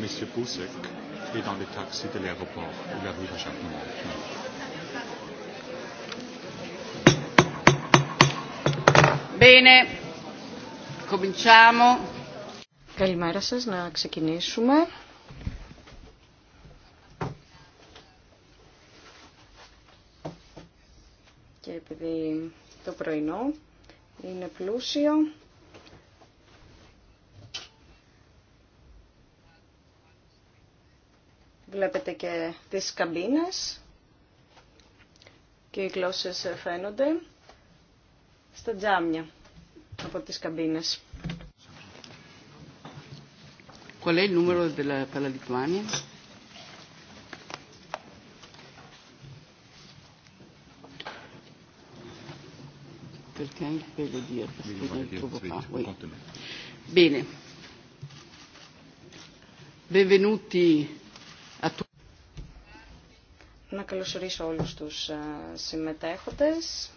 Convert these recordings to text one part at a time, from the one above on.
M. Poussek est dans le taxi de l'aéroport. Il arrive à chaque moment. Bene. Cominciamo. Καλημέρα σας, να ξεκινήσουμε. Και επειδή το πρωινό είναι πλούσιο, Βλέπετε και τις καμπίνες και οι γλώσσες φαίνονται στα τζάμια από τις καμπίνες. Qual è il numero della, per la Lituania? Perché peut le dire parce non je ne le Bene. Benvenuti να καλωσορίσω όλους τους συμμετέχοντες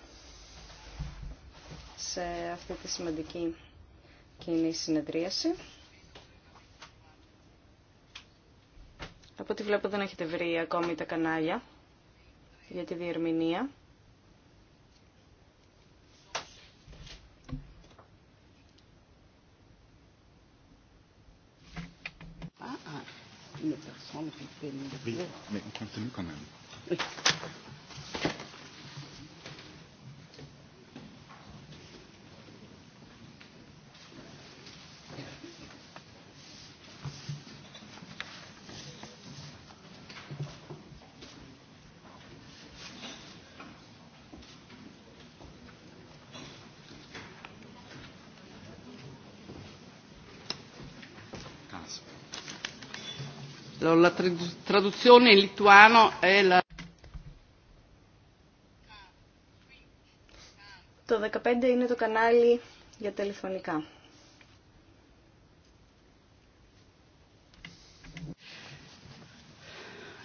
σε αυτή τη σημαντική κοινή συνεδρίαση. Από ό,τι βλέπω δεν έχετε βρει ακόμη τα κανάλια για τη διερμηνία. mais La traduzione in lituano è la είναι το κανάλι για τηλεφωνικά.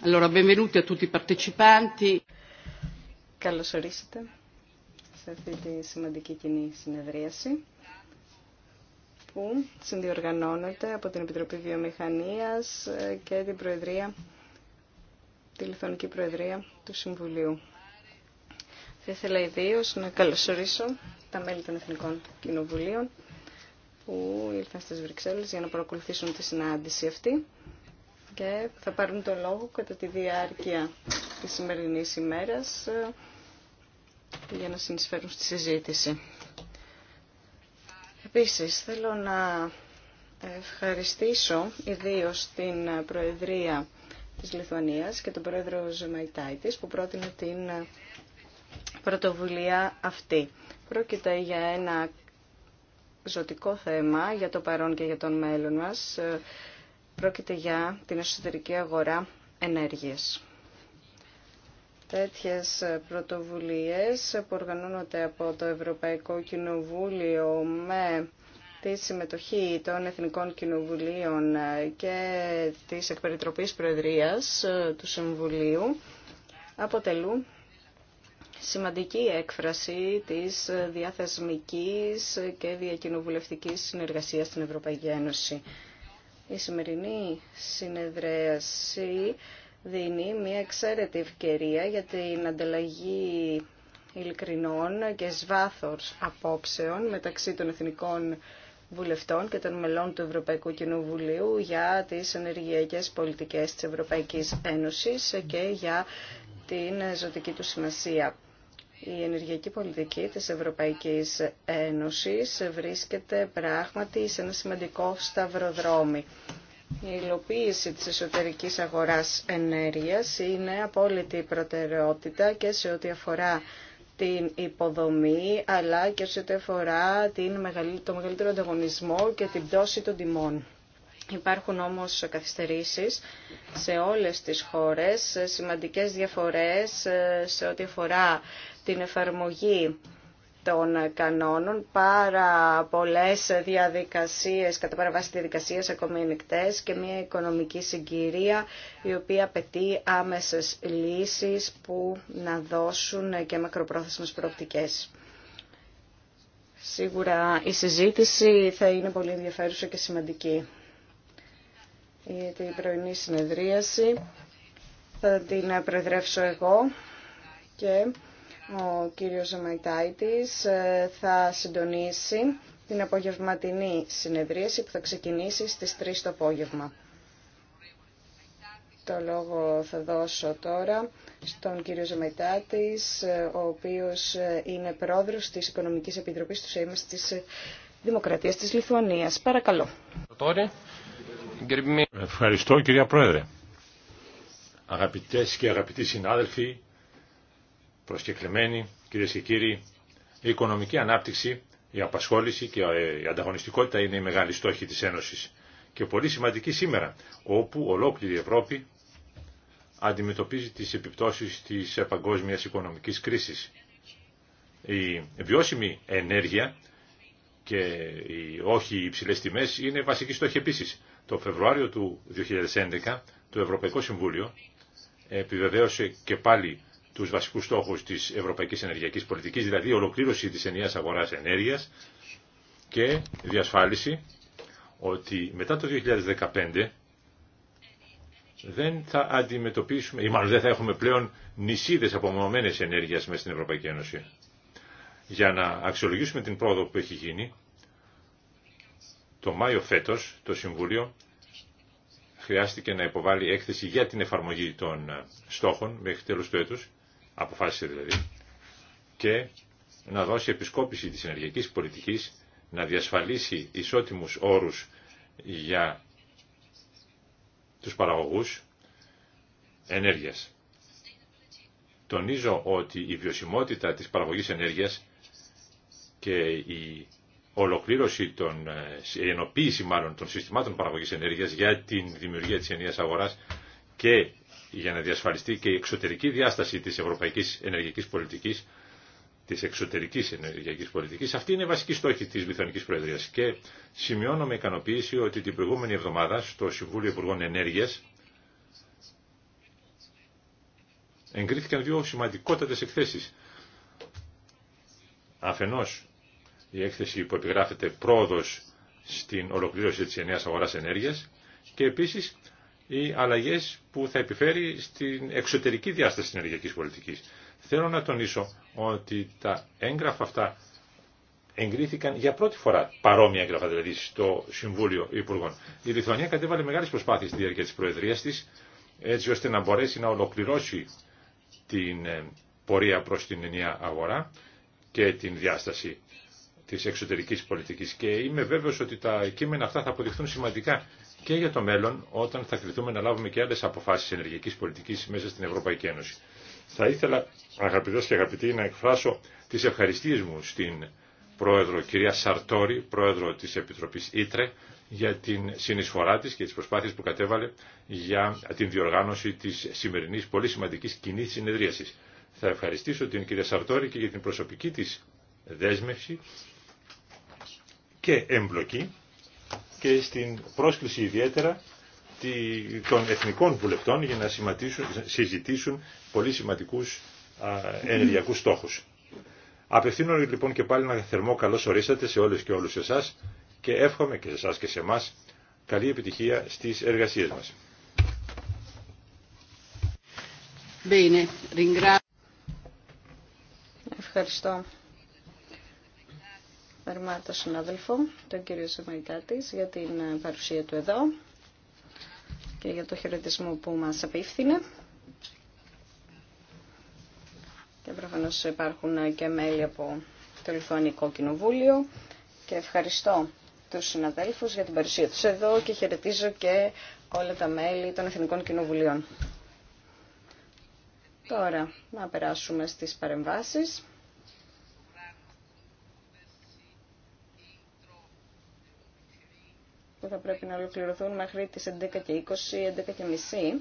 Allora, benvenuti a tutti i partecipanti. Καλώς ορίσατε σε αυτή τη σημαντική κοινή συνεδρίαση που συνδιοργανώνεται από την Επιτροπή Βιομηχανίας και την Προεδρία, τη Λιθωνική Προεδρία του Συμβουλίου. Θα ήθελα ιδίω να καλωσορίσω τα μέλη των Εθνικών Κοινοβουλίων που ήρθαν στις Βρυξέλλες για να παρακολουθήσουν τη συνάντηση αυτή και θα πάρουν το λόγο κατά τη διάρκεια της σημερινής ημέρας ε, για να συνεισφέρουν στη συζήτηση. Επίσης, θέλω να ευχαριστήσω ιδίως την Προεδρία της Λιθουανίας και τον Πρόεδρο Ζεμαϊτάιτης που πρότεινε την πρωτοβουλία αυτή. Πρόκειται για ένα ζωτικό θέμα για το παρόν και για τον μέλλον μας. Πρόκειται για την εσωτερική αγορά ενέργειας. Τέτοιες πρωτοβουλίες που οργανώνονται από το Ευρωπαϊκό Κοινοβούλιο με τη συμμετοχή των Εθνικών Κοινοβουλίων και της Εκπεριτροπής Προεδρίας του Συμβουλίου αποτελούν σημαντική έκφραση της διαθεσμικής και διακοινοβουλευτικής συνεργασίας στην Ευρωπαϊκή Ένωση. Η σημερινή συνεδρίαση δίνει μια εξαίρετη ευκαιρία για την ανταλλαγή ειλικρινών και σβάθος απόψεων μεταξύ των εθνικών βουλευτών και των μελών του Ευρωπαϊκού Κοινοβουλίου για τις ενεργειακές πολιτικές της Ευρωπαϊκής Ένωσης και για την ζωτική του σημασία. Η ενεργειακή πολιτική της Ευρωπαϊκής Ένωσης βρίσκεται πράγματι σε ένα σημαντικό σταυροδρόμι. Η υλοποίηση της εσωτερικής αγοράς ενέργειας είναι απόλυτη προτεραιότητα και σε ό,τι αφορά την υποδομή, αλλά και σε ό,τι αφορά την, το μεγαλύτερο ανταγωνισμό και την πτώση των τιμών. Υπάρχουν όμως καθυστερήσεις σε όλες τις χώρες, σημαντικές διαφορές ε, σε ό,τι αφορά την εφαρμογή των κανόνων, πάρα πολλές διαδικασίες, κατά παραβάση διαδικασίες ακόμη και μια οικονομική συγκυρία η οποία απαιτεί άμεσες λύσεις που να δώσουν και μακροπρόθεσμες προοπτικές. Σίγουρα η συζήτηση θα είναι πολύ ενδιαφέρουσα και σημαντική. Η την πρωινή συνεδρίαση θα την προεδρεύσω εγώ και ο κύριος Ζαμαϊτάιτης ε, θα συντονίσει την απογευματινή συνεδρίαση που θα ξεκινήσει στις 3 το απόγευμα. Το λόγο θα δώσω τώρα στον κύριο Ζαμαϊτάτης, ε, ο οποίος ε, είναι πρόεδρος της Οικονομικής Επιτροπής του ΣΕΜΑΣ της Δημοκρατίας της Λιθουανίας. Παρακαλώ. Ευχαριστώ κυρία Πρόεδρε. Αγαπητές και αγαπητοί συνάδελφοι, προσκεκλημένοι, κύριε και κύριοι, η οικονομική ανάπτυξη, η απασχόληση και η ανταγωνιστικότητα είναι οι μεγάλοι στόχοι της Ένωση και πολύ σημαντική σήμερα, όπου ολόκληρη η Ευρώπη αντιμετωπίζει τις επιπτώσεις της παγκόσμιας οικονομικής κρίσης. Η βιώσιμη ενέργεια και οι όχι υψηλέ τιμέ είναι βασική στόχη επίση. Το Φεβρουάριο του 2011 το Ευρωπαϊκό Συμβούλιο επιβεβαίωσε και πάλι τους βασικούς στόχους της Ευρωπαϊκής Ενεργειακής Πολιτικής, δηλαδή ολοκλήρωση της ενιαίας αγοράς ενέργειας και διασφάλιση ότι μετά το 2015 δεν θα αντιμετωπίσουμε, ή μάλλον δεν θα έχουμε πλέον νησίδες απομονωμένες ενέργειας μέσα στην Ευρωπαϊκή Ένωση. Για να αξιολογήσουμε την πρόοδο που έχει γίνει, το Μάιο φέτος το Συμβούλιο χρειάστηκε να υποβάλει έκθεση για την εφαρμογή των στόχων μέχρι τέλος του έτους αποφάσισε δηλαδή, και να δώσει επισκόπηση της ενεργειακής πολιτικής, να διασφαλίσει ισότιμους όρους για τους παραγωγούς ενέργειας. Τονίζω ότι η βιωσιμότητα της παραγωγής ενέργειας και η ολοκλήρωση των, ε, η ενοποίηση μάλλον των συστημάτων παραγωγής ενέργειας για την δημιουργία της ενιαίας αγοράς και για να διασφαλιστεί και η εξωτερική διάσταση της ευρωπαϊκής ενεργειακής πολιτικής, της εξωτερικής ενεργειακής πολιτικής. Αυτή είναι η βασική στόχη της Λιθουανικής Προεδρίας και σημειώνω με ικανοποίηση ότι την προηγούμενη εβδομάδα στο Συμβούλιο Υπουργών Ενέργειας εγκρίθηκαν δύο σημαντικότατες εκθέσεις. Αφενός η έκθεση που επιγράφεται πρόοδος στην ολοκλήρωση της εννέας αγοράς ενέργειας και επίσης ή αλλαγέ που θα επιφέρει στην εξωτερική διάσταση της ενεργειακής πολιτικής. Θέλω να τονίσω ότι τα έγγραφα αυτά εγκρίθηκαν για πρώτη φορά παρόμοια έγγραφα, δηλαδή στο Συμβούλιο Υπουργών. Η Λιθουανία κατέβαλε μεγάλες προσπάθειες στη διάρκεια της Προεδρίας της, έτσι ώστε να μπορέσει να ολοκληρώσει την ε, πορεία προς την ενιαία αγορά και την διάσταση της εξωτερικής πολιτικής. Και είμαι βέβαιος ότι τα κείμενα αυτά θα αποδειχθούν σημαντικά και για το μέλλον όταν θα κληθούμε να λάβουμε και άλλες αποφάσεις ενεργειακής πολιτικής μέσα στην Ευρωπαϊκή Ένωση. Θα ήθελα αγαπητές και αγαπητοί να εκφράσω τις ευχαριστίες μου στην Πρόεδρο κυρία Σαρτόρη, Πρόεδρο της Επιτροπής Ήτρε, για την συνεισφορά της και τις προσπάθειες που κατέβαλε για την διοργάνωση της σημερινής πολύ σημαντικής κοινή συνεδρίασης. Θα ευχαριστήσω την κυρία Σαρτόρη και για την προσωπική της δέσμευση και εμπλοκή και στην πρόσκληση ιδιαίτερα των εθνικών βουλευτών για να συζητήσουν πολύ σημαντικούς ενεργειακούς στόχους. Απευθύνω λοιπόν και πάλι ένα θερμό καλώς ορίσατε σε όλες και όλους εσάς και εύχομαι και σε εσάς και σε εμάς καλή επιτυχία στις εργασίες μας. Ευχαριστώ. Βερμά τον συνάδελφο, τον κύριο Σεμαϊκάτης, για την ε, παρουσία του εδώ και για το χαιρετισμό που μας απίφθηνε. Και προφανώς υπάρχουν ε, και μέλη από το Λιθουανικό Κοινοβούλιο και ευχαριστώ τους συναδέλφους για την παρουσία τους εδώ και χαιρετίζω και όλα τα μέλη των Εθνικών Κοινοβουλίων. Τώρα, να περάσουμε στις παρεμβάσεις. θα πρέπει να ολοκληρωθούν μέχρι τις 11 και 20,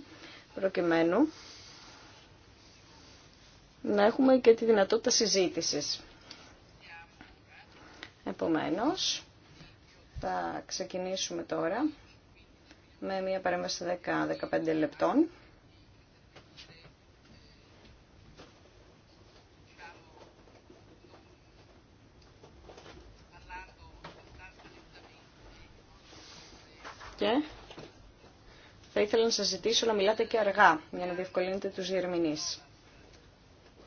προκειμένου να έχουμε και τη δυνατότητα συζήτησης. Επομένως, θα ξεκινήσουμε τώρα με μια παρέμβαση 10-15 λεπτών. και θα ήθελα να σας ζητήσω να μιλάτε και αργά για να διευκολύνετε τους διερμηνείς.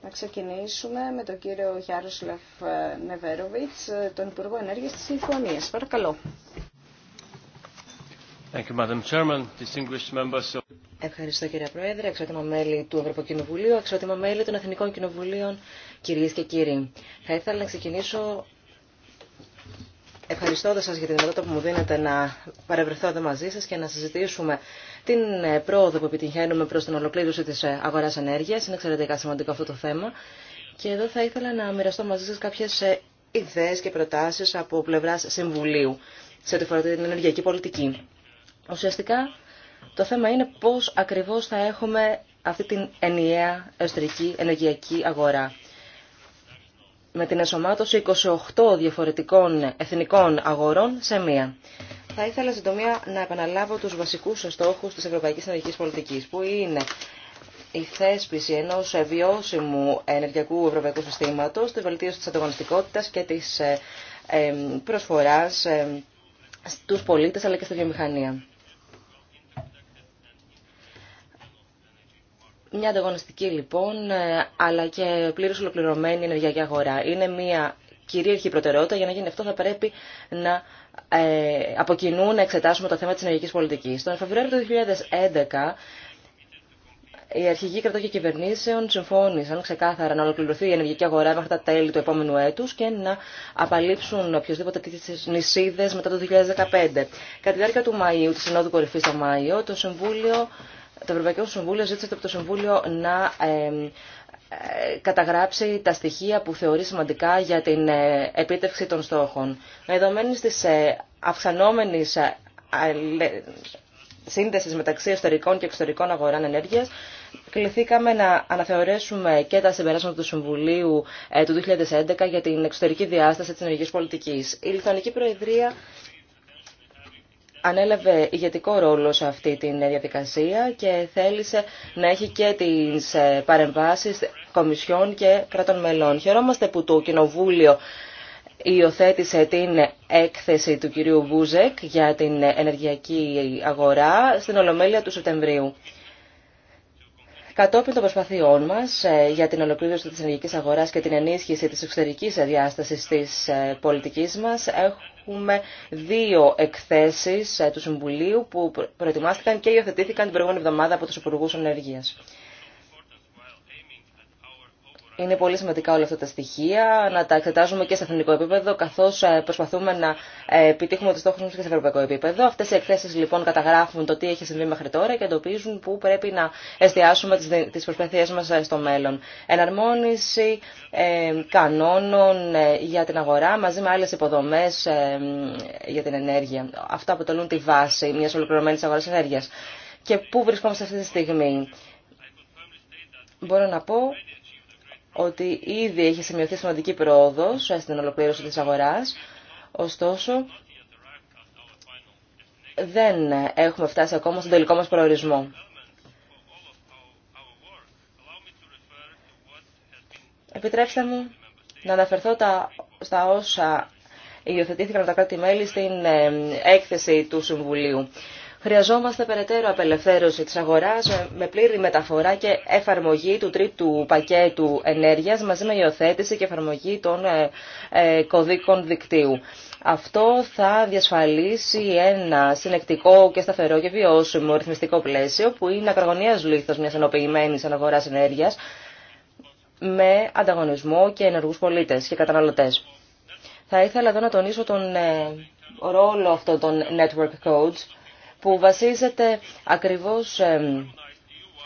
Να ξεκινήσουμε με τον κύριο Γιάροσλαφ Νεβέροβιτς, τον Υπουργό Ενέργειας της Συμφωνίας. Παρακαλώ. Ευχαριστώ κύριε Πρόεδρε, εξότιμα μέλη του Ευρωπαϊκού εξότιμα μέλη των Εθνικών Κοινοβουλίων, κυρίες και κύριοι. Θα ήθελα να ξεκινήσω ευχαριστώντας σας για την δυνατότητα που μου δίνετε να παρευρεθώ εδώ μαζί σας και να συζητήσουμε την ε, πρόοδο που επιτυχαίνουμε προς την ολοκλήρωση της ε, αγοράς ενέργειας. Είναι εξαιρετικά σημαντικό αυτό το θέμα. Και εδώ θα ήθελα να μοιραστώ μαζί σας κάποιες ε, ιδέες και προτάσεις από πλευράς Συμβουλίου σε ό,τι φορά την ενεργειακή πολιτική. Ουσιαστικά το θέμα είναι πώς ακριβώς θα έχουμε αυτή την ενιαία εσωτερική ενεργειακή αγορά με την ενσωμάτωση 28 διαφορετικών εθνικών αγορών σε μία. Θα ήθελα συντομία να επαναλάβω τους βασικούς στόχους της Ευρωπαϊκής Ενεργικής Πολιτικής, που είναι η θέσπιση ενός βιώσιμου ενεργειακού ευρωπαϊκού συστήματος, τη βελτίωση της ανταγωνιστικότητας και της ε, ε, προσφοράς ε, στους πολίτες αλλά και στη βιομηχανία. Μια ανταγωνιστική λοιπόν, ε, αλλά και πλήρω ολοκληρωμένη ενεργειακή αγορά. Είναι μια κυρίαρχη προτεραιότητα. Για να γίνει αυτό θα πρέπει να ε, να εξετάσουμε το θέμα τη ενεργειακή πολιτική. Τον Φεβρουάριο του 2011 οι αρχηγοί κρατών και κυβερνήσεων συμφώνησαν ξεκάθαρα να ολοκληρωθεί η ενεργειακή αγορά μέχρι τα τέλη του επόμενου έτου και να απαλείψουν οποιοδήποτε τέτοιε νησίδε μετά το 2015. Κατά τη διάρκεια του Μαΐου, τη Συνόδου Κορυφή το Μάιο, το Συμβούλιο το Ευρωπαϊκό Συμβούλιο ζήτησε από το Συμβούλιο να ε, καταγράψει τα στοιχεία που θεωρεί σημαντικά για την ε, επίτευξη των στόχων. Δεδομένη τη ε, αυξανόμενη σύνδεση μεταξύ εσωτερικών και εξωτερικών αγορών ενέργεια, κληθήκαμε να αναθεωρήσουμε και τα συμπεράσματα του Συμβουλίου του 2011 για την εξωτερική διάσταση τη ενεργειακή πολιτική. Η Λιθουανική Προεδρία ανέλαβε ηγετικό ρόλο σε αυτή τη διαδικασία και θέλησε να έχει και τις ε, παρεμβάσεις κομισιών και κρατών μελών. Χαιρόμαστε που το Κοινοβούλιο υιοθέτησε την έκθεση του κυρίου Βούζεκ για την ενεργειακή αγορά στην Ολομέλεια του Σεπτεμβρίου. Κατόπιν των προσπαθειών μας ε, για την ολοκλήρωση της ενεργικής αγοράς και την ενίσχυση της εξωτερικής διάσταση τη ε, πολιτική μας, έχουμε δύο εκθέσεις ε, του Συμβουλίου που προετοιμάστηκαν και υιοθετήθηκαν την προηγούμενη εβδομάδα από τους Υπουργού Ενεργείας. Είναι πολύ σημαντικά όλα αυτά τα στοιχεία, να τα εξετάζουμε και σε εθνικό επίπεδο, καθώ ε, προσπαθούμε να ε, επιτύχουμε του στόχου μα και σε ευρωπαϊκό επίπεδο. Αυτέ οι εκθέσει λοιπόν καταγράφουν το τι έχει συμβεί μέχρι τώρα και εντοπίζουν πού πρέπει να εστιάσουμε τι προσπαθίε μα ε, στο μέλλον. Εναρμόνιση κανόνων για την αγορά μαζί με άλλε υποδομέ για την ενέργεια. Αυτά αποτελούν τη βάση μια ολοκληρωμένη αγορά ενέργεια. Και πού βρισκόμαστε αυτή τη στιγμή. Μπορώ να πω ότι ήδη έχει σημειωθεί σημαντική πρόοδο στην ολοκλήρωση τη αγορά, Ωστόσο, δεν έχουμε φτάσει ακόμα στον τελικό μας προορισμό. Επιτρέψτε μου να αναφερθώ τα, στα όσα υιοθετήθηκαν από τα κράτη-μέλη στην ε, έκθεση του Συμβουλίου. Χρειαζόμαστε περαιτέρω απελευθέρωση της αγοράς με πλήρη μεταφορά και εφαρμογή του τρίτου πακέτου ενέργειας μαζί με υιοθέτηση και εφαρμογή των ε, ε, κωδίκων δικτύου. Αυτό θα διασφαλίσει ένα συνεκτικό και σταθερό και βιώσιμο ρυθμιστικό πλαίσιο που είναι ακρογωνίας λήθος μια ενοποιημένης αγοράς ενέργειας με ανταγωνισμό και ενεργούς πολίτες και καταναλωτές. Θα ήθελα εδώ να τονίσω τον ε, ρόλο αυτών των network codes που βασίζεται ακριβώς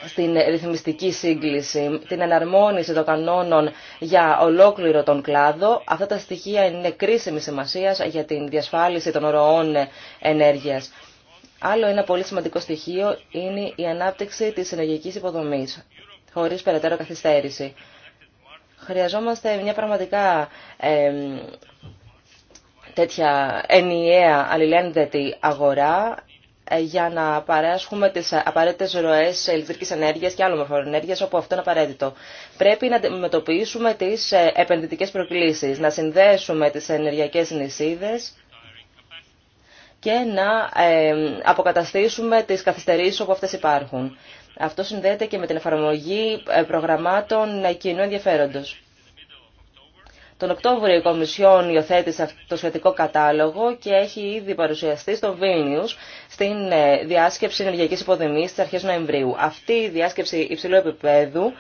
στην ρυθμιστική σύγκληση, την εναρμόνιση των κανόνων για ολόκληρο τον κλάδο. Αυτά τα στοιχεία είναι κρίσιμη σημασία για την διασφάλιση των ροών ενέργειας. Άλλο ένα πολύ σημαντικό στοιχείο είναι η ανάπτυξη της ενεργειακής υποδομής, χωρίς περαιτέρω καθυστέρηση. Χρειαζόμαστε μια πραγματικά τέτοια ενιαία αλληλένδετη αγορά ε, για να παράσχουμε τις απαραίτητες ροές ηλεκτρικής ενέργειας και άλλων μορφών ενέργειας όπου αυτό είναι απαραίτητο. Πρέπει να αντιμετωπίσουμε τις ε, επενδυτικές προκλήσεις, να συνδέσουμε τις ενεργειακές νησίδες και να ε, αποκαταστήσουμε τις καθυστερήσεις όπου αυτές υπάρχουν. Αυτό συνδέεται και με την εφαρμογή προγραμμάτων κοινού ενδιαφέροντος. Τον Οκτώβριο η Κομισιόν υιοθέτησε το σχετικό κατάλογο και έχει ήδη παρουσιαστεί στο Βίλνιους στην ε, διάσκεψη ενεργειακής υποδομής στις αρχές Νοεμβρίου. Αυτή η διάσκεψη υψηλού επίπεδου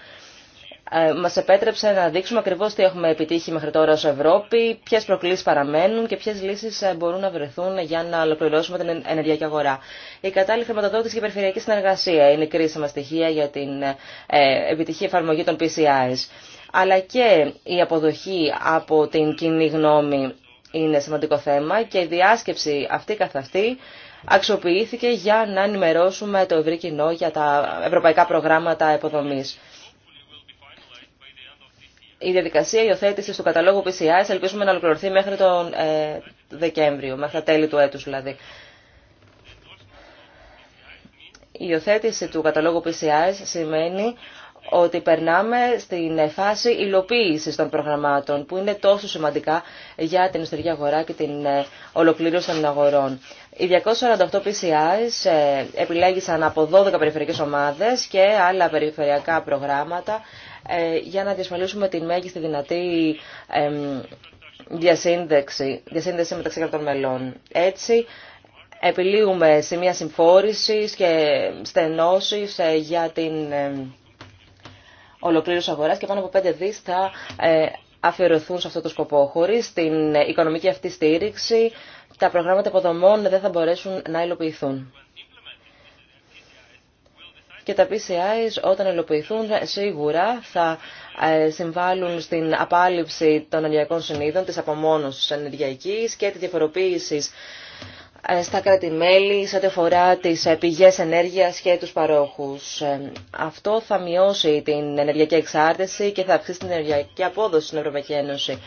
ε, μας επέτρεψε να δείξουμε ακριβώς τι έχουμε επιτύχει μέχρι τώρα ως Ευρώπη, ποιες προκλήσεις παραμένουν και ποιες λύσεις ε, μπορούν να βρεθούν για να ολοκληρώσουμε την ενεργειακή αγορά. Η κατάλληλη χρηματοδότηση και η περιφερειακή συνεργασία είναι κρίσιμα στοιχεία για την επιτυχή εφαρμογή των PCIs αλλά και η αποδοχή από την κοινή γνώμη είναι σημαντικό θέμα και η διάσκεψη αυτή καθ' αυτή αξιοποιήθηκε για να ενημερώσουμε το ευρύ κοινό για τα ευρωπαϊκά προγράμματα υποδομής. Η διαδικασία υιοθέτηση του καταλόγου PCI ελπίζουμε να ολοκληρωθεί μέχρι τον ε, Δεκέμβριο, μέχρι τα τέλη του έτους δηλαδή. Η υιοθέτηση του καταλόγου PCI σημαίνει ότι περνάμε στην φάση υλοποίηση των προγραμμάτων που είναι τόσο σημαντικά για την ιστορική αγορά και την ε, ολοκλήρωση των αγορών. Οι 248 PCIs ε, επιλέγησαν από 12 περιφερειακές ομάδες και άλλα περιφερειακά προγράμματα ε, για να διασφαλίσουμε την μέγιστη δυνατή διασύνδεση, διασύνδεση μεταξύ κρατών μελών. Έτσι, επιλύουμε σημεία συμφόρηση και στενώσεις για την ολοκλήρωση αγορά και πάνω από 5 δις θα ε, αφιερωθούν σε αυτό το σκοπό. χωρί την οικονομική αυτή στήριξη, τα προγράμματα υποδομών δεν θα μπορέσουν να υλοποιηθούν. Και τα PCIs όταν υλοποιηθούν σίγουρα θα ε, συμβάλλουν στην απάλληψη των ενεργειακών συνείδων, της απομόνωσης ενεργειακής και τη διαφοροποίησης. Ε, στα κράτη-μέλη σε ό,τι αφορά τις ε, πηγές ενέργειας και τους παρόχους. Ε, αυτό θα μειώσει την ενεργειακή εξάρτηση και θα αυξήσει την ενεργειακή απόδοση στην Ευρωπαϊκή Ένωση.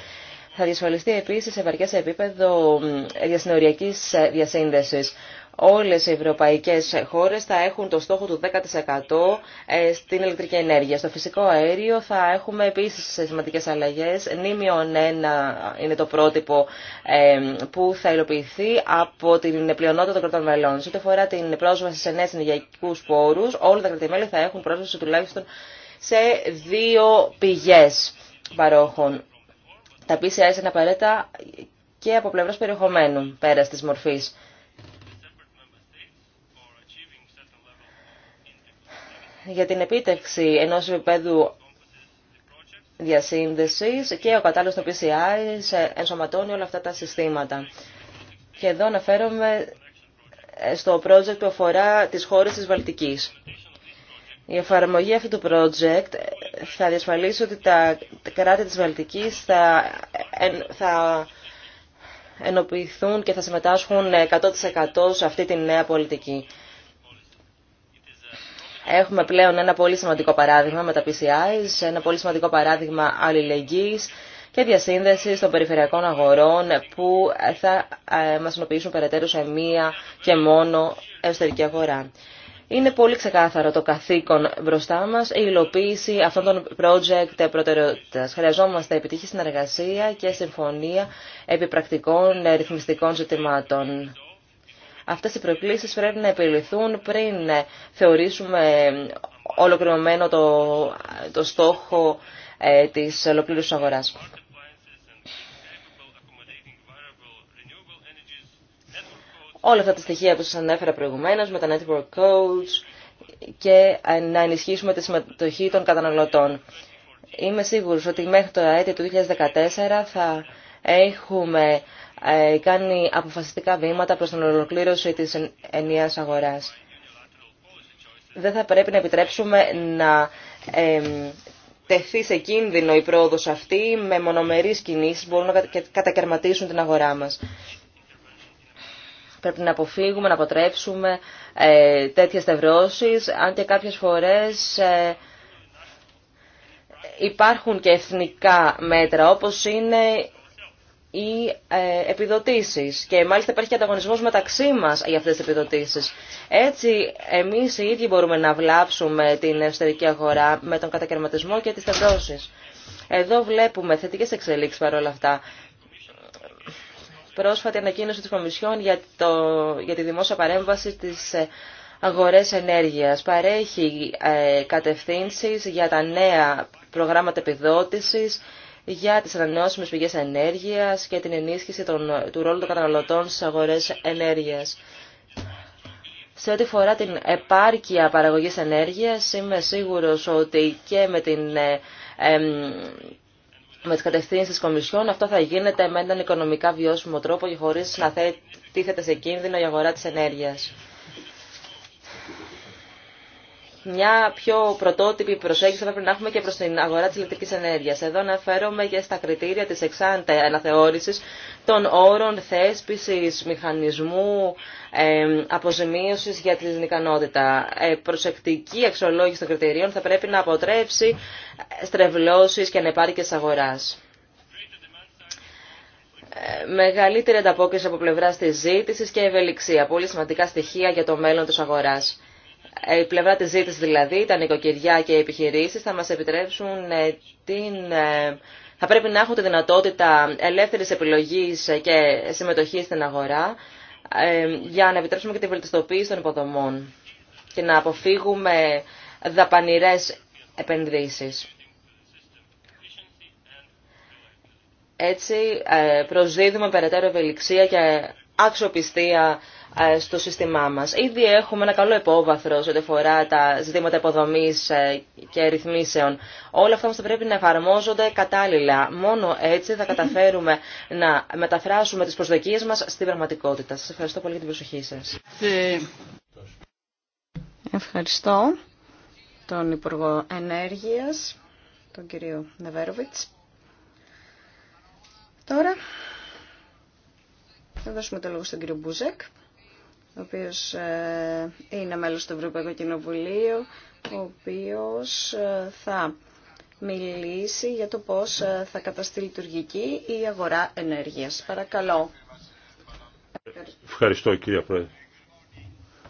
Θα διασφαλιστεί επίσης σε βαριά επίπεδο διασυνοριακής διασύνδεσης όλες οι ευρωπαϊκές χώρες θα έχουν το στόχο του 10% ε, στην ηλεκτρική ενέργεια. Στο φυσικό αέριο θα έχουμε επίσης σημαντικές αλλαγές. Νίμιον 1 είναι το πρότυπο ε, που θα υλοποιηθεί από την πλειονότητα των κρατών μελών. Σε ό,τι αφορά την πρόσβαση σε νέες ενεργειακούς πόρους, όλα τα κρατημέλη θα έχουν πρόσβαση τουλάχιστον σε δύο πηγές παρόχων. Τα PCI είναι απαραίτητα και από πλευράς περιεχομένου πέρα της μορφής. για την επίτευξη ενός επίπεδου διασύνδεσης και ο κατάλληλο του PCI ε, ενσωματώνει όλα αυτά τα συστήματα. Και εδώ αναφέρομαι ε, στο project που αφορά τις χώρες της Βαλτικής. Η εφαρμογή αυτού του project ε, θα διασφαλίσει ότι τα κράτη της Βαλτικής θα, θα ενοποιηθούν και θα συμμετάσχουν 100% σε αυτή τη νέα πολιτική. Έχουμε πλέον ένα πολύ σημαντικό παράδειγμα με τα PCIs, ένα πολύ σημαντικό παράδειγμα αλληλεγγύης και διασύνδεσης των περιφερειακών αγορών που θα ε, μας ενοποιήσουν περαιτέρω σε μία και μόνο εσωτερική αγορά. Είναι πολύ ξεκάθαρο το καθήκον μπροστά μας, η υλοποίηση αυτών των project προτεραιότητας. Χρειαζόμαστε επιτυχή συνεργασία και συμφωνία επιπρακτικών ρυθμιστικών ζητημάτων. Αυτές οι προκλήσεις πρέπει να επιληθούν πριν θεωρήσουμε ολοκληρωμένο το, το στόχο ε, της ολοκλήρωσης αγοράς. Όλα αυτά τα στοιχεία που σας ανέφερα προηγουμένως με τα network codes και ε, να ενισχύσουμε τη συμμετοχή των καταναλωτών. Είμαι σίγουρος ότι μέχρι το αίτιο του 2014 θα έχουμε ε, κάνει αποφασιστικά βήματα προς την ολοκλήρωση της ενιαίας αγοράς. Δεν θα πρέπει να επιτρέψουμε να τεθεί σε κίνδυνο η πρόοδος αυτή με μονομερείς κινήσεις μπορούν να κατακαιρματίσουν την αγορά μας. Πρέπει να αποφύγουμε, να αποτρέψουμε ε, τέτοιες στευρώσεις, αν και κάποιες φορές ε, υπάρχουν και εθνικά μέτρα, όπως είναι η ε, επιδοτήσεις και μάλιστα υπάρχει και ανταγωνισμός μεταξύ μας για αυτές τις επιδοτήσεις. Έτσι εμείς οι ίδιοι μπορούμε να βλάψουμε την εσωτερική αγορά με τον κατακαιρματισμό και τις τεντώσεις. Εδώ βλέπουμε θετικέ εξελίξει παρόλα αυτά. Πρόσφατη ανακοίνωση της Κομισιόν για, το, τη δημόσια παρέμβαση της ε, αγορές ενέργεια. Παρέχει ε, κατευθύνσει για τα νέα προγράμματα επιδότηση για τις ανανεώσιμες πηγές ενέργειας και την ενίσχυση του ρόλου των καταναλωτών στις αγορές ενέργειας. Σε ό,τι φορά την επάρκεια παραγωγής ενέργειας, είμαι σίγουρος ότι και με, την, ε, ε, με τις κατευθύνσεις της Κομισιόν αυτό θα γίνεται με έναν οικονομικά βιώσιμο τρόπο και χωρίς να θέτει, τίθεται σε κίνδυνο η αγορά της ενέργειας μια πιο πρωτότυπη προσέγγιση θα πρέπει να έχουμε και προ την αγορά τη ηλεκτρική ενέργεια. Εδώ αναφέρομαι και στα κριτήρια τη εξάντα αναθεώρηση των όρων θέσπιση, μηχανισμού αποζημίωση για την ικανότητα. Ε, προσεκτική αξιολόγηση των κριτηρίων θα πρέπει να αποτρέψει στρεβλώσεις και ανεπάρκειε αγορά. Ε, μεγαλύτερη ανταπόκριση από πλευρά τη ζήτηση και ευελιξία. Πολύ σημαντικά στοιχεία για το μέλλον τη αγορά. Ε, η πλευρά της ζήτησης δηλαδή, τα νοικοκυριά και οι επιχειρήσεις θα μας επιτρέψουν ε, την... Ε, θα πρέπει να έχουν τη δυνατότητα ελεύθερης επιλογής και συμμετοχής στην αγορά για να επιτρέψουμε και τη βελτιστοποίηση των υποδομών και να αποφύγουμε δαπανηρές επενδύσεις. Έτσι προσδίδουμε περαιτέρω ευελιξία και αξιοπιστία ε, στο σύστημά μας. Ήδη έχουμε ένα καλό υπόβαθρο σε ό,τι αφορά τα ζητήματα υποδομή ε, και ρυθμίσεων. Όλα αυτά μας θα πρέπει να εφαρμόζονται κατάλληλα. Μόνο έτσι θα καταφέρουμε να μεταφράσουμε τις προσδοκίες μας στην πραγματικότητα. Σα ευχαριστώ πολύ για την προσοχή σας. Ευχαριστώ τον Υπουργό ενέργεια, τον κύριο Νεβέροβιτ. Τώρα θα δώσουμε το λόγο στον κύριο Μπούζεκ ο οποίος ε, είναι μέλος του Ευρωπαϊκού Κοινοβουλίου, ο οποίος ε, θα μιλήσει για το πώς ε, θα καταστεί λειτουργική η αγορά ενέργειας. Παρακαλώ. Ευχαριστώ κύριε Πρόεδρε.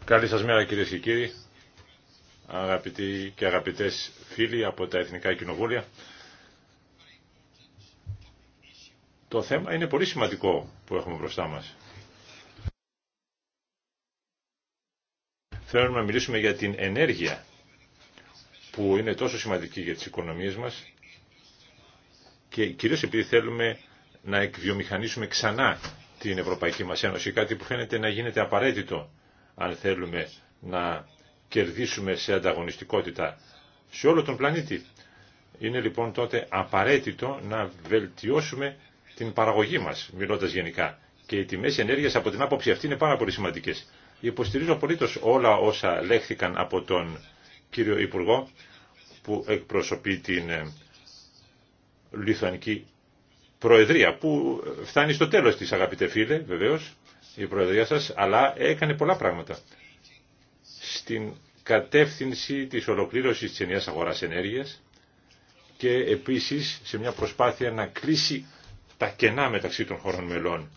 Καλή σας μέρα κυρίες και κύριοι, αγαπητοί και αγαπητές φίλοι από τα Εθνικά Κοινοβούλια. Το θέμα είναι πολύ σημαντικό που έχουμε μπροστά μας. Θέλουμε να μιλήσουμε για την ενέργεια που είναι τόσο σημαντική για τις οικονομίες μας και κυρίως επειδή θέλουμε να εκβιομηχανίσουμε ξανά την Ευρωπαϊκή μας Ένωση, κάτι που φαίνεται να γίνεται απαραίτητο αν θέλουμε να κερδίσουμε σε ανταγωνιστικότητα σε όλο τον πλανήτη. Είναι λοιπόν τότε απαραίτητο να βελτιώσουμε την παραγωγή μας, μιλώντας γενικά. Και οι τιμές ενέργειας από την άποψη αυτή είναι πάρα πολύ σημαντικές. Υποστηρίζω απολύτως όλα όσα λέχθηκαν από τον κύριο Υπουργό που εκπροσωπεί την ε, Λιθουανική Προεδρία που φτάνει στο τέλος της αγαπητέ φίλε βεβαίως η Προεδρία σας αλλά έκανε πολλά πράγματα στην κατεύθυνση της ολοκλήρωσης της ενιαίας αγοράς ενέργειας και επίσης σε μια προσπάθεια να κλείσει τα κενά μεταξύ των χωρών μελών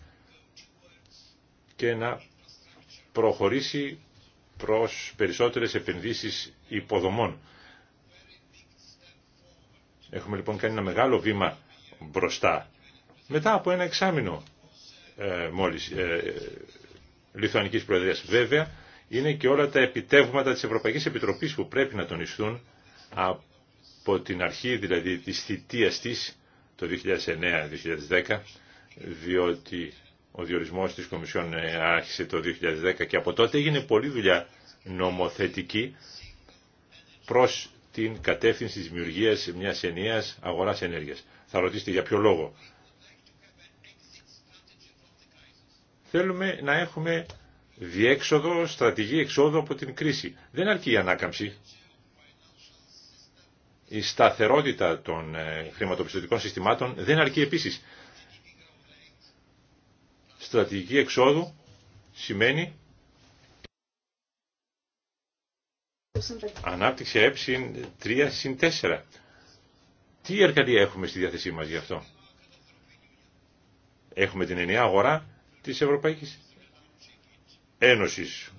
και να προχωρήσει προς περισσότερες επενδύσεις υποδομών. Έχουμε λοιπόν κάνει ένα μεγάλο βήμα μπροστά. Μετά από ένα εξάμεινο ε, μόλις ε, Λιθουανικής Προεδρίας βέβαια είναι και όλα τα επιτεύγματα της Ευρωπαϊκής Επιτροπής που πρέπει να τονιστούν από την αρχή δηλαδή της θητείας της το 2009-2010 διότι ο διορισμός της Κομισιόν ε, άρχισε το 2010 και από τότε έγινε πολλή δουλειά νομοθετική προς την κατεύθυνση της δημιουργίας μιας ενιαίας αγοράς ενέργειας. Θα ρωτήσετε για ποιο λόγο. Θέλουμε να έχουμε διέξοδο, στρατηγή εξόδου από την κρίση. Δεν αρκεί η ανάκαμψη. Η σταθερότητα των ε, χρηματοπιστωτικών συστημάτων δεν αρκεί επίσης. Στρατηγική εξόδου σημαίνει ανάπτυξη έψιν 3 συν 4. Τι εργαλεία έχουμε στη διάθεσή μας γι' αυτό. Έχουμε την ενιαία αγορά της Ευρωπαϊκής Ένωσης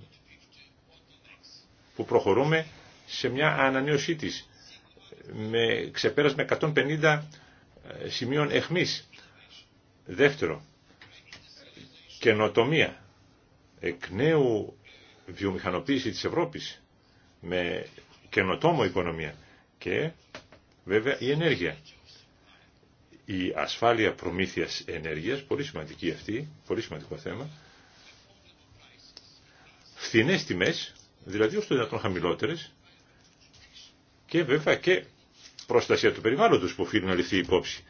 που προχωρούμε σε μια ανανέωσή της με ξεπέρασμα 150 σημείων εχμής. Δεύτερο, καινοτομία, εκ νέου βιομηχανοποίηση της Ευρώπης με καινοτόμο οικονομία και βέβαια η ενέργεια. Η ασφάλεια προμήθειας ενέργειας, πολύ σημαντική αυτή, πολύ σημαντικό θέμα, φθηνές τιμές, δηλαδή ως το δυνατόν χαμηλότερες και βέβαια και προστασία του περιβάλλοντος που οφείλει να ληφθεί υπόψη.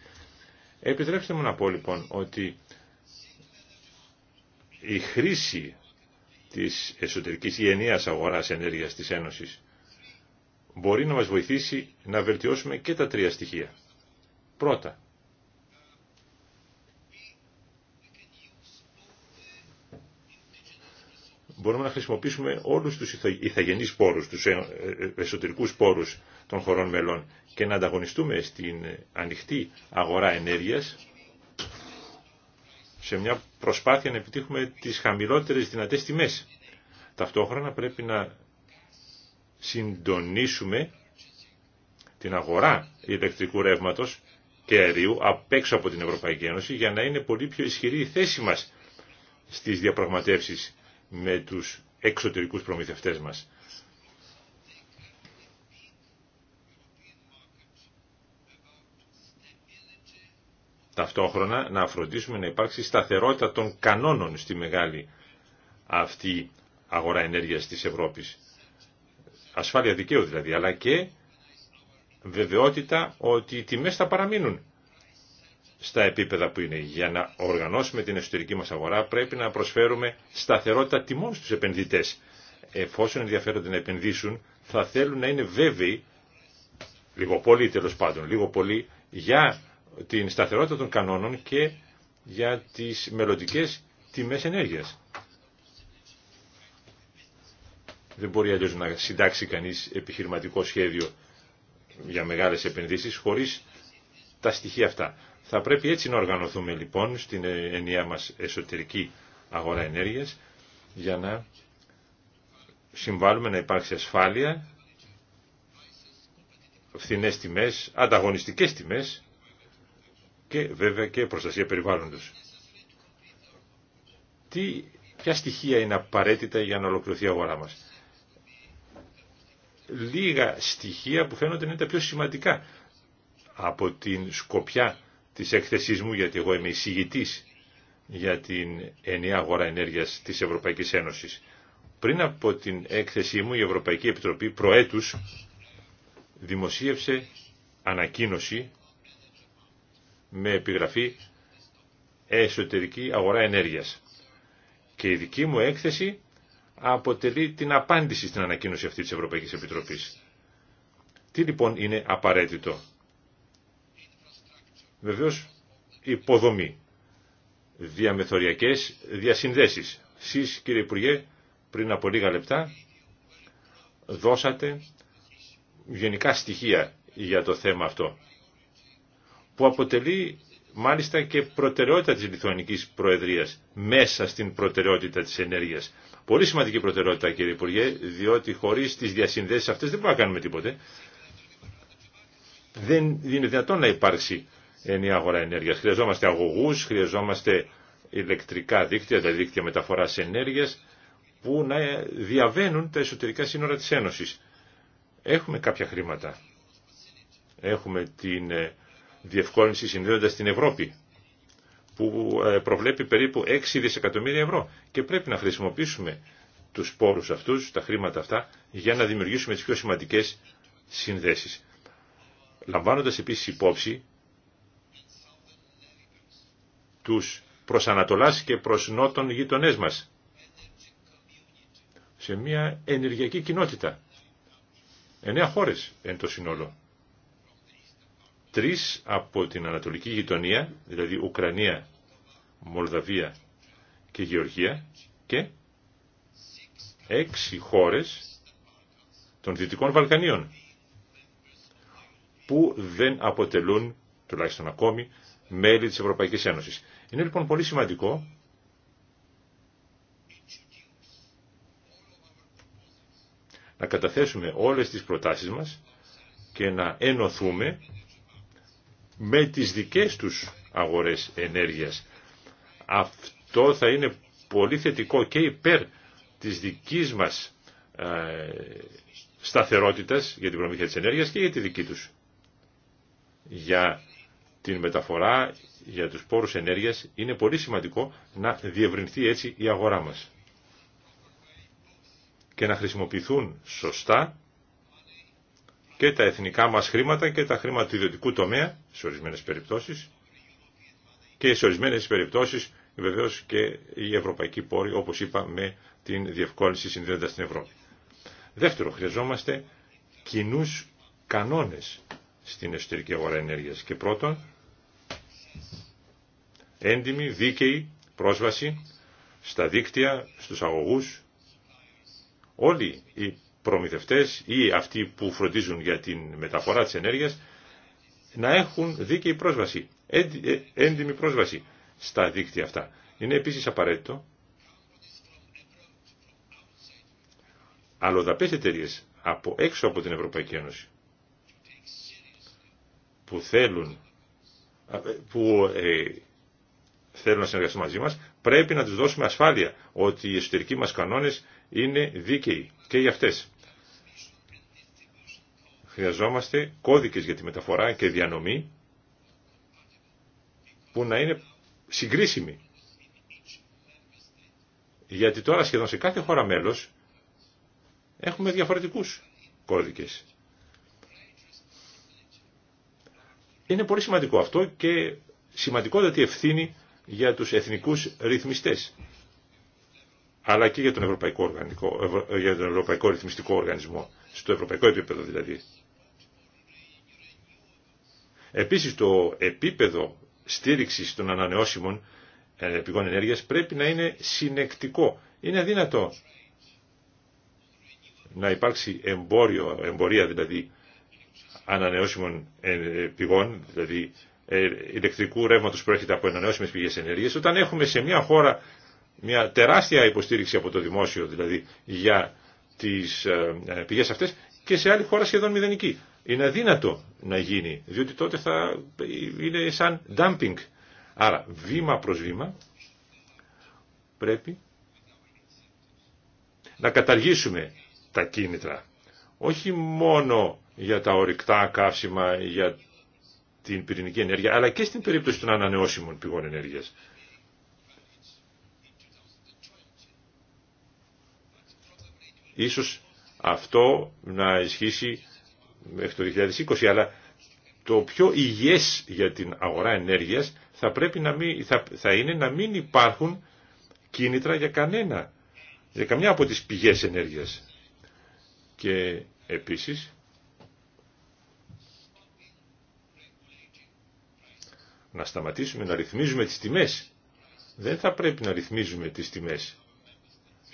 Επιτρέψτε μου να πω λοιπόν ότι η χρήση της εσωτερικής ή αγοράς ενέργειας της Ένωσης μπορεί να μας βοηθήσει να βελτιώσουμε και τα τρία στοιχεία. Πρώτα, μπορούμε να χρησιμοποιήσουμε όλους τους ηθαγενείς πόρους, τους ε, ε, εσωτερικούς πόρους των χωρών μελών και να ανταγωνιστούμε στην ανοιχτή αγορά ενέργειας σε μια προσπάθεια να επιτύχουμε τις χαμηλότερες δυνατές τιμές. Ταυτόχρονα πρέπει να συντονίσουμε την αγορά ηλεκτρικού ρεύματος και αερίου απ' έξω από την Ευρωπαϊκή Ένωση για να είναι πολύ πιο ισχυρή η θέση μας στις διαπραγματεύσεις με τους εξωτερικούς προμηθευτές μας. ταυτόχρονα να φροντίσουμε να υπάρξει σταθερότητα των κανόνων στη μεγάλη αυτή αγορά ενέργειας της Ευρώπης. Ασφάλεια δικαίου δηλαδή, αλλά και βεβαιότητα ότι οι τιμές θα παραμείνουν στα επίπεδα που είναι. Για να οργανώσουμε την εσωτερική μας αγορά πρέπει να προσφέρουμε σταθερότητα τιμών στους επενδυτές. Εφόσον ενδιαφέρονται να επενδύσουν θα θέλουν να είναι βέβαιοι, λίγο πολύ τέλος πάντων, λίγο πολύ για την σταθερότητα των κανόνων και για τις μελλοντικέ τιμές ενέργειας. Δεν μπορεί αλλιώς να συντάξει κανείς επιχειρηματικό σχέδιο για μεγάλες επενδύσεις χωρίς τα στοιχεία αυτά. Θα πρέπει έτσι να οργανωθούμε λοιπόν στην ενιαία μας εσωτερική αγορά ενέργειας για να συμβάλλουμε να υπάρξει ασφάλεια, φθηνές τιμές, ανταγωνιστικές τιμές και βέβαια και προστασία περιβάλλοντος. Τι, ποια στοιχεία είναι απαραίτητα για να ολοκληρωθεί η αγορά μας. Λίγα στοιχεία που φαίνονται να είναι τα πιο σημαντικά από την σκοπιά της έκθεσής μου, γιατί εγώ είμαι εισηγητής για την ενιαία αγορά ενέργειας της Ευρωπαϊκής Ένωσης. Πριν από την έκθεσή μου η Ευρωπαϊκή Επιτροπή προέτους δημοσίευσε ανακοίνωση με επιγραφή εσωτερική αγορά ενέργειας. Και η δική μου έκθεση αποτελεί την απάντηση στην ανακοίνωση αυτή της Ευρωπαϊκής Επιτροπής. Τι λοιπόν είναι απαραίτητο. Βεβαίως υποδομή, διαμεθοριακές διασυνδέσεις. Σεις κύριε Υπουργέ πριν από λίγα λεπτά δώσατε γενικά στοιχεία για το θέμα αυτό που αποτελεί μάλιστα και προτεραιότητα της Λιθουανικής Προεδρίας μέσα στην προτεραιότητα της ενέργειας. Πολύ σημαντική προτεραιότητα κύριε Υπουργέ, διότι χωρίς τις διασυνδέσεις αυτές δεν μπορούμε να κάνουμε τίποτε. Δεν είναι δυνατόν να υπάρξει ενιαία αγορά ενέργειας. Χρειαζόμαστε αγωγούς, χρειαζόμαστε ηλεκτρικά δίκτυα, τα δηλαδή δίκτυα μεταφοράς ενέργειας, που να διαβαίνουν τα εσωτερικά σύνορα της Ένωσης. Έχουμε κάποια χρήματα. Έχουμε την ε, διευκόλυνση συνδέοντας την Ευρώπη που ε, προβλέπει περίπου 6 δισεκατομμύρια ευρώ και πρέπει να χρησιμοποιήσουμε τους πόρους αυτούς, τα χρήματα αυτά, για να δημιουργήσουμε τις πιο σημαντικές συνδέσεις. Λαμβάνοντας επίσης υπόψη τους προς και προς Νότον γειτονές μας, σε μια ενεργειακή κοινότητα. Εννέα χώρες εν το σύνολο τρεις από την ανατολική γειτονία, δηλαδή Ουκρανία, Μολδαβία και Γεωργία και έξι χώρες των Δυτικών Βαλκανίων που δεν αποτελούν, τουλάχιστον ακόμη, μέλη της Ευρωπαϊκής Ένωσης. Είναι λοιπόν πολύ σημαντικό να καταθέσουμε όλες τις προτάσεις μας και να ενωθούμε με τις δικές τους αγορές ενέργειας. Αυτό θα είναι πολύ θετικό και υπέρ της δικής μας ε, σταθερότητας για την προμήθεια της ενέργειας και για τη δική τους. Για την μεταφορά, για τους πόρους ενέργειας είναι πολύ σημαντικό να διευρυνθεί έτσι η αγορά μας και να χρησιμοποιηθούν σωστά και τα εθνικά μας χρήματα και τα χρήματα του ιδιωτικού τομέα σε ορισμένες περιπτώσεις και σε ορισμένες περιπτώσεις βεβαίως και η ευρωπαϊκή πόρη όπως είπα με την διευκόλυνση συνδέοντας στην Ευρώπη. Δεύτερο, χρειαζόμαστε κοινού κανόνες στην εσωτερική αγορά ενέργειας και πρώτον έντιμη, δίκαιη πρόσβαση στα δίκτυα, στους αγωγούς όλοι οι προμηθευτές ή αυτοί που φροντίζουν για την μεταφορά της ενέργειας να έχουν δίκαιη πρόσβαση, ε, έντιμη πρόσβαση στα δίκτυα αυτά. Είναι επίσης απαραίτητο αλλοδαπές εταιρείε από έξω από την Ευρωπαϊκή Ένωση που θέλουν ε, που ε, θέλουν να συνεργαστούν μαζί μας πρέπει να τους δώσουμε ασφάλεια ότι οι εσωτερικοί μας κανόνες είναι δίκαιοι και για αυτές. Χρειαζόμαστε κώδικες για τη μεταφορά και διανομή που να είναι συγκρίσιμοι. Γιατί τώρα σχεδόν σε κάθε χώρα μέλος έχουμε διαφορετικούς κώδικες. Είναι πολύ σημαντικό αυτό και σημαντικότατη ευθύνη για τους εθνικούς ρυθμιστές αλλά και για τον Ευρωπαϊκό, Οργανικό, για τον Ευρωπαϊκό Ρυθμιστικό Οργανισμό, στο ευρωπαϊκό επίπεδο δηλαδή. Επίσης το επίπεδο στήριξης των ανανεώσιμων ε, πηγών ενέργειας πρέπει να είναι συνεκτικό. Είναι αδύνατο να υπάρξει εμπόριο, εμπορία δηλαδή ανανεώσιμων ε, πηγών, δηλαδή ε, ηλεκτρικού ρεύματος που έρχεται από ανανεώσιμες πηγές ενέργειας, όταν έχουμε σε μια χώρα μια τεράστια υποστήριξη από το δημόσιο δηλαδή για τις ε, ε, πηγές αυτές και σε άλλη χώρα σχεδόν μηδενική. Είναι αδύνατο να γίνει, διότι τότε θα είναι σαν dumping. Άρα βήμα προς βήμα πρέπει να καταργήσουμε τα κίνητρα. Όχι μόνο για τα ορυκτά καύσιμα, για την πυρηνική ενέργεια, αλλά και στην περίπτωση των ανανεώσιμων πηγών ενέργειας. Ίσως αυτό να ισχύσει μέχρι το 2020, αλλά το πιο υγιές για την αγορά ενέργειας θα, πρέπει να μην, θα, θα είναι να μην υπάρχουν κίνητρα για κανένα, για καμιά από τις πηγές ενέργειας. Και επίσης, να σταματήσουμε να ρυθμίζουμε τις τιμές. Δεν θα πρέπει να ρυθμίζουμε τις τιμές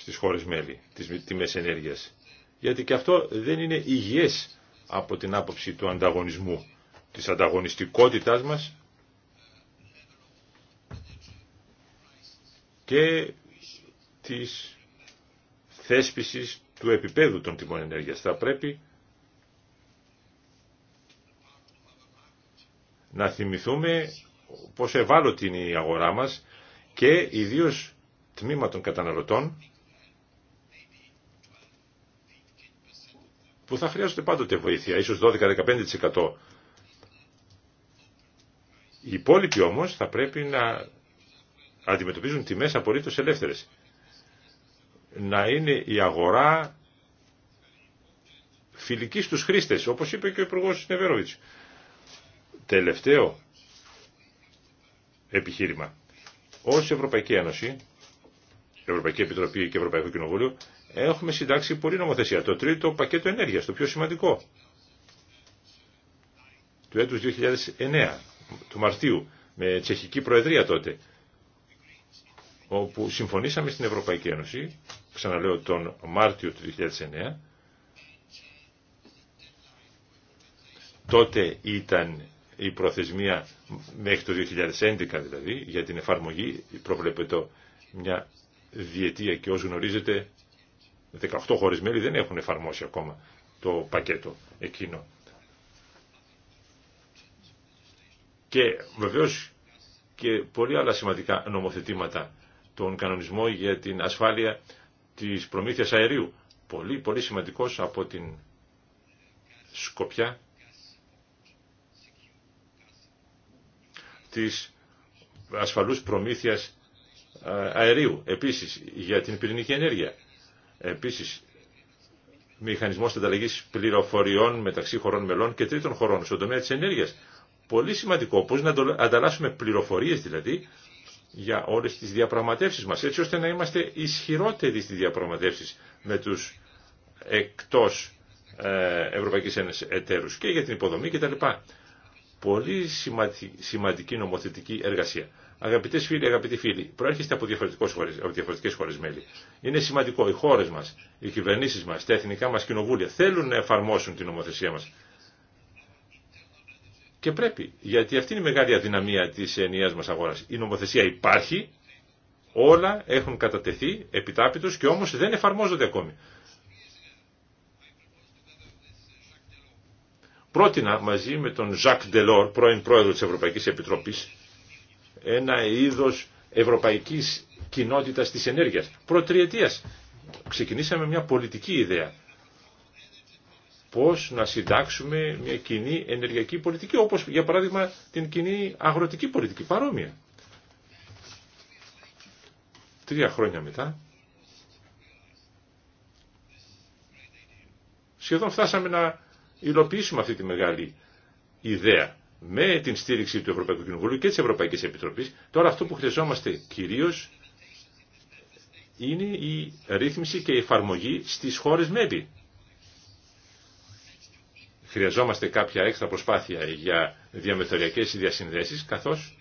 στις χώρες μέλη, τις τιμές ενέργειας. Γιατί και αυτό δεν είναι υγιές από την άποψη του ανταγωνισμού, της ανταγωνιστικότητάς μας και της θέσπισης του επίπεδου των τιμών ενέργειας. Θα πρέπει να θυμηθούμε πόσο ευάλωτη είναι η αγορά μας και ιδίως τμήμα των καταναλωτών που θα χρειάζονται πάντοτε βοήθεια, ίσως 12-15%. Οι υπόλοιποι όμως θα πρέπει να αντιμετωπίζουν τιμές απολύτως ελεύθερες. Να είναι η αγορά φιλική στους χρήστες, όπως είπε και ο υπουργό Νεβερόβιτς. Τελευταίο επιχείρημα. Ως Ευρωπαϊκή Ένωση, Ευρωπαϊκή Επιτροπή και Ευρωπαϊκό Κοινοβούλιο, έχουμε συντάξει πολλή νομοθεσία. Το τρίτο πακέτο ενέργειας, το πιο σημαντικό, του έτους 2009, του Μαρτίου, με τσεχική προεδρία τότε, όπου συμφωνήσαμε στην Ευρωπαϊκή Ένωση, ξαναλέω τον Μάρτιο του 2009, τότε ήταν η προθεσμία μέχρι το 2011 δηλαδή για την εφαρμογή προβλέπεται μια διετία και όσο γνωρίζετε 18 χωρίς μέλη δεν έχουν εφαρμόσει ακόμα το πακέτο εκείνο. Και βεβαίως και πολύ άλλα σημαντικά νομοθετήματα. Τον κανονισμό για την ασφάλεια της προμήθειας αερίου. Πολύ, πολύ σημαντικός από την σκοπιά της ασφαλούς προμήθειας ε, αερίου. Επίσης για την πυρηνική ενέργεια. Επίσης, μηχανισμός ανταλλαγής πληροφοριών μεταξύ χωρών μελών και τρίτων χωρών στον τομέα της ενέργειας. Πολύ σημαντικό, πώς να ανταλλάσσουμε πληροφορίες δηλαδή για όλες τις διαπραγματεύσεις μας, έτσι ώστε να είμαστε ισχυρότεροι στις διαπραγματεύσεις με τους εκτός ε, Ευρωπαϊκής Ένωση εταίρους και για την υποδομή κτλ. Πολύ σημαντική νομοθετική εργασία. Αγαπητέ φίλοι, αγαπητοί φίλοι, προέρχεστε από, χώρες, από διαφορετικέ χώρε μέλη. Είναι σημαντικό οι χώρε μα, οι κυβερνήσει μα, τα εθνικά μα κοινοβούλια θέλουν να εφαρμόσουν την νομοθεσία μα. Και πρέπει, γιατί αυτή είναι η μεγάλη αδυναμία τη ενιαία μα αγορά. Η νομοθεσία υπάρχει, όλα έχουν κατατεθεί επιτάπητο και όμω δεν εφαρμόζονται ακόμη. Πρότεινα μαζί με τον Ζακ Ντελόρ, πρώην πρόεδρο τη Ευρωπαϊκή Επιτροπή, ένα είδος ευρωπαϊκής κοινότητας της ενέργειας. Προτριετίας ξεκινήσαμε μια πολιτική ιδέα. Πώς να συντάξουμε μια κοινή ενεργειακή πολιτική, όπως για παράδειγμα την κοινή αγροτική πολιτική, παρόμοια. Τρία χρόνια μετά, σχεδόν φτάσαμε να υλοποιήσουμε αυτή τη μεγάλη ιδέα με την στήριξη του Ευρωπαϊκού Κοινοβουλίου και της Ευρωπαϊκής Επιτροπής. Τώρα αυτό που χρειαζόμαστε κυρίως είναι η ρύθμιση και η εφαρμογή στις χώρες μέλη. Χρειαζόμαστε κάποια έξτρα προσπάθεια για διαμεθοριακές διασυνδέσεις καθώς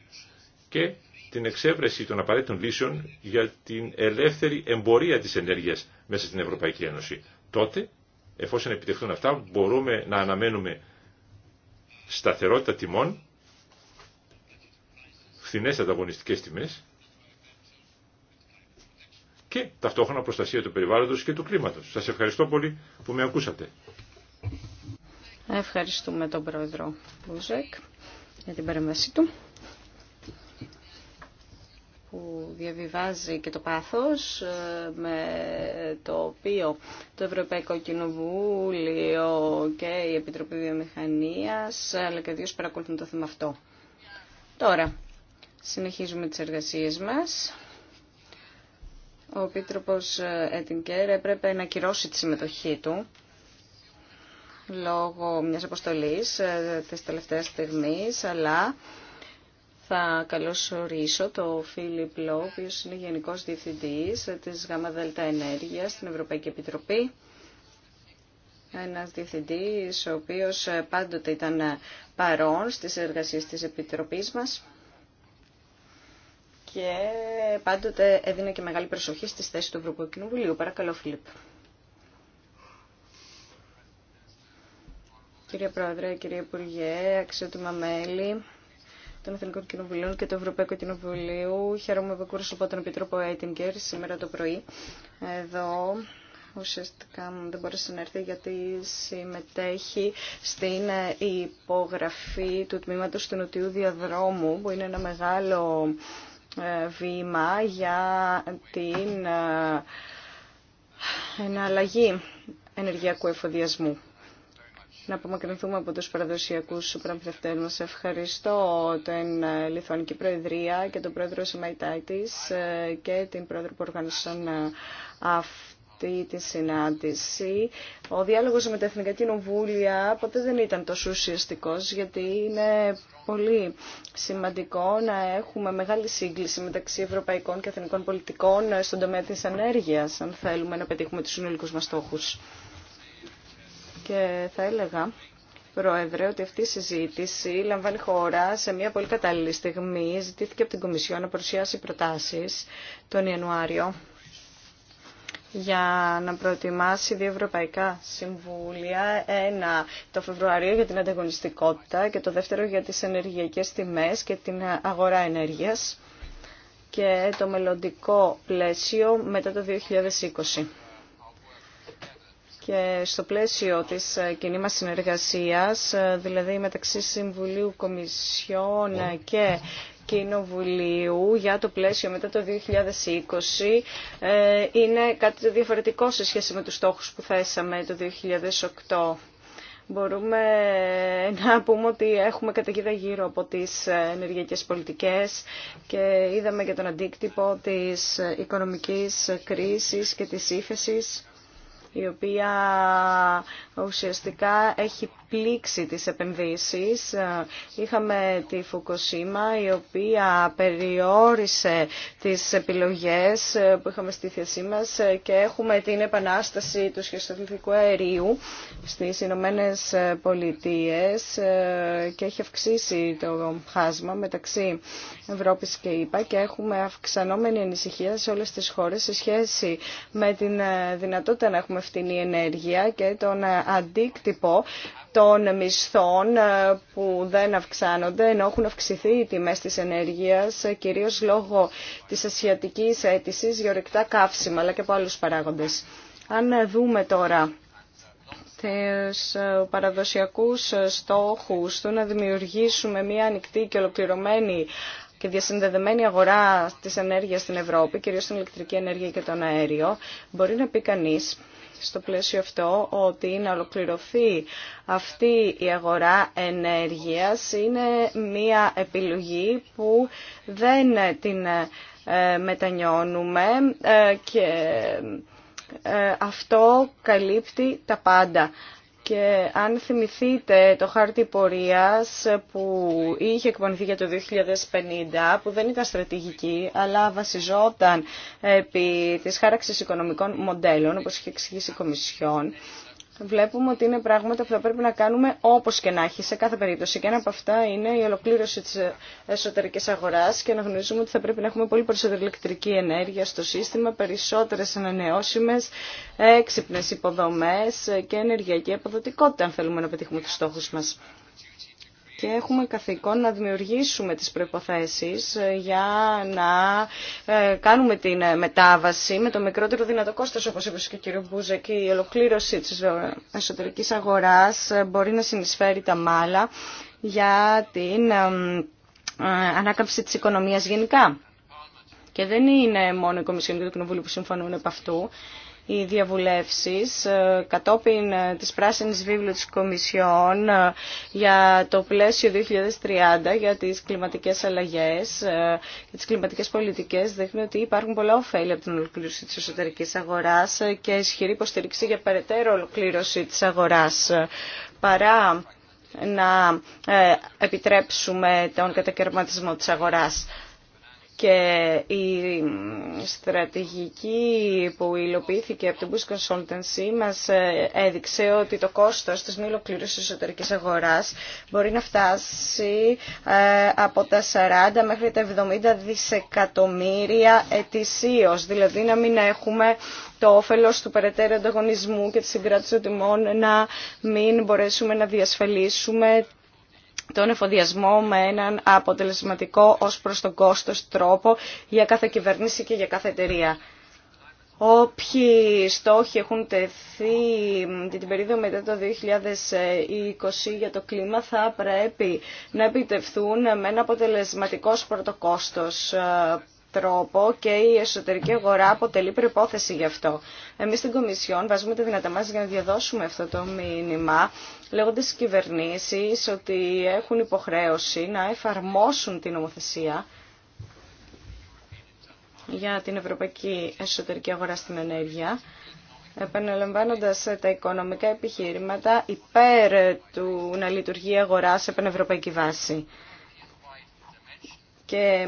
και την εξέβρεση των απαραίτητων λύσεων για την ελεύθερη εμπορία της ενέργειας μέσα στην Ευρωπαϊκή Ένωση. Τότε, εφόσον επιτευχθούν αυτά, μπορούμε να αναμένουμε σταθερότητα τιμών, φθηνές ανταγωνιστικές τιμές και ταυτόχρονα προστασία του περιβάλλοντος και του κλίματος. Σας ευχαριστώ πολύ που με ακούσατε. Ευχαριστούμε τον Πρόεδρο Μπουζέκ για την παρέμβασή του που διαβιβάζει και το πάθος ε, με το οποίο το Ευρωπαϊκό Κοινοβούλιο και η Επιτροπή Βιομηχανίας αλλά και δύο παρακολουθούν το θέμα αυτό. Τώρα, συνεχίζουμε τις εργασίες μας. Ο Επίτροπος Ετινκέρ έπρεπε να κυρώσει τη συμμετοχή του λόγω μιας αποστολής ε, της τελευταίας στιγμής, αλλά θα καλωσορίσω το Φίλιπ Λό, ο οποίος είναι Γενικός Διευθυντής της ΓΑΜΑ ΔΕΛΤΑ Ενέργειας στην Ευρωπαϊκή Επιτροπή. Ένας διευθυντής ο οποίος πάντοτε ήταν παρόν στις εργασίες της Επιτροπής μας και πάντοτε έδινε και μεγάλη προσοχή στις θέσεις του Ευρωπαϊκού Κοινοβουλίου. Παρακαλώ, Φίλιπ. Κύριε Πρόεδρε, κύριε Υπουργέ, αξιότιμα μέλη, των Εθνικών Κοινοβουλίων και του Ευρωπαϊκού Κοινοβουλίου. Χαίρομαι που ακούω από τον Επιτρόπο Έτιγκερ σήμερα το πρωί εδώ ουσιαστικά δεν μπορούσε να έρθει γιατί συμμετέχει στην υπογραφή του τμήματος του Νοτιού Διαδρόμου που είναι ένα μεγάλο ε, βήμα για την ε, εναλλαγή ενεργειακού εφοδιασμού να απομακρυνθούμε από τους παραδοσιακούς πραγματευτές μας. Ευχαριστώ την Λιθουανική Προεδρία και τον Πρόεδρο Σεμαϊτάκης ε, και την Πρόεδρο που οργανώσαν ε, αυτή τη συνάντηση. Ο διάλογος με τα Εθνικά Κοινοβούλια ποτέ δεν ήταν τόσο ουσιαστικό γιατί είναι πολύ σημαντικό να έχουμε μεγάλη σύγκληση μεταξύ ευρωπαϊκών και εθνικών πολιτικών στον τομέα της ανέργειας αν θέλουμε να πετύχουμε τους συνολικούς μας στόχους. Και θα έλεγα, Πρόεδρε, ότι αυτή η συζήτηση λαμβάνει χώρα σε μια πολύ κατάλληλη στιγμή. Ζητήθηκε από την Κομισιόν να παρουσιάσει προτάσεις τον Ιανουάριο για να προετοιμάσει δύο ευρωπαϊκά συμβούλια, ένα το Φεβρουαρίο για την ανταγωνιστικότητα και το δεύτερο για τις ενεργειακές τιμές και την αγορά ενέργειας και το μελλοντικό πλαίσιο μετά το 2020 και στο πλαίσιο της ε, κοινή μας συνεργασίας, ε, δηλαδή μεταξύ Συμβουλίου Κομισιών ε, και Κοινοβουλίου για το πλαίσιο μετά το 2020 είναι κάτι διαφορετικό σε σχέση με τους στόχους που θέσαμε το 2008. Μπορούμε να πούμε ότι έχουμε καταγίδα γύρω από τις ενεργειακές πολιτικές και είδαμε και τον αντίκτυπο της οικονομικής κρίσης και της ύφεσης η οποία ουσιαστικά έχει πλήξει τις επενδύσεις. Είχαμε τη Φουκοσίμα η οποία περιόρισε τις επιλογές που είχαμε στη θέση μας και έχουμε την επανάσταση του σχεσταθλητικού αερίου στις Ηνωμένε Πολιτείε και έχει αυξήσει το χάσμα μεταξύ Ευρώπης και ΙΠΑ και έχουμε αυξανόμενη ανησυχία σε όλες τις χώρες σε σχέση με την δυνατότητα να έχουμε φτηνή ενέργεια και τον αντίκτυπο των μισθών ε, που δεν αυξάνονται, ενώ έχουν αυξηθεί οι τιμές της ενέργειας, ε, κυρίως λόγω της ασιατικής αίτηση, για ορεικτά καύσιμα, αλλά και από άλλου παράγοντες. Αν ε, δούμε τώρα τους παραδοσιακούς στόχους του να δημιουργήσουμε μια ανοιχτή και ολοκληρωμένη και διασυνδεδεμένη αγορά της ενέργειας στην Ευρώπη, κυρίως την ηλεκτρική ενέργεια και τον αέριο, μπορεί να πει κανείς στο πλαίσιο αυτό ότι να ολοκληρωθεί αυτή η αγορά ενέργειας είναι μία επιλογή που δεν την ε, μετανιώνουμε ε, και ε, αυτό καλύπτει τα πάντα. Και αν θυμηθείτε το χάρτη πορείας που είχε εκπονηθεί για το 2050, που δεν ήταν στρατηγική, αλλά βασιζόταν επί της χάραξης οικονομικών μοντέλων, όπως είχε εξηγήσει η Κομισιόν, βλέπουμε ότι είναι πράγματα που θα πρέπει να κάνουμε όπως και να έχει σε κάθε περίπτωση. Και ένα από αυτά είναι η ολοκλήρωση της εσωτερικής αγοράς και να γνωρίζουμε ότι θα πρέπει να έχουμε πολύ περισσότερη ηλεκτρική ενέργεια στο σύστημα, περισσότερες ανανεώσιμες, έξυπνες υποδομές και ενεργειακή αποδοτικότητα αν θέλουμε να πετύχουμε τους στόχους μας και έχουμε καθήκον να δημιουργήσουμε τις προϋποθέσεις ε, για να ε, κάνουμε την ε, μετάβαση με το μικρότερο δυνατό κόστος, όπως είπε και ο κύριο και η ολοκλήρωση της εσωτερικής αγοράς μπορεί να συνεισφέρει τα μάλα για την ανάκαμψη της οικονομίας γενικά. Και δεν είναι μόνο η Κομισιόν και το Κοινοβούλιο που συμφωνούν επ' αυτού οι διαβουλεύσεις ε, κατόπιν ε, της πράσινης βίβλου της Κομισιόν ε, για το πλαίσιο 2030 για τις κλιματικές αλλαγές και τις κλιματικές πολιτικές δείχνει ότι υπάρχουν πολλά ωφέλη από την ολοκλήρωση της εσωτερικής αγοράς και ισχυρή υποστηρίξη για περαιτέρω ολοκλήρωση της αγοράς παρά να επιτρέψουμε τον κατακαιρματισμό της αγοράς και η στρατηγική που υλοποιήθηκε από την Bush Consultancy μας ε, έδειξε ότι το κόστος της μη ολοκλήρωσης εσωτερικής αγοράς μπορεί να φτάσει ε, από τα 40 μέχρι τα 70 δισεκατομμύρια ετησίως, δηλαδή να μην έχουμε το όφελος του περαιτέρω ανταγωνισμού και της συγκράτησης των τιμών να μην μπορέσουμε να διασφαλίσουμε τον εφοδιασμό με έναν αποτελεσματικό ως προς τον κόστος τρόπο για κάθε κυβέρνηση και για κάθε εταιρεία. Όποιοι στόχοι έχουν τεθεί για την περίοδο μετά το 2020 για το κλίμα θα πρέπει να επιτευθούν με ένα αποτελεσματικό πρωτοκόστος τρόπο και η εσωτερική αγορά αποτελεί προπόθεση γι' αυτό. Εμείς στην Κομισιόν βάζουμε τη δυνατά μας για να διαδώσουμε αυτό το μήνυμα, λέγοντας στις κυβερνήσεις ότι έχουν υποχρέωση να εφαρμόσουν την νομοθεσία για την ευρωπαϊκή εσωτερική αγορά στην ενέργεια, επαναλαμβάνοντας τα οικονομικά επιχείρηματα υπέρ του να λειτουργεί η αγορά σε πανευρωπαϊκή βάση και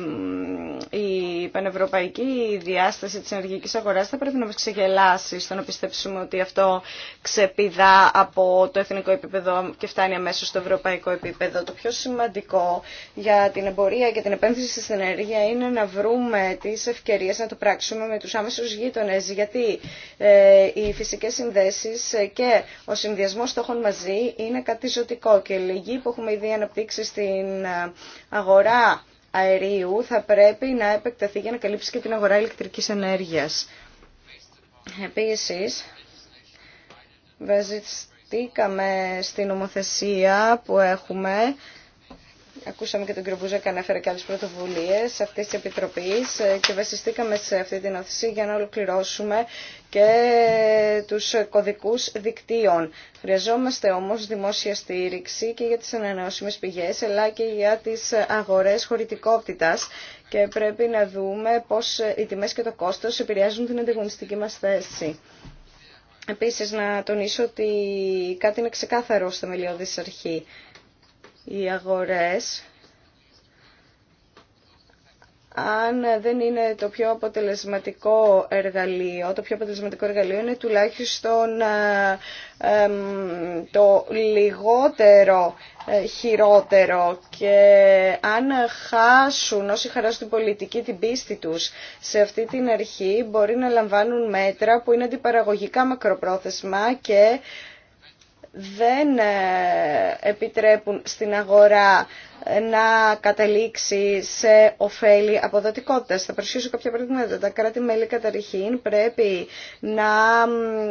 η πανευρωπαϊκή διάσταση της ενεργειακής αγοράς θα πρέπει να μας ξεγελάσει στο να πιστέψουμε ότι αυτό ξεπηδά από το εθνικό επίπεδο και φτάνει αμέσως στο ευρωπαϊκό επίπεδο. Το πιο σημαντικό για την εμπορία και την επένδυση στην ενέργεια είναι να βρούμε τις ευκαιρίες να το πράξουμε με τους άμεσους γείτονες γιατί ε, οι φυσικές συνδέσεις και ο συνδυασμός στόχων μαζί είναι κάτι ζωτικό και λίγοι που έχουμε ήδη αναπτύξει στην ε, αγορά αερίου θα πρέπει να επεκταθεί για να καλύψει και την αγορά ηλεκτρικής ενέργειας. Επίσης, βασιστήκαμε στην νομοθεσία που έχουμε Ακούσαμε και τον κύριο Μπουζέκα και ανέφερε και άλλε πρωτοβουλίε αυτή τη Επιτροπή ε, και βασιστήκαμε σε αυτή την όθηση για να ολοκληρώσουμε και του κωδικού δικτύων. Χρειαζόμαστε όμω δημόσια στήριξη και για τι ανανεώσιμε πηγέ αλλά και για τι αγορέ χωρητικότητα και πρέπει να δούμε πώ οι τιμέ και το κόστο επηρεάζουν την ανταγωνιστική μα θέση. Επίσης να τονίσω ότι κάτι είναι ξεκάθαρο στο μελιώδης αρχή οι αγορές αν δεν είναι το πιο αποτελεσματικό εργαλείο, το πιο αποτελεσματικό εργαλείο είναι τουλάχιστον ε, το λιγότερο ε, χειρότερο και αν χάσουν όσοι χαράσουν την πολιτική την πίστη τους σε αυτή την αρχή μπορεί να λαμβάνουν μέτρα που είναι αντιπαραγωγικά μακροπρόθεσμα και δεν ε, επιτρέπουν στην αγορά ε, να καταλήξει σε ωφέλη αποδοτικότητας. Θα παρουσιάσω κάποια παραδείγματα. Τα κράτη-μέλη καταρχήν πρέπει να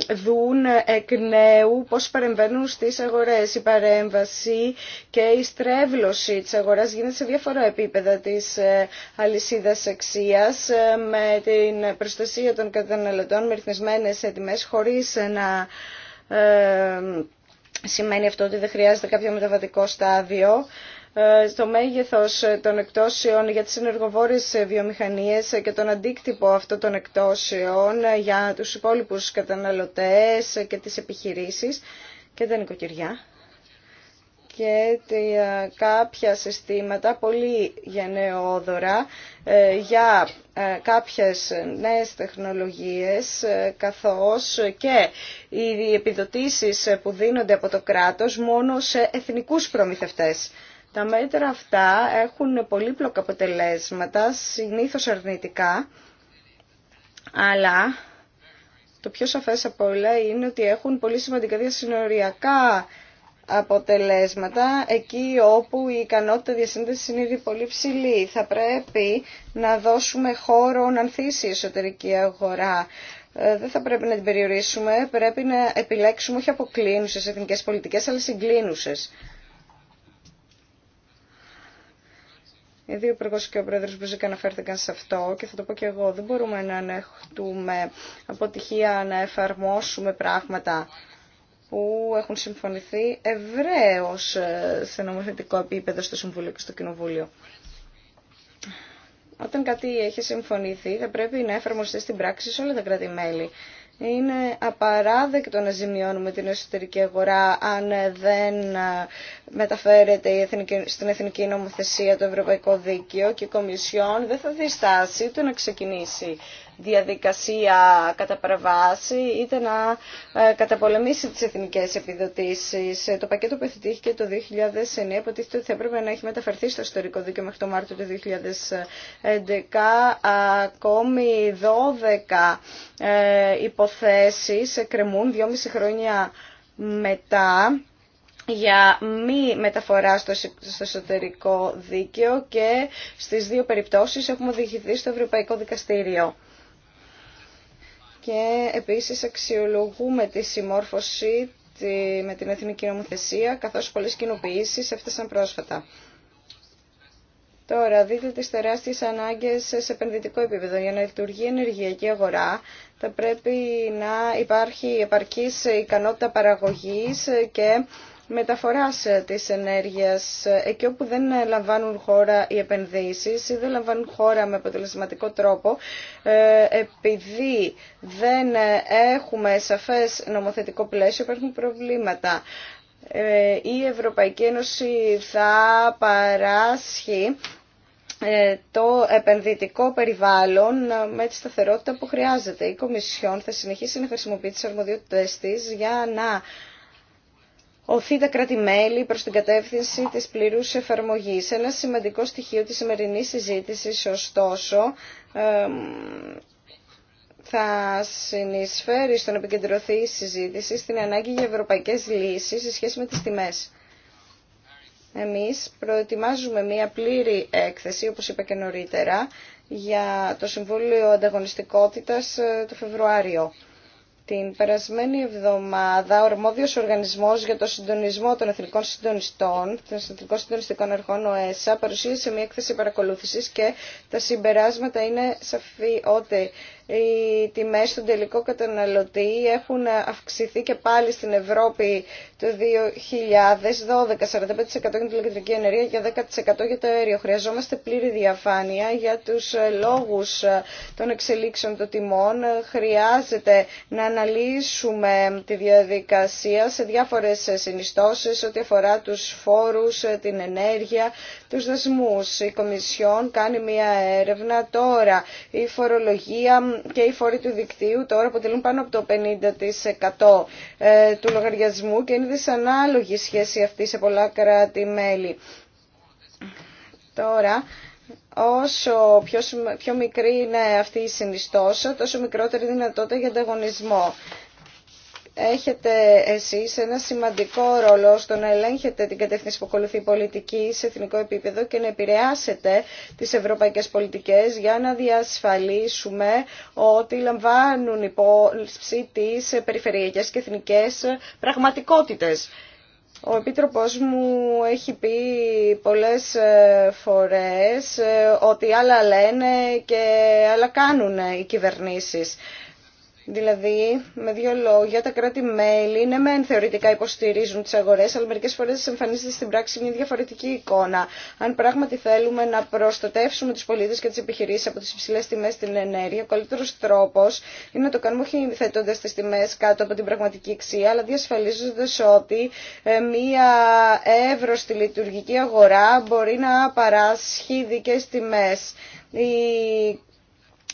δουν εκ νέου πώς παρεμβαίνουν στις αγορές. Η παρέμβαση και η στρέβλωση της αγοράς γίνεται σε διάφορα επίπεδα της ε, αλυσίδας αξίας με την προστασία των καταναλωτών με ρυθμισμένες τιμές χωρίς να Σημαίνει αυτό ότι δεν χρειάζεται κάποιο μεταβατικό στάδιο ε, στο μέγεθος των εκτόσεων για τις ενεργοβόρες βιομηχανίες και τον αντίκτυπο αυτών των εκτόσεων για τους υπόλοιπους καταναλωτές και τις επιχειρήσεις και τα νοικοκυριά και ε, κάποια συστήματα πολύ γενναιόδωρα ε, για ε, κάποιες νέες τεχνολογίες καθώς και οι επιδοτήσεις που δίνονται από το κράτος μόνο σε εθνικούς προμηθευτές. Τα μέτρα αυτά έχουν πολύπλοκα αποτελέσματα, συνήθως αρνητικά, αλλά το πιο σαφές από όλα είναι ότι έχουν πολύ σημαντικά διασυνοριακά αποτελέσματα εκεί όπου η ικανότητα διασύνδεσης είναι ήδη πολύ ψηλή. Θα πρέπει να δώσουμε χώρο να ανθίσει η εσωτερική αγορά. Ε, δεν θα πρέπει να την περιορίσουμε, πρέπει να επιλέξουμε όχι αποκλίνουσες εθνικές πολιτικές, αλλά συγκλίνουσες. Οι δύο υπουργό και ο πρόεδρο Μπουζίκα αναφέρθηκαν σε αυτό και θα το πω και εγώ. Δεν μπορούμε να ανεχτούμε αποτυχία να εφαρμόσουμε πράγματα που έχουν συμφωνηθεί ευρέως ε, σε νομοθετικό επίπεδο στο Συμβούλιο και στο Κοινοβούλιο. Όταν κάτι έχει συμφωνηθεί θα πρέπει να εφαρμοστεί στην πράξη σε όλα τα κράτη-μέλη. Είναι απαράδεκτο να ζημιώνουμε την εσωτερική αγορά αν δεν ε, μεταφέρεται στην εθνική νομοθεσία το Ευρωπαϊκό Δίκαιο και η Κομισιόν δεν θα διστάσει το να ξεκινήσει διαδικασία κατά ήταν να ε, καταπολεμήσει τις εθνικές επιδοτήσεις. Ε, το πακέτο που εθετήθηκε το 2009 υποτίθεται ότι θα έπρεπε να έχει μεταφερθεί στο ιστορικό δίκαιο μέχρι το Μάρτιο του 2011. Ακόμη 12 ε, υποθέσεις κρεμούν 2,5 χρόνια μετά για μη μεταφορά στο εσωτερικό δίκαιο και στις δύο περιπτώσεις έχουμε οδηγηθεί στο Ευρωπαϊκό Δικαστήριο και επίσης αξιολογούμε τη συμμόρφωση με την εθνική νομοθεσία, καθώς πολλές κοινοποιήσεις έφτασαν πρόσφατα. Τώρα, δείτε τις τεράστιες ανάγκες σε επενδυτικό επίπεδο. Για να λειτουργεί η ενεργειακή αγορά, θα πρέπει να υπάρχει επαρκής ικανότητα παραγωγής και μεταφοράς ε, της ενέργειας ε, εκεί όπου δεν ε, λαμβάνουν χώρα οι επενδύσεις ή δεν λαμβάνουν χώρα με αποτελεσματικό τρόπο επειδή δεν έχουμε σαφές νομοθετικό πλαίσιο υπάρχουν προβλήματα. Η Ευρωπαϊκή Ένωση θα παράσχει το επενδυτικό περιβάλλον με τη σταθερότητα που χρειάζεται. Η Κομισιόν θα συνεχίσει να χρησιμοποιεί τις αρμοδιότητες της για να οθεί τα κράτη-μέλη προς την κατεύθυνση της πληρούς εφαρμογής. Ένα σημαντικό στοιχείο της σημερινής συζήτησης, ωστόσο, θα συνεισφέρει στον να επικεντρωθεί η συζήτηση στην ανάγκη για ευρωπαϊκές λύσεις σε σχέση με τις τιμές. Εμείς προετοιμάζουμε μία πλήρη έκθεση, όπως είπα και νωρίτερα, για το Συμβούλιο Ανταγωνιστικότητας ε, το Φεβρουάριο. Την περασμένη εβδομάδα, ο αρμόδιος οργανισμός για το συντονισμό των εθνικών συντονιστών, των εθνικών συντονιστικών αρχών ΕΣΑ, παρουσίασε μια έκθεση παρακολούθησης και τα συμπεράσματα είναι σαφή ότι οι τιμές στον τελικό καταναλωτή έχουν αυξηθεί και πάλι στην Ευρώπη το 2012, 45% για την ηλεκτρική ενέργεια και 10% για το αέριο. Χρειαζόμαστε πλήρη διαφάνεια για τους ε, λόγους ε, των εξελίξεων των τιμών. Χρειάζεται να αναλύσουμε τη διαδικασία σε διάφορες ε, συνιστώσεις ό,τι αφορά του φόρους, την ενέργεια, τους δεσμούς, Η Κομισιόν κάνει μια έρευνα τώρα. Η φορολογία και οι φόροι του δικτύου τώρα αποτελούν πάνω από το 50% ε, του λογαριασμού και είναι δυσανάλογη σχέση αυτή σε πολλά κράτη-μέλη. Τώρα, όσο πιο, πιο μικρή είναι αυτή η συνιστόσα, τόσο μικρότερη δυνατότητα για ανταγωνισμό έχετε εσείς ένα σημαντικό ρόλο στο να ελέγχετε την κατεύθυνση που ακολουθεί η πολιτική σε εθνικό επίπεδο και να επηρεάσετε τις ευρωπαϊκές πολιτικές για να διασφαλίσουμε ότι λαμβάνουν υπόψη τις περιφερειακές και εθνικές πραγματικότητες. Ο Επίτροπος μου έχει πει πολλές ε, φορές ε, ότι άλλα λένε και άλλα κάνουν οι κυβερνήσεις. Δηλαδή, με δύο λόγια, τα κράτη-μέλη είναι μεν θεωρητικά υποστηρίζουν τι αγορέ, αλλά μερικέ φορέ εμφανίζεται στην πράξη μια διαφορετική εικόνα. Αν πράγματι θέλουμε να προστατεύσουμε τους πολίτε και τι επιχειρήσει από τι υψηλέ τιμέ στην ενέργεια, ο καλύτερο τρόπο, είναι να το κάνουμε όχι θέτοντα τις τιμές κάτω από την πραγματική αξία, αλλά διασφαλίζοντα ότι ε, μια εύρωστη λειτουργική αγορά μπορεί να παράσχει δικέ τιμέ. Η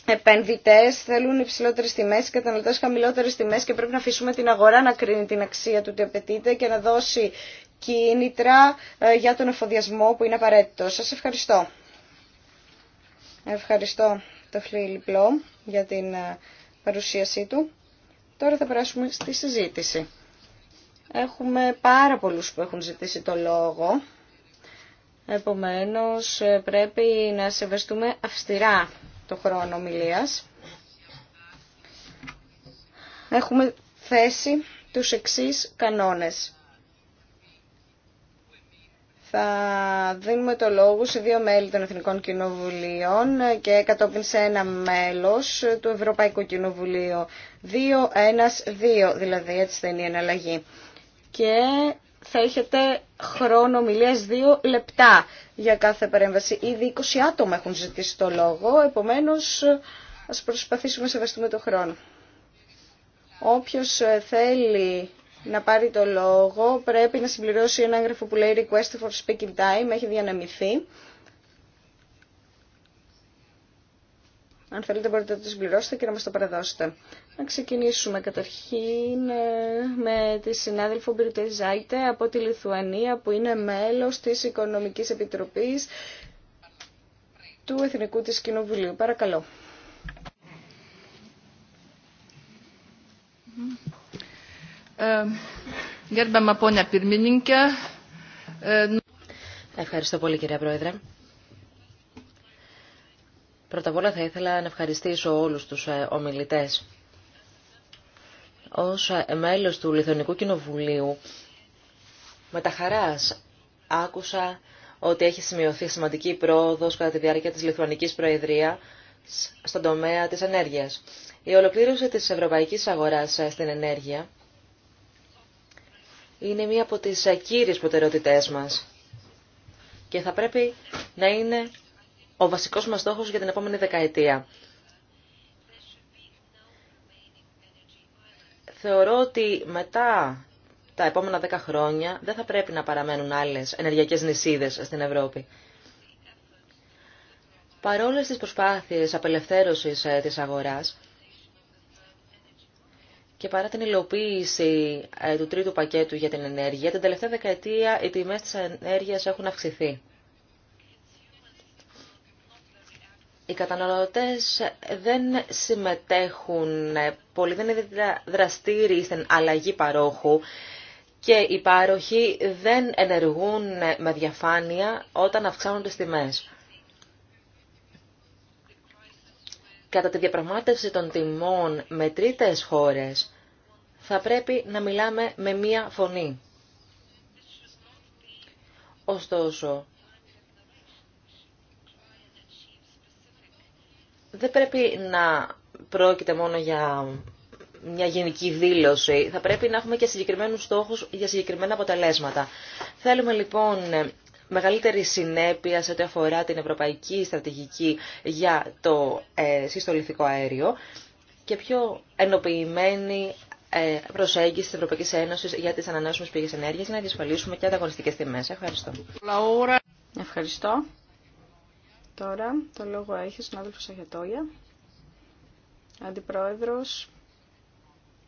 επενδυτές θέλουν υψηλότερε τιμές, οι καταναλωτέ χαμηλότερε τιμές και πρέπει να αφήσουμε την αγορά να κρίνει την αξία του τι απαιτείται και να δώσει κίνητρα ε, για τον εφοδιασμό που είναι απαραίτητο. Σα ευχαριστώ. Ευχαριστώ το Χλιλιπλό για την ε, παρουσίασή του. Τώρα θα περάσουμε στη συζήτηση. Έχουμε πάρα πολλούς που έχουν ζητήσει το λόγο. Επομένως ε, πρέπει να σεβαστούμε αυστηρά το χρόνο ομιλίας. Έχουμε θέσει τους εξής κανόνες. Θα δίνουμε το λόγο σε δύο μέλη των Εθνικών Κοινοβουλίων και κατόπιν σε ένα μέλος του Ευρωπαϊκού Κοινοβουλίου. Δύο, ένας, δύο, δηλαδή έτσι θα είναι η εναλλαγή. Και θα έχετε χρόνο ομιλίας δύο λεπτά για κάθε παρέμβαση. Ήδη 20 άτομα έχουν ζητήσει το λόγο, επομένως ας προσπαθήσουμε να σεβαστούμε το χρόνο. Όποιος ε, θέλει να πάρει το λόγο πρέπει να συμπληρώσει ένα έγγραφο που λέει Request for Speaking Time, έχει διανεμηθεί. Αν θέλετε μπορείτε να το συμπληρώσετε και να μας το παραδώσετε. Να ξεκινήσουμε καταρχήν ε, με τη συνάδελφο Μπριτε από τη Λιθουανία που είναι μέλος της Οικονομικής Επιτροπής του Εθνικού της Κοινοβουλίου. Παρακαλώ. Ε, ε, Ευχαριστώ πολύ κυρία Πρόεδρε. Πρώτα απ' όλα θα ήθελα να ευχαριστήσω όλους τους ε, ομιλητές. Ως ε, μέλος του Λιθονικού Κοινοβουλίου, με τα χαράς άκουσα ότι έχει σημειωθεί σημαντική πρόοδος κατά τη διάρκεια της Λιθουανικής Προεδρίας στον τομέα της ενέργειας. Η ολοκλήρωση της ευρωπαϊκής αγοράς ε, στην ενέργεια είναι μία από τις κύριες προτεραιότητές μας και θα πρέπει να είναι ο βασικός μας στόχος για την επόμενη δεκαετία. Θεωρώ ότι μετά τα επόμενα δέκα χρόνια δεν θα πρέπει να παραμένουν άλλες ενεργειακές νησίδες στην Ευρώπη. Παρόλες τις προσπάθειες απελευθέρωσης ε, της αγοράς και παρά την υλοποίηση ε, του τρίτου πακέτου για την ενέργεια, την τελευταία δεκαετία οι τιμές της ενέργειας έχουν αυξηθεί. οι καταναλωτές δεν συμμετέχουν πολύ, δεν είναι δραστήριοι στην αλλαγή παρόχου και οι πάροχοι δεν ενεργούν με διαφάνεια όταν αυξάνονται τις τιμές. Κατά τη διαπραγμάτευση των τιμών με τρίτες χώρες θα πρέπει να μιλάμε με μία φωνή. Ωστόσο, δεν πρέπει να πρόκειται μόνο για μια γενική δήλωση. Θα πρέπει να έχουμε και συγκεκριμένους στόχους για συγκεκριμένα αποτελέσματα. Θέλουμε λοιπόν μεγαλύτερη συνέπεια σε ό,τι αφορά την ευρωπαϊκή στρατηγική για το ε, συστολιθικό αέριο και πιο ενοποιημένη ε, προσέγγιση της Ευρωπαϊκής Ένωσης για τις ανανεώσιμες πηγές ενέργειας για να διασφαλίσουμε και ανταγωνιστικές τιμές. Ευχαριστώ. Ευχαριστώ. Τώρα το λόγο έχει ο συνάδελφος Αγιατόγια, αντιπρόεδρος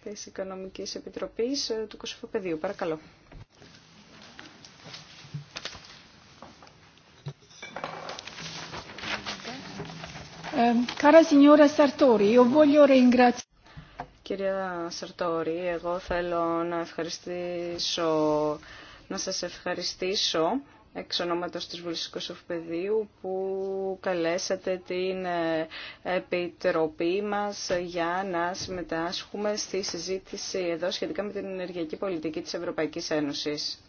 της Οικονομικής Επιτροπής ε, του Κωσοφοπεδίου. Παρακαλώ. Κυρία Σαρτόρη, εγώ θέλω να ευχαριστήσω, να σας ευχαριστήσω εξ ονόματος της Βουλής που καλέσατε την ε, Επιτροπή μας για να συμμετάσχουμε στη συζήτηση εδώ σχετικά με την ενεργειακή πολιτική της Ευρωπαϊκής Ένωσης.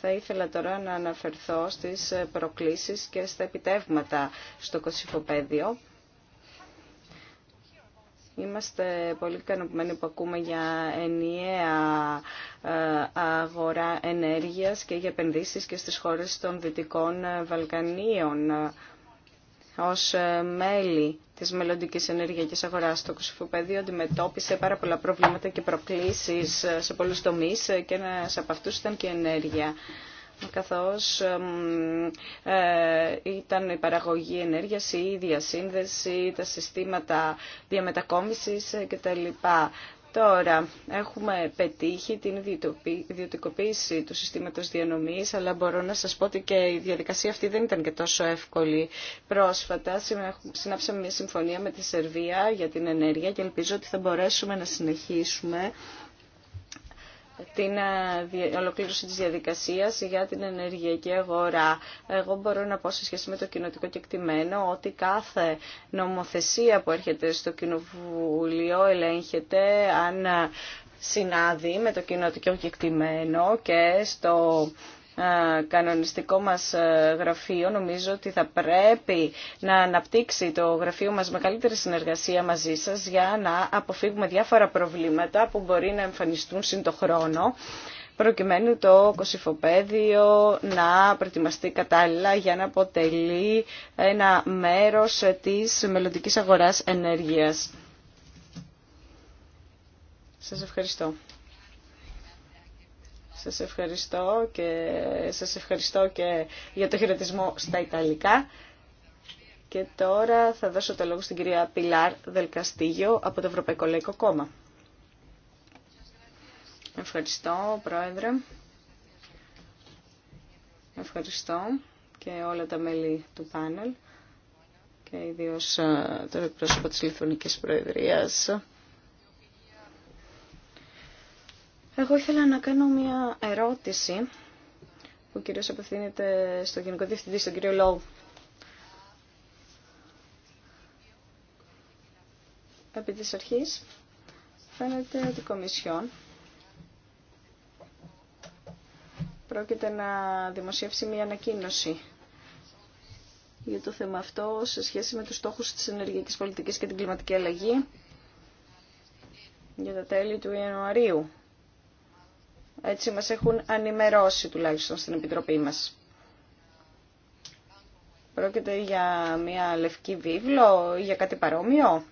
Θα ήθελα τώρα να αναφερθώ στις προκλήσεις και στα επιτεύγματα στο Κωσυφοπέδιο Είμαστε πολύ ικανοποιημένοι που ακούμε για ενιαία ε, αγορά ενέργειας και για επενδύσεις και στις χώρες των Δυτικών ε, Βαλκανίων ε, ως μέλη της μελλοντική ενεργειακής αγοράς το Κωσυφοπέδιο αντιμετώπισε πάρα πολλά προβλήματα και προκλήσεις σε πολλούς τομείς και ένας από αυτούς ήταν και η ενέργεια καθώς ε, ήταν η παραγωγή ενέργειας, η διασύνδεση, τα συστήματα διαμετακόμισης ε, κτλ. Τώρα, έχουμε πετύχει την ιδιωτικοποίηση του συστήματος διανομής, αλλά μπορώ να σας πω ότι και η διαδικασία αυτή δεν ήταν και τόσο εύκολη. Πρόσφατα συνάψαμε μια συμφωνία με τη Σερβία για την ενέργεια και ελπίζω ότι θα μπορέσουμε να συνεχίσουμε την ολοκλήρωση της διαδικασίας για την ενεργειακή αγορά. Εγώ μπορώ να πω σε σχέση με το κοινοτικό κεκτημένο ότι κάθε νομοθεσία που έρχεται στο Κοινοβούλιο ελέγχεται αν συνάδει με το κοινοτικό κεκτημένο και στο ε, κανονιστικό μας ε, γραφείο νομίζω ότι θα πρέπει να αναπτύξει το γραφείο μας με καλύτερη συνεργασία μαζί σας για να αποφύγουμε διάφορα προβλήματα που μπορεί να εμφανιστούν σύν το χρόνο προκειμένου το κοσυφοπαίδιο να προετοιμαστεί κατάλληλα για να αποτελεί ένα μέρος της μελλοντικής αγοράς ενέργειας. Σας ευχαριστώ. Σας ευχαριστώ και σας ευχαριστώ και για το χαιρετισμό στα Ιταλικά. Και τώρα θα δώσω το λόγο στην κυρία Πιλάρ Δελκαστίγιο από το Ευρωπαϊκό Λαϊκό Κόμμα. Ευχαριστώ, Πρόεδρε. Ευχαριστώ και όλα τα μέλη του πάνελ και ιδίως ε, τον εκπρόσωπο της Λιθουανικής Προεδρίας. Εγώ ήθελα να κάνω μια ερώτηση που κυρίως απευθύνεται στο Γενικό Διευθυντή, στον κύριο Λόου. Επί της αρχής φαίνεται ότι η Κομισιόν πρόκειται να δημοσιεύσει μια ανακοίνωση για το θέμα αυτό σε σχέση με τους στόχους της ενεργειακής πολιτικής και την κλιματική αλλαγή για τα τέλη του Ιανουαρίου έτσι μας έχουν ανημερώσει τουλάχιστον στην Επιτροπή μας. Πρόκειται για μια λευκή βίβλο ή για κάτι παρόμοιο.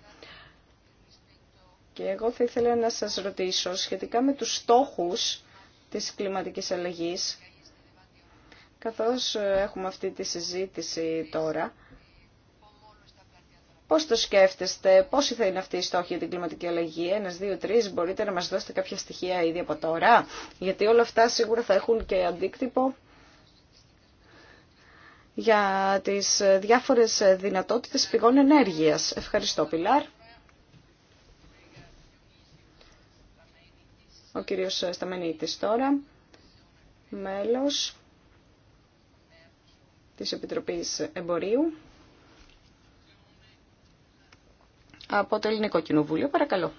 Και εγώ θα ήθελα να σας ρωτήσω σχετικά με τους στόχους της κλιματικής αλλαγής, καθώς έχουμε αυτή τη συζήτηση τώρα, Πώς το σκέφτεστε, πόσοι θα είναι αυτοί οι στόχοι για την κλιματική αλλαγή, ένας, δύο, τρεις, μπορείτε να μας δώσετε κάποια στοιχεία ήδη από τώρα, γιατί όλα αυτά σίγουρα θα έχουν και αντίκτυπο για τις διάφορες δυνατότητες πηγών ενέργειας. Ευχαριστώ, Πιλάρ. Ο κύριος Σταμενίτης τώρα, μέλος της Επιτροπής Εμπορίου. από το Ελληνικό Κοινοβούλιο. Παρακαλώ.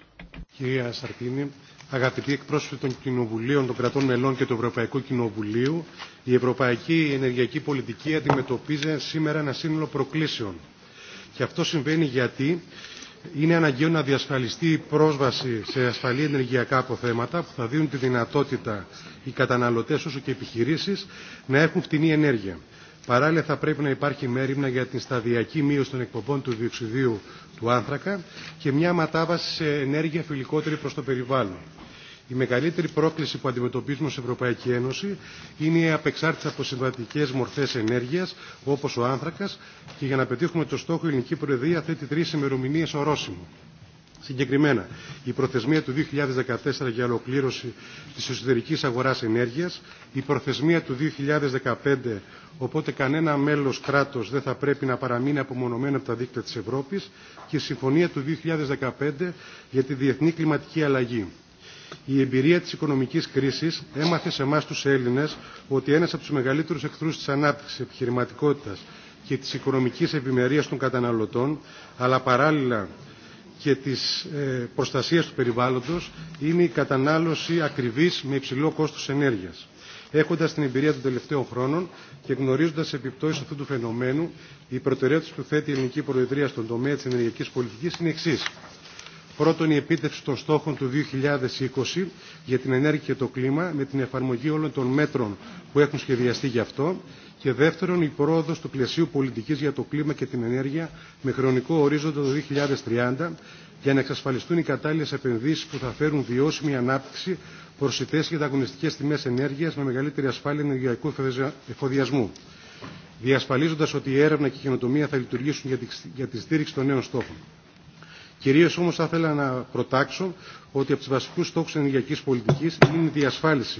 Κυρία Σαρτίνη, αγαπητοί εκπρόσωποι των Κοινοβουλίων, των κρατών μελών και του Ευρωπαϊκού Κοινοβουλίου, η ευρωπαϊκή ενεργειακή πολιτική αντιμετωπίζει σήμερα ένα σύνολο προκλήσεων. Και αυτό συμβαίνει γιατί είναι αναγκαίο να διασφαλιστεί η πρόσβαση σε ασφαλή ενεργειακά αποθέματα που θα δίνουν τη δυνατότητα οι καταναλωτές όσο και οι επιχειρήσεις να έχουν φτηνή ενέργεια. Παράλληλα θα πρέπει να υπάρχει μέρημνα για την σταδιακή μείωση των εκπομπών του διοξιδίου του άνθρακα και μια μετάβαση σε ενέργεια φιλικότερη προς το περιβάλλον. Η μεγαλύτερη πρόκληση που αντιμετωπίζουμε στην Ευρωπαϊκή Ένωση είναι η απεξάρτηση από συμβατικές μορφέ ενέργεια, όπω ο άνθρακα, και για να πετύχουμε το στόχο η Ελληνική Προεδρία θέτει τρει ημερομηνίε ορόσημο. Συγκεκριμένα, η προθεσμία του 2014 για ολοκλήρωση της εσωτερικής αγοράς ενέργειας, η προθεσμία του 2015, οπότε κανένα μέλος κράτος δεν θα πρέπει να παραμείνει απομονωμένο από τα δίκτυα της Ευρώπης και η συμφωνία του 2015 για τη διεθνή κλιματική αλλαγή. Η εμπειρία της οικονομικής κρίσης έμαθε σε εμά τους Έλληνες ότι ένας από τους μεγαλύτερους εχθρούς της ανάπτυξης επιχειρηματικότητας και της οικονομικής ευημερίας των καταναλωτών, αλλά παράλληλα και της ε, προστασίας του περιβάλλοντος είναι η κατανάλωση ακριβής με υψηλό κόστος ενέργειας. Έχοντας την εμπειρία των τελευταίων χρόνων και γνωρίζοντας επιπτώσεις αυτού του φαινομένου, η προτεραιότητα που θέτει η Ελληνική Προεδρία στον τομέα της ενεργειακής πολιτικής είναι εξή. Πρώτον, η επίτευξη των στόχων του 2020 για την ενέργεια και το κλίμα με την εφαρμογή όλων των μέτρων που έχουν σχεδιαστεί γι' αυτό και δεύτερον η πρόοδο του πλαισίου πολιτική για το κλίμα και την ενέργεια με χρονικό ορίζοντα το 2030 για να εξασφαλιστούν οι κατάλληλε επενδύσει που θα φέρουν βιώσιμη ανάπτυξη, για και ανταγωνιστικέ τιμέ ενέργεια με μεγαλύτερη ασφάλεια ενεργειακού εφοδιασμού. Διασφαλίζοντα ότι η έρευνα και η καινοτομία θα λειτουργήσουν για τη στήριξη των νέων στόχων. Κυρίως όμως θα ήθελα να προτάξω ότι από βασικούς στόχους της ενεργειακής πολιτικής είναι η διασφάλιση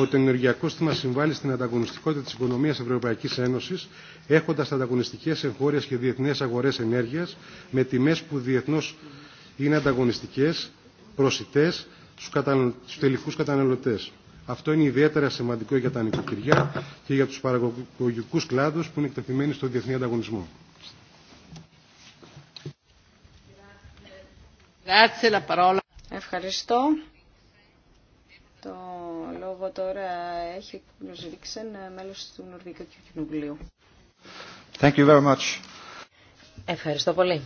ότι το ενεργειακό σύστημα συμβάλλει στην ανταγωνιστικότητα τη οικονομία Ευρωπαϊκής Ένωσης έχοντας ανταγωνιστικές εγχώριες και διεθνές αγορές ενέργεια με τιμές που διεθνώς είναι ανταγωνιστικέ, προσιτέ στου καταναλ... τελικού καταναλωτέ. Αυτό είναι ιδιαίτερα σημαντικό για τα νοικοκυριά και για τους παραγωγικούς κλάδους που είναι εκτεθειμένοι στο διεθνή ανταγωνισμό. Ευχαριστώ. Το λόγο τώρα έχει ο ένα μέλος του Νορβηγικού Κοινοβουλίου. Thank you very much. Ευχαριστώ πολύ.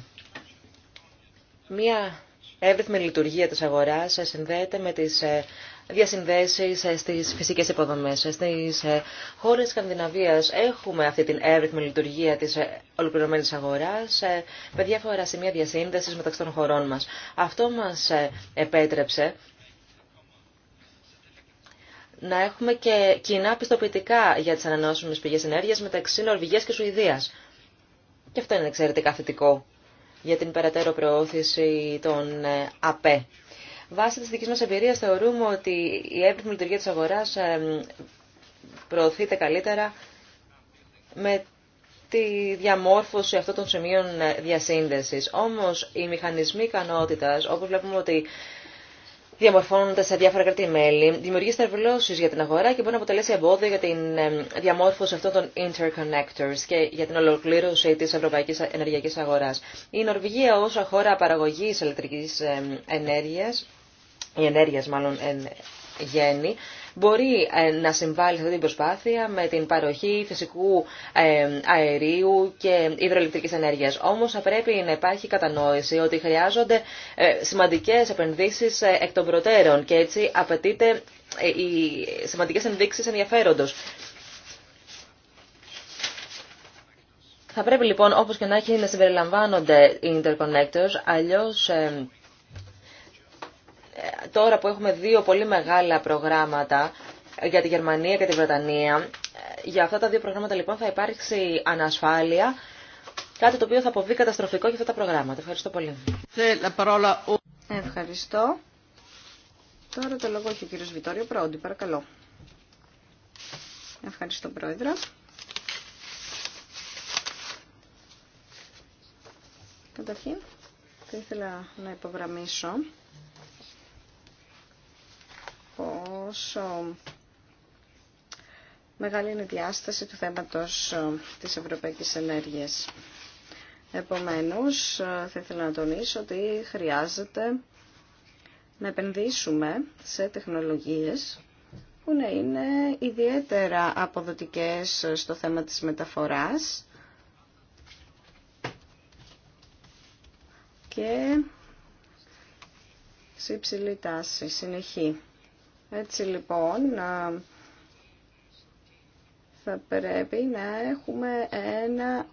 Μία εύρυθμη λειτουργία της αγοράς συνδέεται με τις ε, διασυνδέσεις ε, στις φυσικές υποδομές. Ε, στις ε, χώρες Σκανδιναβίας έχουμε αυτή την εύρυθμη λειτουργία της ολοκληρωμένης αγοράς με διάφορα σημεία διασύνδεσης μεταξύ των χωρών μας. Αυτό μας επέτρεψε να έχουμε και κοινά πιστοποιητικά για τις ανανεώσιμες πηγές ενέργειας μεταξύ Νορβηγίας και Σουηδίας. Και αυτό είναι εξαιρετικά θετικό για την περαιτέρω προώθηση των ΑΠΕ Βάσει τη δική μα εμπειρία θεωρούμε ότι η εύρυθμη λειτουργία της αγοράς προωθείται καλύτερα με τη διαμόρφωση αυτών των σημείων ε, διασύνδεση. Όμω, οι μηχανισμοί ικανότητα, όπω βλέπουμε ότι διαμορφώνονται σε διάφορα κράτη-μέλη, δημιουργεί στερβλώσει για την αγορά και μπορεί να αποτελέσει εμπόδιο για την διαμόρφωση αυτών των interconnectors και για την ολοκλήρωση τη ευρωπαϊκή ενεργειακή αγορά. Η Νορβηγία ω χώρα παραγωγή ηλεκτρική ενέργεια η ενέργειας μάλλον εν γέννη, μπορεί ε, να συμβάλλει σε αυτή την προσπάθεια με την παροχή φυσικού ε, αερίου και υδροελεκτρικής ενέργειας. Όμως θα πρέπει να υπάρχει κατανόηση ότι χρειάζονται ε, σημαντικές επενδύσεις εκ των προτέρων και έτσι απαιτείται οι σημαντικές ενδείξεις ενδιαφέροντος. Θα πρέπει λοιπόν όπως και να έχει να συμπεριλαμβάνονται οι interconnectors, αλλιώς τώρα που έχουμε δύο πολύ μεγάλα προγράμματα για τη Γερμανία και τη Βρετανία, για αυτά τα δύο προγράμματα λοιπόν θα υπάρξει ανασφάλεια, κάτι το οποίο θα αποβεί καταστροφικό για αυτά τα προγράμματα. Ευχαριστώ πολύ. Ευχαριστώ. Τώρα το λόγο έχει ο κύριος Βιτόριο Πρόντι, παρακαλώ. Ευχαριστώ πρόεδρε. Καταρχήν, θα ήθελα να υπογραμμίσω πόσο μεγάλη είναι η διάσταση του θέματος ε, της ευρωπαϊκής ενέργειας. Επομένως, ε, θα ήθελα να τονίσω ότι χρειάζεται να επενδύσουμε σε τεχνολογίες που να είναι ιδιαίτερα αποδοτικές στο θέμα της μεταφοράς και σε υψηλή τάση, συνεχή. Έτσι λοιπόν θα πρέπει να έχουμε ένα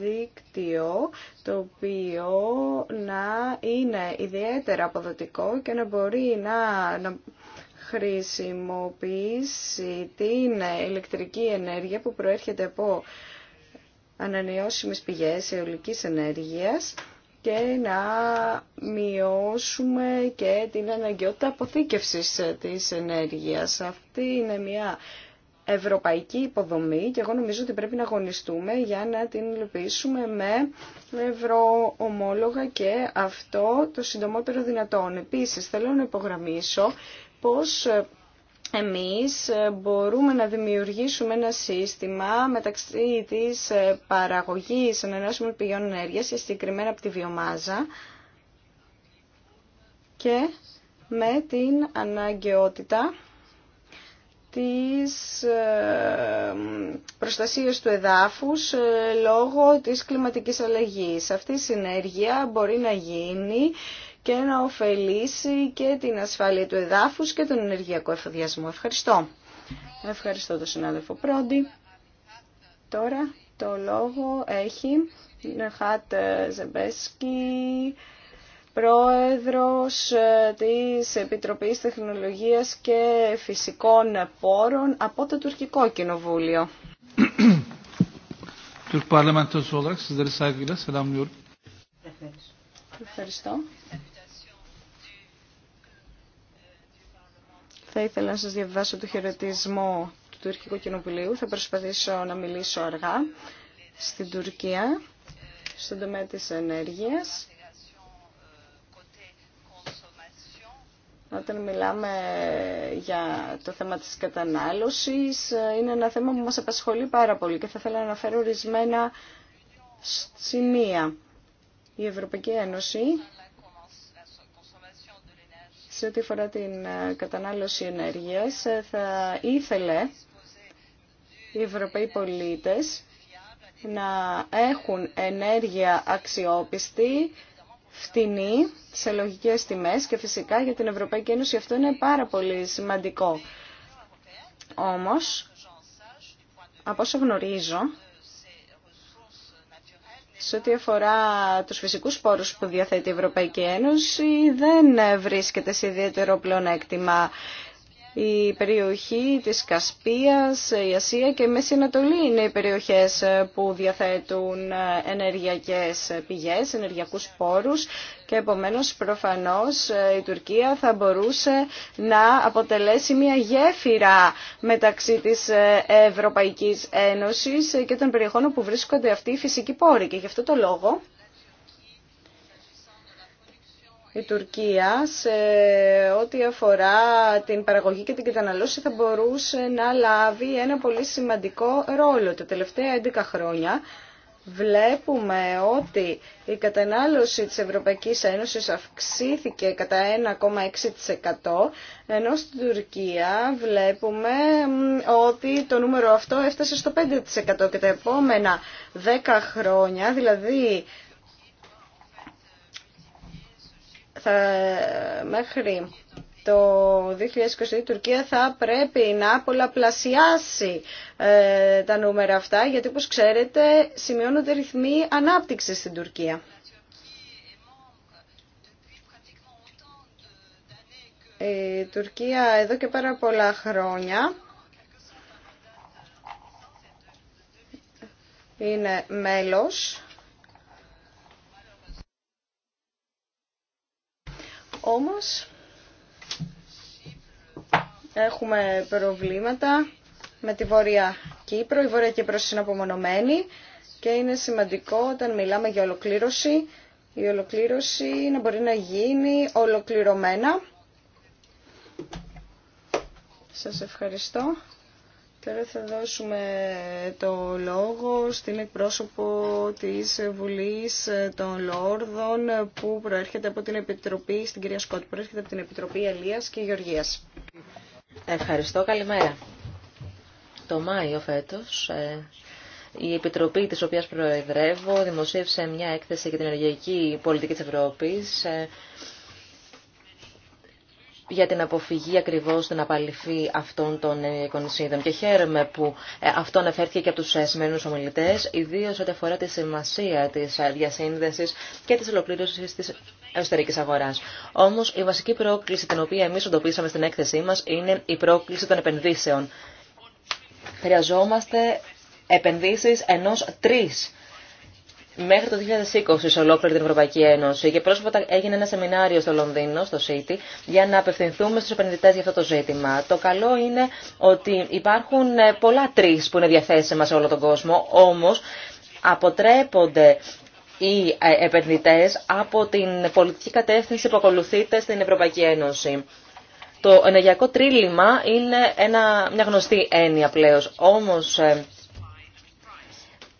δίκτυο το οποίο να είναι ιδιαίτερα αποδοτικό και να μπορεί να, να χρησιμοποιήσει την ηλεκτρική ενέργεια που προέρχεται από ανανεώσιμες πηγές αιωλικής ενέργειας και να μειώσουμε και την αναγκαιότητα αποθήκευσης της ενέργειας. Αυτή είναι μια ευρωπαϊκή υποδομή και εγώ νομίζω ότι πρέπει να αγωνιστούμε για να την υλοποιήσουμε με ευρωομόλογα και αυτό το συντομότερο δυνατόν. Επίσης θέλω να υπογραμμίσω πως εμείς ε, μπορούμε να δημιουργήσουμε ένα σύστημα μεταξύ της ε, παραγωγής ανανεώσιμων πηγών ενέργειας και συγκεκριμένα από τη βιομάζα και με την αναγκαιότητα της ε, προστασίας του εδάφους λόγω της κλιματικής αλλαγής. Αυτή η συνέργεια μπορεί να γίνει και να ωφελήσει και την ασφάλεια του εδάφους και τον ενεργειακό εφοδιασμό. Ευχαριστώ. Ευχαριστώ τον συνάδελφο Πρόντι. Τώρα το λόγο έχει Νεχάτ ε, Ζεμπέσκι, πρόεδρος ε, της Επιτροπής Τεχνολογίας και Φυσικών Πόρων από το Τουρκικό Κοινοβούλιο. olarak sizleri saygıyla selamlıyorum. Ευχαριστώ. Θα ήθελα να σας διαβάσω το χαιρετισμό του Τουρκικού Κοινοβουλίου. Θα προσπαθήσω να μιλήσω αργά στην Τουρκία, στον τομέα της ενέργειας. Όταν μιλάμε για το θέμα της κατανάλωσης, είναι ένα θέμα που μας απασχολεί πάρα πολύ και θα ήθελα να αναφέρω ορισμένα σημεία. Η Ευρωπαϊκή Ένωση σε ό,τι αφορά την ε, κατανάλωση ενέργειας, ε, θα ήθελε οι Ευρωπαίοι πολίτες να έχουν ενέργεια αξιόπιστη, φτηνή, σε λογικές τιμές και φυσικά για την Ευρωπαϊκή Ένωση αυτό είναι πάρα πολύ σημαντικό. Όμως, από όσο γνωρίζω, σε ό,τι αφορά τους φυσικούς πόρους που διαθέτει η Ευρωπαϊκή Ένωση δεν βρίσκεται σε ιδιαίτερο πλεονέκτημα η περιοχή της Κασπίας, η Ασία και η Μέση Ανατολή είναι οι περιοχές ε, που διαθέτουν ε, ενεργειακές πηγές, ενεργειακούς πόρους και επομένως προφανώς ε, η Τουρκία θα μπορούσε να αποτελέσει μια γέφυρα μεταξύ της Ευρωπαϊκής Ένωσης και των περιοχών όπου βρίσκονται αυτοί οι φυσικοί πόροι. Και γι' αυτό το λόγο η Τουρκία σε ό,τι αφορά την παραγωγή και την καταναλώση θα μπορούσε να λάβει ένα πολύ σημαντικό ρόλο. Τα τελευταία 11 χρόνια βλέπουμε ότι η κατανάλωση της Ευρωπαϊκής Ένωσης αυξήθηκε κατά 1,6% ενώ στην Τουρκία βλέπουμε ότι το νούμερο αυτό έφτασε στο 5% και τα επόμενα 10 χρόνια, δηλαδή μέχρι το 2022 η Τουρκία θα πρέπει να πολλαπλασιάσει ε, τα νούμερα αυτά, γιατί όπως ξέρετε σημειώνονται ρυθμοί ανάπτυξης στην Τουρκία. Η Τουρκία εδώ και πάρα πολλά χρόνια είναι μέλος Όμως έχουμε προβλήματα με τη Βόρεια Κύπρο. Η Βόρεια Κύπρος είναι απομονωμένη και είναι σημαντικό όταν μιλάμε για ολοκλήρωση η ολοκλήρωση να μπορεί να γίνει ολοκληρωμένα. Σας ευχαριστώ. Τώρα θα δώσουμε το λόγο στην εκπρόσωπο της Βουλής των Λόρδων που προέρχεται από την Επιτροπή, στην κυρία Σκότ, προέρχεται από την Επιτροπή Ελίας και Γεωργίας. Ευχαριστώ, καλημέρα. Το Μάιο φέτος ε, η Επιτροπή της οποίας προεδρεύω δημοσίευσε μια έκθεση για την ενεργειακή πολιτική της Ευρώπης ε, για την αποφυγή ακριβώς την απαλυφή αυτών των ε, εικονισίδων. Και χαίρομαι που ε, αυτό αναφέρθηκε και από τους ε, σημερινούς ομιλητές, ιδίως ό,τι αφορά τη σημασία της διασύνδεσης και της ολοκλήρωσης της εσωτερική αγορά. Όμω, η βασική πρόκληση την οποία εμεί εντοπίσαμε στην έκθεσή μα είναι η πρόκληση των επενδύσεων. Χρειαζόμαστε επενδύσει ενό τρει μέχρι το 2020 σε ολόκληρη την Ευρωπαϊκή Ένωση. Και πρόσφατα έγινε ένα σεμινάριο στο Λονδίνο, στο City, για να απευθυνθούμε στου επενδυτέ για αυτό το ζήτημα. Το καλό είναι ότι υπάρχουν ε, πολλά τρει που είναι διαθέσιμα σε όλο τον κόσμο, όμω αποτρέπονται οι ε, επενδυτέ από την πολιτική κατεύθυνση που ακολουθείται στην Ευρωπαϊκή Ένωση. Το ενεργειακό τρίλημα είναι ένα, μια γνωστή έννοια πλέον. Όμως ε,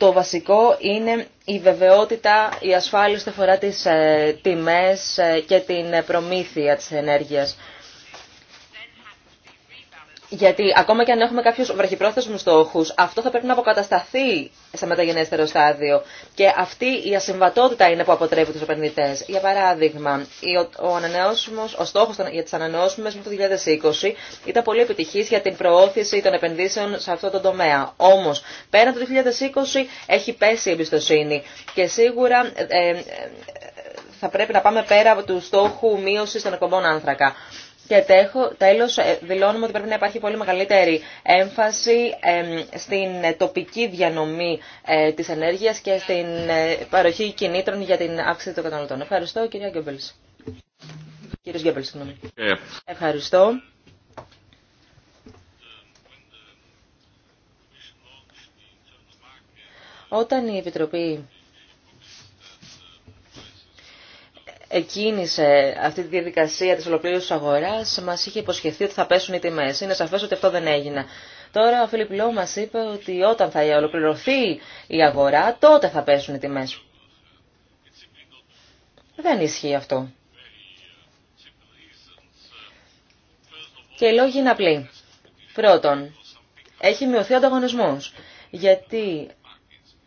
το βασικό είναι η βεβαιότητα, η ασφάλεια αφορά φορά τις ε, τιμές ε, και την ε, προμήθεια της ενέργειας. Γιατί ακόμα και αν έχουμε κάποιου βραχυπρόθεσμου στόχου, αυτό θα πρέπει να αποκατασταθεί σε μεταγενέστερο στάδιο. Και αυτή η ασυμβατότητα είναι που αποτρέπει του επενδυτές. Για παράδειγμα, ο, ανανεώσιμος, ο στόχος για τι ανανεώσιμε μέχρι το 2020 ήταν πολύ επιτυχής για την προώθηση των επενδύσεων σε αυτό το τομέα. Όμως, πέραν το 2020 έχει πέσει η εμπιστοσύνη και σίγουρα... Ε, ε, θα πρέπει να πάμε πέρα από του στόχου μείωση των εκπομπών άνθρακα. Και τέχω, τέλος ε, δηλώνουμε ότι πρέπει να υπάρχει πολύ μεγαλύτερη έμφαση στην ε, τοπική διανομή ε, της ενέργειας και στην παροχή κινήτρων για την αύξηση των καταναλωτών. Ευχαριστώ κυρία Γκέμπελς. Κύριος Γκέμπελς, συγγνώμη. Ευχαριστώ. Όταν η Επιτροπή εκκίνησε αυτή τη διαδικασία της ολοκλήρωσης αγοράς, μας είχε υποσχεθεί ότι θα πέσουν οι τιμές. Είναι σαφές ότι αυτό δεν έγινε. Τώρα ο Φίλιπ Λό μας είπε ότι όταν θα ολοκληρωθεί η αγορά, τότε θα πέσουν οι τιμές. Δεν ισχύει αυτό. Και οι λόγοι είναι απλοί. Πρώτον, έχει μειωθεί ο ανταγωνισμός. Γιατί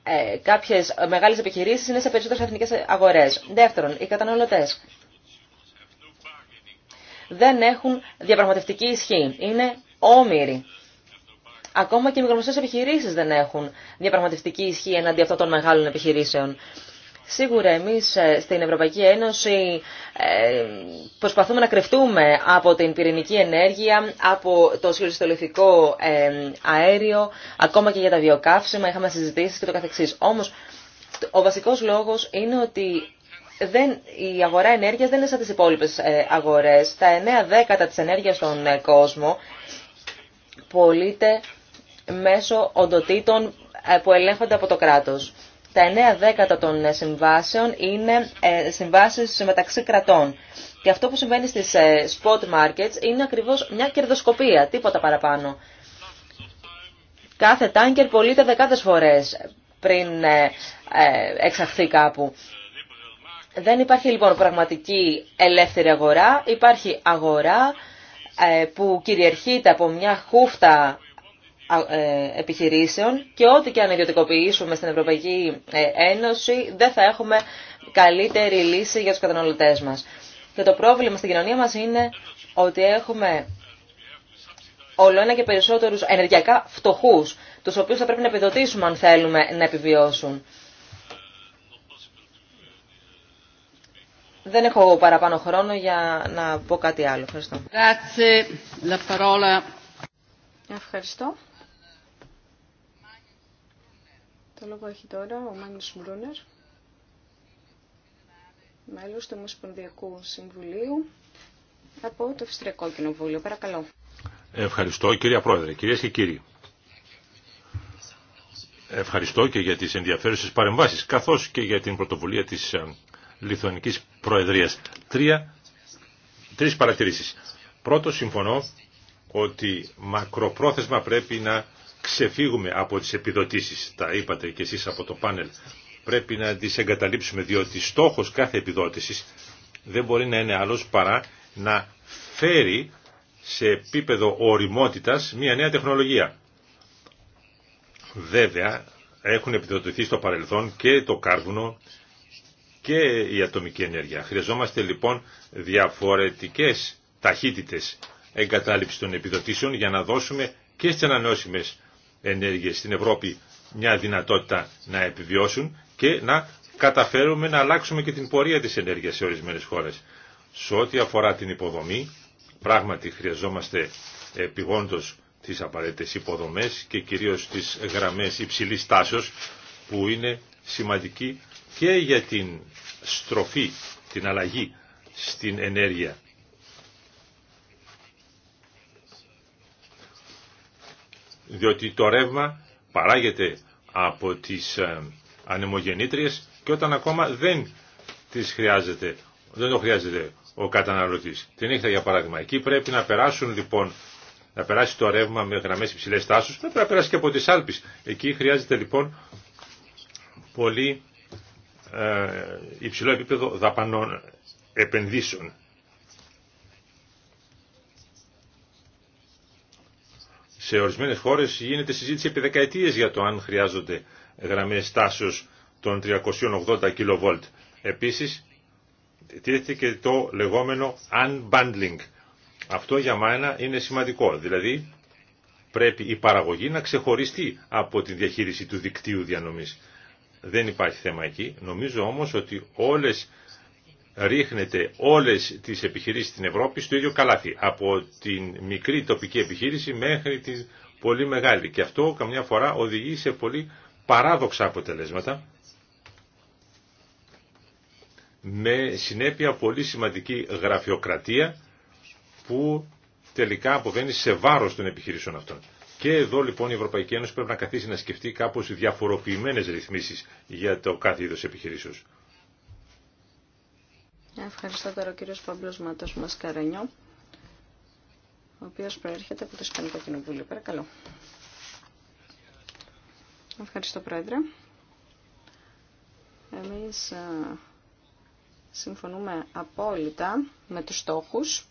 ε, κάποιες μεγάλες επιχειρήσεις είναι σε περισσότερε εθνικέ αγορές. Δεύτερον, οι καταναλωτέ δεν έχουν διαπραγματευτική ισχύ. Είναι όμοιροι. Ακόμα και οι μικρομεσαίε επιχειρήσεις δεν έχουν διαπραγματευτική ισχύ εναντί αυτών των μεγάλων επιχειρήσεων. Σίγουρα εμείς ε, στην Ευρωπαϊκή Ένωση ε, προσπαθούμε να κρυφτούμε από την πυρηνική ενέργεια, από το συλλογιστολιθικό ε, αέριο, ακόμα και για τα βιοκαύσιμα, είχαμε συζητήσεις και το καθεξής. Όμως ο βασικός λόγος είναι ότι δεν, η αγορά ενέργειας δεν είναι σαν τις υπόλοιπες αγορές. Τα 9 δέκατα της ενέργειας στον κόσμο πωλείται μέσω οντοτήτων που ελέγχονται από το κράτος. Τα 9 δέκατα των ε, συμβάσεων είναι ε, συμβάσεις μεταξύ κρατών. Και αυτό που συμβαίνει στις ε, spot markets είναι ακριβώς μια κερδοσκοπία, τίποτα παραπάνω. Κάθε τάνκερ πωλείται δεκάδες φορές πριν εξαχθεί κάπου. Δεν υπάρχει λοιπόν πραγματική ελεύθερη αγορά, υπάρχει αγορά που κυριαρχείται από μια χούφτα ε, επιχειρήσεων και ό,τι και αν ιδιωτικοποιήσουμε στην Ευρωπαϊκή ε, Ένωση δεν θα έχουμε καλύτερη λύση για τους καταναλωτές μας. Και το πρόβλημα στην κοινωνία μας είναι ότι έχουμε όλο ένα και περισσότερους ενεργειακά φτωχούς, τους οποίους θα πρέπει να επιδοτήσουμε αν θέλουμε να επιβιώσουν. Δεν έχω παραπάνω χρόνο για να πω κάτι άλλο. Ευχαριστώ. Ευχαριστώ. Το λόγο έχει τώρα ο Μάνιος Μπρούνερ, μέλος του Ομοσπονδιακού Συμβουλίου από το Αυστριακό Κοινοβούλιο. Παρακαλώ. Ευχαριστώ κυρία Πρόεδρε, κυρίες και κύριοι. Ευχαριστώ και για τις ενδιαφέρουσες παρεμβάσεις, καθώς και για την πρωτοβουλία της ε, Λιθουανικής Προεδρίας. Τρία, τρεις παρατηρήσεις. Πρώτο, συμφωνώ ότι μακροπρόθεσμα πρέπει να ξεφύγουμε από τις επιδοτήσεις, τα είπατε και εσείς από το πάνελ, πρέπει να τις εγκαταλείψουμε διότι στόχος κάθε επιδότησης δεν μπορεί να είναι άλλος παρά να φέρει σε επίπεδο οριμότητας μια νέα τεχνολογία. Βέβαια έχουν επιδοτηθεί στο παρελθόν και το κάρβουνο και η ατομική ενέργεια. Χρειαζόμαστε λοιπόν διαφορετικές ταχύτητες εγκατάλειψης των επιδοτήσεων για να δώσουμε και στις ανανεώσιμες ενέργειες στην Ευρώπη μια δυνατότητα να επιβιώσουν και να καταφέρουμε να αλλάξουμε και την πορεία της ενέργειας σε ορισμένες χώρες. Σε ό,τι αφορά την υποδομή, πράγματι χρειαζόμαστε επιγόντως τις απαραίτητες υποδομές και κυρίως τις γραμμές υψηλής τάσεως που είναι σημαντική και για την στροφή, την αλλαγή στην ενέργεια διότι το ρεύμα παράγεται από τις ε, ανεμογεννήτριες και όταν ακόμα δεν τις χρειάζεται, δεν το χρειάζεται ο καταναλωτής. Την έχετε για παράδειγμα. Εκεί πρέπει να περάσουν λοιπόν να περάσει το ρεύμα με γραμμές υψηλές τάσους, πρέπει να περάσει και από τις Άλπεις. Εκεί χρειάζεται λοιπόν πολύ ε, υψηλό επίπεδο δαπανών επενδύσεων. Σε ορισμένε χώρε γίνεται συζήτηση επί δεκαετίε για το αν χρειάζονται γραμμές τάσεω των 380 kV. Επίσης, τίθεται και το λεγόμενο unbundling. Αυτό για μένα είναι σημαντικό. Δηλαδή, πρέπει η παραγωγή να ξεχωριστεί από τη διαχείριση του δικτύου διανομής. Δεν υπάρχει θέμα εκεί. Νομίζω όμως ότι όλες ρίχνεται όλες τις επιχειρήσεις στην Ευρώπη στο ίδιο καλάθι, από την μικρή τοπική επιχείρηση μέχρι την πολύ μεγάλη. Και αυτό καμιά φορά οδηγεί σε πολύ παράδοξα αποτελέσματα, με συνέπεια πολύ σημαντική γραφειοκρατία που τελικά αποβαίνει σε βάρος των επιχειρήσεων αυτών. Και εδώ λοιπόν η Ευρωπαϊκή Ένωση πρέπει να καθίσει να σκεφτεί κάπως διαφοροποιημένες ρυθμίσεις για το κάθε είδος επιχειρήσεως. Ευχαριστώ τώρα ο κύριος Παμπλός Μάτος Μασκαρενιό, ο οποίος προέρχεται από το Ισπανικό Κοινοβούλιο. Παρακαλώ. Ευχαριστώ, Πρόεδρε. Εμείς συμφωνούμε απόλυτα με τους στόχους,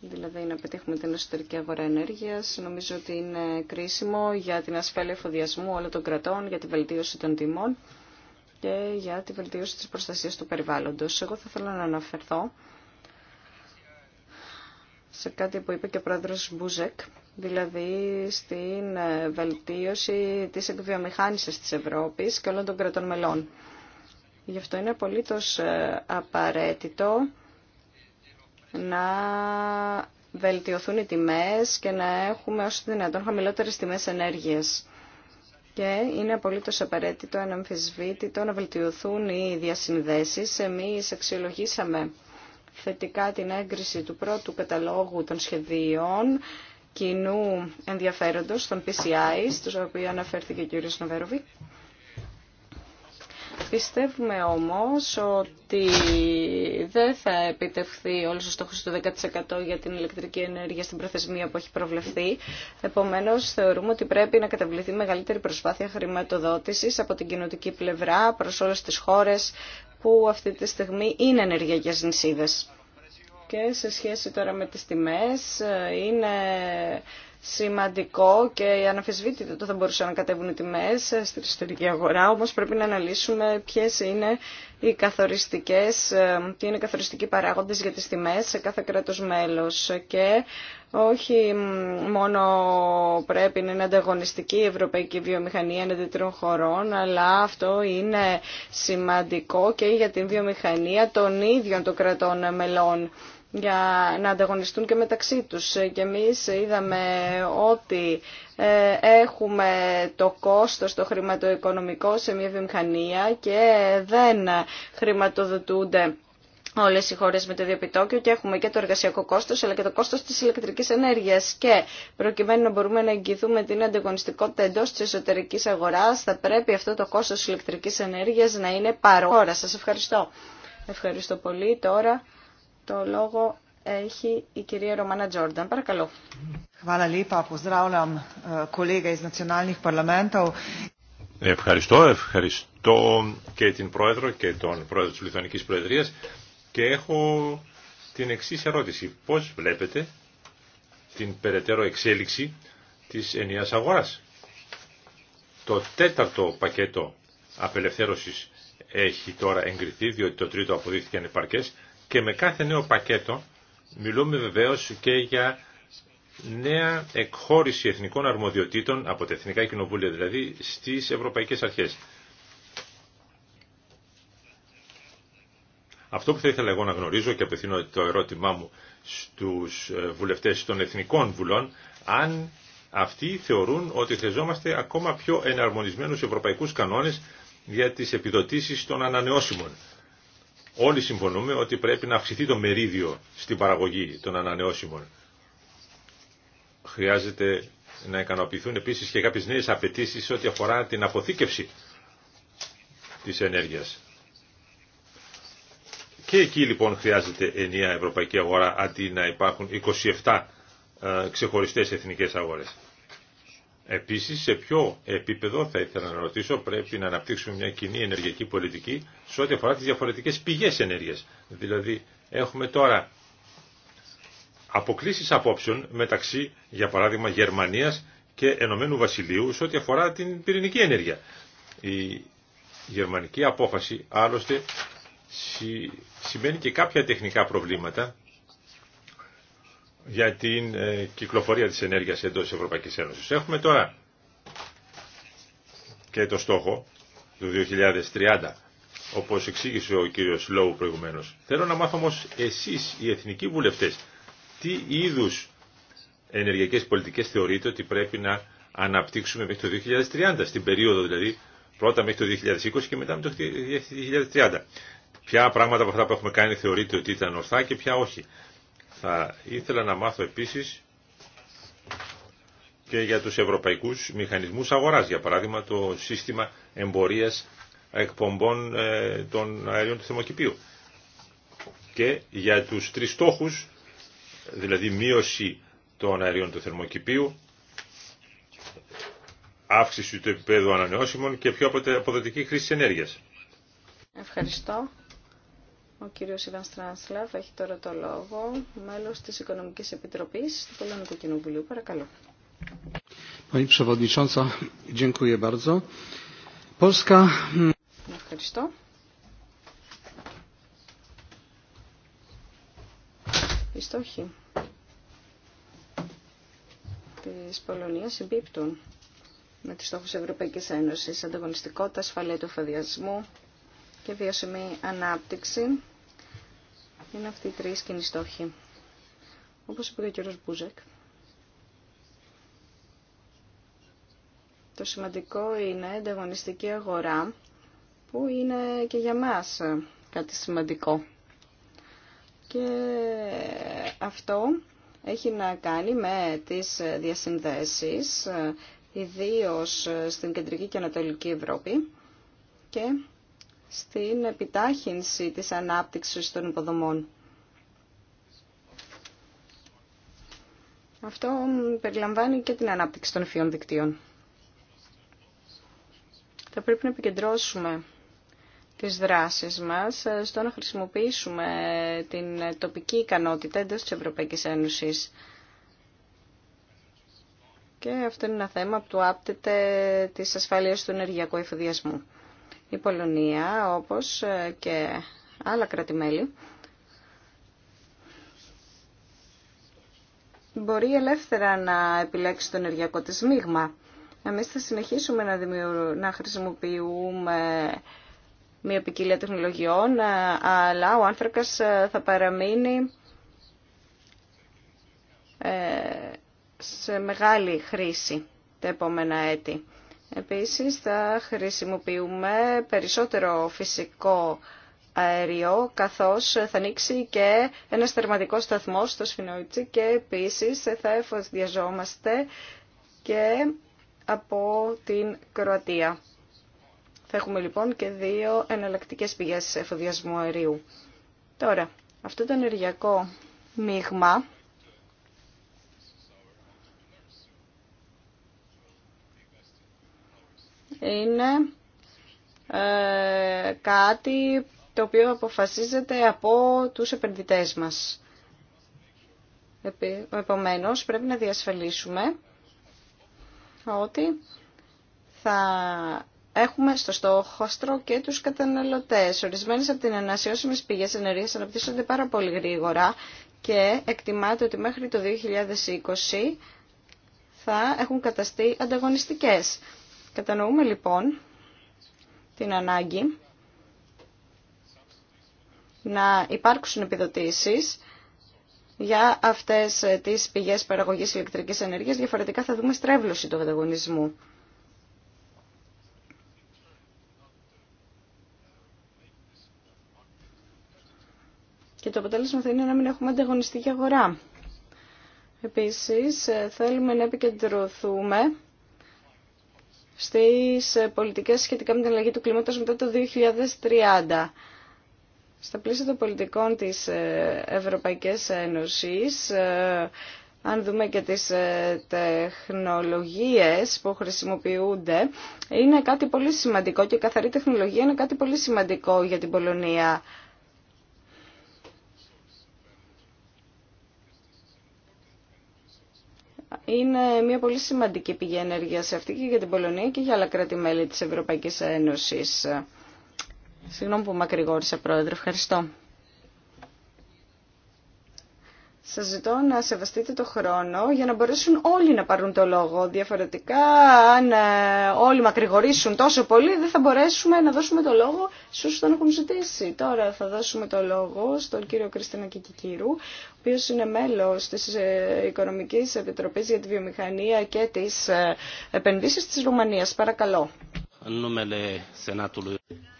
δηλαδή να πετύχουμε την εσωτερική αγορά ενέργειας. Νομίζω ότι είναι κρίσιμο για την ασφάλεια εφοδιασμού όλων των κρατών, για τη βελτίωση των τιμών και για τη βελτίωση της προστασίας του περιβάλλοντος. Εγώ θα ήθελα να αναφερθώ σε κάτι που είπε και ο πρόεδρος Μπούζεκ, δηλαδή στην ε, βελτίωση της εκβιομηχάνησης της Ευρώπης και όλων των κρατών μελών. Γι' αυτό είναι απολύτως ε, απαραίτητο να βελτιωθούν οι τιμές και να έχουμε όσο δυνατόν χαμηλότερες τιμές ενέργειας και είναι απολύτως απαραίτητο, αναμφισβήτητο, να βελτιωθούν οι διασυνδέσεις. Εμείς αξιολογήσαμε θετικά την έγκριση του πρώτου καταλόγου των σχεδίων κοινού ενδιαφέροντος, των PCI, στους οποίους αναφέρθηκε ο κ. Σνοβέροβη. Πιστεύουμε όμως ότι δεν θα επιτευχθεί όλος ο στόχος του 10% για την ηλεκτρική ενέργεια στην προθεσμία που έχει προβλεφθεί. Επομένως, θεωρούμε ότι πρέπει να καταβληθεί μεγαλύτερη προσπάθεια χρηματοδότησης από την κοινωτική πλευρά προς όλες τις χώρες που αυτή τη στιγμή είναι ενεργειακές νησίδες. Και σε σχέση τώρα με τις τιμές, ε, είναι σημαντικό και αναφεσβήτητο το θα μπορούσαν να κατέβουν οι τιμές στην ιστορική αγορά, όμως πρέπει να αναλύσουμε ποιες είναι οι καθοριστικές, τι ε, είναι οι καθοριστικοί παράγοντες για τις τιμές σε κάθε κράτος μέλος και όχι μόνο πρέπει να είναι ανταγωνιστική η ευρωπαϊκή βιομηχανία εναντί τριών χωρών, αλλά αυτό είναι σημαντικό και για την βιομηχανία των ίδιων των κρατών μελών για να ανταγωνιστούν και μεταξύ τους. Και εμείς είδαμε ότι ε, έχουμε το κόστος το χρηματοοικονομικό σε μια βιομηχανία και δεν χρηματοδοτούνται όλες οι χώρες με το διαπιτόκιο και έχουμε και το εργασιακό κόστος αλλά και το κόστος της ηλεκτρικής ενέργειας και προκειμένου να μπορούμε να εγγυηθούμε την ανταγωνιστικότητα εντός της εσωτερικής αγοράς θα πρέπει αυτό το κόστος ηλεκτρικής ενέργειας να είναι παρόν. Σας ευχαριστώ. Ευχαριστώ πολύ. Τώρα το λόγο έχει η κυρία Ρωμάνα Τζόρνταν. Παρακαλώ. Eh, ευχαριστώ, ευχαριστώ και την Πρόεδρο και τον Πρόεδρο της Λιθουανικής Προεδρίας και έχω την εξής ερώτηση. Πώς βλέπετε την περαιτέρω εξέλιξη της ενιαίας αγοράς. Το τέταρτο πακέτο απελευθέρωσης έχει τώρα εγκριθεί, διότι το τρίτο αποδείχθηκε ανεπαρκές. Και με κάθε νέο πακέτο μιλούμε βεβαίως και για νέα εκχώρηση εθνικών αρμοδιοτήτων από τα Εθνικά Κοινοβούλια δηλαδή στις Ευρωπαϊκές Αρχές. Αυτό που θα ήθελα εγώ να γνωρίζω και απευθύνω το ερώτημά μου στους ε, βουλευτές των Εθνικών Βουλών, αν αυτοί θεωρούν ότι χρειαζόμαστε ακόμα πιο εναρμονισμένους ευρωπαϊκούς κανόνες για τις επιδοτήσεις των ανανεώσιμων. Όλοι συμφωνούμε ότι πρέπει να αυξηθεί το μερίδιο στην παραγωγή των ανανεώσιμων. Χρειάζεται να ικανοποιηθούν επίσης και κάποιες νέες απαιτήσει ό,τι αφορά την αποθήκευση της ενέργειας. Και εκεί λοιπόν χρειάζεται ενιαία ευρωπαϊκή αγορά αντί να υπάρχουν 27 ε, ξεχωριστές εθνικές αγορές. Επίσης, σε ποιο επίπεδο θα ήθελα να ρωτήσω, πρέπει να αναπτύξουμε μια κοινή ενεργειακή πολιτική σε ό,τι αφορά τις διαφορετικές πηγές ενέργειας. Δηλαδή, έχουμε τώρα αποκλήσεις απόψεων μεταξύ, για παράδειγμα, Γερμανίας και Ενωμένου Βασιλείου σε ό,τι αφορά την πυρηνική ενέργεια. Η γερμανική απόφαση, άλλωστε, σημαίνει και κάποια τεχνικά προβλήματα για την ε, κυκλοφορία της ενέργειας εντός της Ευρωπαϊκής Ένωσης. Έχουμε τώρα και το στόχο του 2030, όπως εξήγησε ο κύριος Λόου προηγουμένως. Θέλω να μάθω όμως εσείς, οι εθνικοί βουλευτές, τι είδους ενεργειακές πολιτικές θεωρείτε ότι πρέπει να αναπτύξουμε μέχρι το 2030, στην περίοδο δηλαδή πρώτα μέχρι το 2020 και μετά μέχρι το 2030. Ποια πράγματα από αυτά που έχουμε κάνει θεωρείτε ότι ήταν ορθά και ποια όχι. Θα ήθελα να μάθω επίσης και για τους ευρωπαϊκούς μηχανισμούς αγοράς, για παράδειγμα το σύστημα εμπορίας εκπομπών ε, των αερίων του θερμοκηπίου και για τους τρεις στόχους, δηλαδή μείωση των αερίων του θερμοκηπίου, αύξηση του επίπεδου ανανεώσιμων και πιο αποδοτική χρήση ενέργειας. Ευχαριστώ. Ο κύριος Ιβαν Στράνσλαφ έχει τώρα το λόγο, μέλος της Οικονομικής Επιτροπής του Πολωνικού Κοινοβουλίου. Παρακαλώ. Mm, Ευχαριστώ. Οι στόχοι της Πολωνίας συμπίπτουν με τους στόχους Ευρωπαϊκής Ένωσης, ανταγωνιστικότητα, ασφαλεία του φαδιασμού και βιώσιμη ανάπτυξη είναι αυτοί οι τρεις κοινοί στόχοι. Όπως είπε ο κ. Μπούζεκ, το σημαντικό είναι η ανταγωνιστική αγορά που είναι και για μας κάτι σημαντικό. Και αυτό έχει να κάνει με τις διασυνδέσεις, ιδίως στην Κεντρική και Ανατολική Ευρώπη και στην επιτάχυνση της ανάπτυξης των υποδομών. Αυτό περιλαμβάνει και την ανάπτυξη των υφείων δικτύων. Θα πρέπει να επικεντρώσουμε τις δράσεις μας στο να χρησιμοποιήσουμε την τοπική ικανότητα εντός της Ευρωπαϊκής Ένωσης. Και αυτό είναι ένα θέμα που άπτεται της ασφάλειας του ενεργειακού εφοδιασμού. Η Πολωνία, όπως ε, και άλλα κράτη-μέλη, μπορεί ελεύθερα να επιλέξει το ενεργειακό της μείγμα. Εμείς θα συνεχίσουμε να, να χρησιμοποιούμε μια ποικιλία τεχνολογιών, ε, αλλά ο άνθρακας ε, θα παραμείνει σε μεγάλη χρήση τα επόμενα έτη. Επίσης θα χρησιμοποιούμε περισσότερο φυσικό αέριο, καθώς θα ανοίξει και ένα θερματικός σταθμός στο Σφινόιτσι και επίσης θα εφοδιαζόμαστε και από την Κροατία. Θα έχουμε λοιπόν και δύο εναλλακτικές πηγές εφοδιασμού αερίου. Τώρα, αυτό το ενεργειακό μείγμα είναι ε, κάτι το οποίο αποφασίζεται από τους επενδυτές μας. Επομένως, πρέπει να διασφαλίσουμε ότι θα έχουμε στο στόχαστρο και τους καταναλωτές. Ορισμένες από την ανασιώσιμες πηγές ενέργειας αναπτύσσονται πάρα πολύ γρήγορα και εκτιμάται ότι μέχρι το 2020 θα έχουν καταστεί ανταγωνιστικές. Κατανοούμε λοιπόν την ανάγκη να υπάρξουν επιδοτήσεις για αυτές τις πηγές παραγωγής ηλεκτρικής ενέργειας, διαφορετικά θα δούμε στρέβλωση του ανταγωνισμού. Και το αποτέλεσμα θα είναι να μην έχουμε ανταγωνιστική αγορά. Επίσης, ε, θέλουμε να επικεντρωθούμε στις ε, πολιτικές σχετικά με την αλλαγή του κλίματος μετά το 2030. Στα πλαίσια των πολιτικών της ε, Ευρωπαϊκής Ένωσης, ε, αν δούμε και τις τεχνολογίες που χρησιμοποιούνται, είναι κάτι πολύ σημαντικό και η καθαρή τεχνολογία είναι κάτι πολύ σημαντικό για την Πολωνία. είναι μια πολύ σημαντική πηγή ενέργειας αυτή και για την Πολωνία και για άλλα κράτη-μέλη της Ευρωπαϊκής Ένωσης. Συγγνώμη που μακρηγόρησα, Πρόεδρε. Ευχαριστώ. Σας ζητώ να σεβαστείτε το χρόνο για να μπορέσουν όλοι να πάρουν το λόγο. Διαφορετικά, αν ε, όλοι μακρηγορήσουν τόσο πολύ, δεν θα μπορέσουμε να δώσουμε το λόγο σε όσους τον έχουν ζητήσει. Τώρα θα δώσουμε το λόγο στον κύριο Κρίστινα Κικικύρου, ο οποίος είναι μέλος της ε, Οικονομικής Επιτροπής για τη Βιομηχανία και τις ε, Επενδύσεις της Ρουμανίας. Παρακαλώ.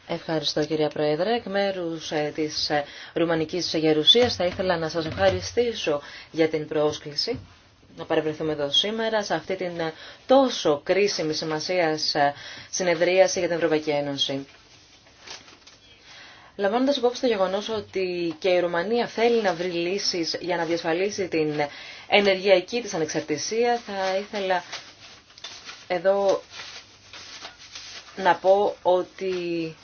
Ευχαριστώ κυρία Πρόεδρε. Εκ μέρου ε, τη ε, Ρουμανική Γερουσία θα ήθελα να σα ευχαριστήσω για την πρόσκληση να παρευρεθούμε εδώ σήμερα σε αυτή την ε, τόσο κρίσιμη σημασία συνεδρίαση για την Ευρωπαϊκή Ένωση. Λαμβάνοντα υπόψη το γεγονό ότι και η Ρουμανία θέλει να βρει λύσει για να διασφαλίσει την ενεργειακή τη ανεξαρτησία, θα ήθελα εδώ να πω ότι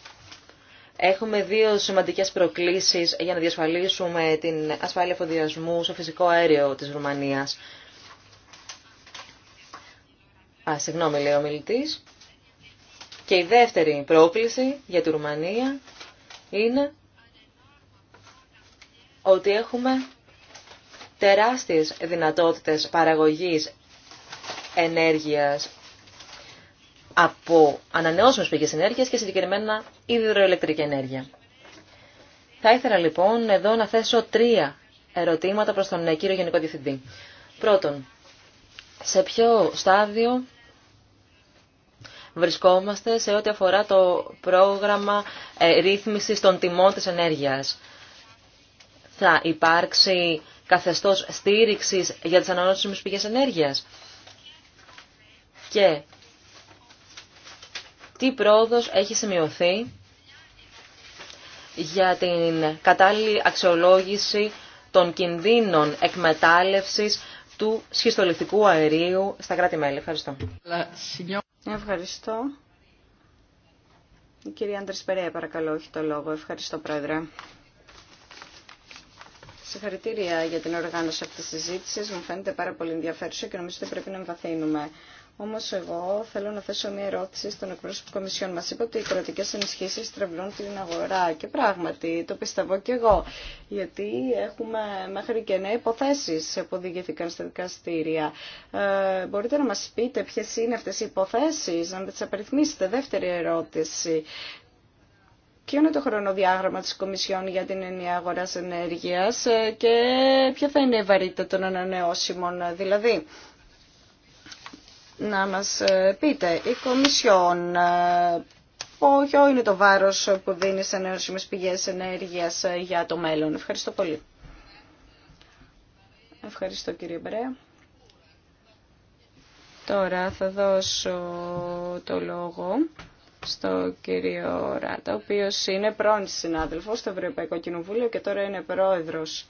έχουμε δύο σημαντικές προκλήσεις για να διασφαλίσουμε την ασφάλεια φοδιασμού στο φυσικό αέριο της Ρουμανίας. Α, συγγνώμη, λέει ο μιλητής. Και η δεύτερη πρόκληση για τη Ρουμανία είναι ότι έχουμε τεράστιες δυνατότητες παραγωγής ενέργειας από ανανεώσιμες πηγές ενέργειας και συγκεκριμένα υδροελεκτρική ενέργεια. Θα ήθελα λοιπόν εδώ να θέσω τρία ερωτήματα προ τον ε, κύριο Γενικό Διευθυντή. Πρώτον, σε ποιο στάδιο βρισκόμαστε σε ό,τι αφορά το πρόγραμμα ε, ρύθμισης των τιμών της ενέργειας. Θα υπάρξει καθεστώς στήριξης για τις ανανεώσιμες πηγές ενέργειας. Και τι πρόοδος έχει σημειωθεί για την κατάλληλη αξιολόγηση των κινδύνων εκμετάλλευσης του σχιστολιθικού αερίου στα κράτη-μέλη. Ευχαριστώ. Ευχαριστώ. Η κυρία Άντρες Περέα, παρακαλώ, έχει το λόγο. Ευχαριστώ, Πρόεδρε. Συγχαρητήρια για την οργάνωση αυτής της συζήτησης. Μου φαίνεται πάρα πολύ ενδιαφέρουσα και νομίζω ότι πρέπει να εμβαθύνουμε. Όμω εγώ θέλω να θέσω μια ερώτηση στον εκπρόσωπο Κομισιόν. Μα είπε ότι οι κρατικέ ενισχύσει τρευλώνουν την αγορά και πράγματι το πιστεύω και εγώ. Γιατί έχουμε μέχρι και νέα υποθέσει που οδηγήθηκαν στα δικαστήρια. Ε, μπορείτε να μα πείτε ποιε είναι αυτέ οι υποθέσει, να τι απεριθμίσετε. Δεύτερη ερώτηση. Ποιο είναι το χρονοδιάγραμμα της Κομισιόν για την ενιαία αγορά ενέργειας ε, και ποια θα είναι η βαρύτητα των ανανεώσιμων δηλαδή να μας ε, πείτε η Κομισιόν ε, ποιο είναι το βάρος που δίνει σε νέες πηγές ενέργειας ε, για το μέλλον. Ευχαριστώ πολύ. Ευχαριστώ κύριε Μπρέα. Τώρα θα δώσω το λόγο στο κύριο Ράτα, ο οποίος είναι πρώην συνάδελφος στο Ευρωπαϊκό Κοινοβούλιο και τώρα είναι πρόεδρος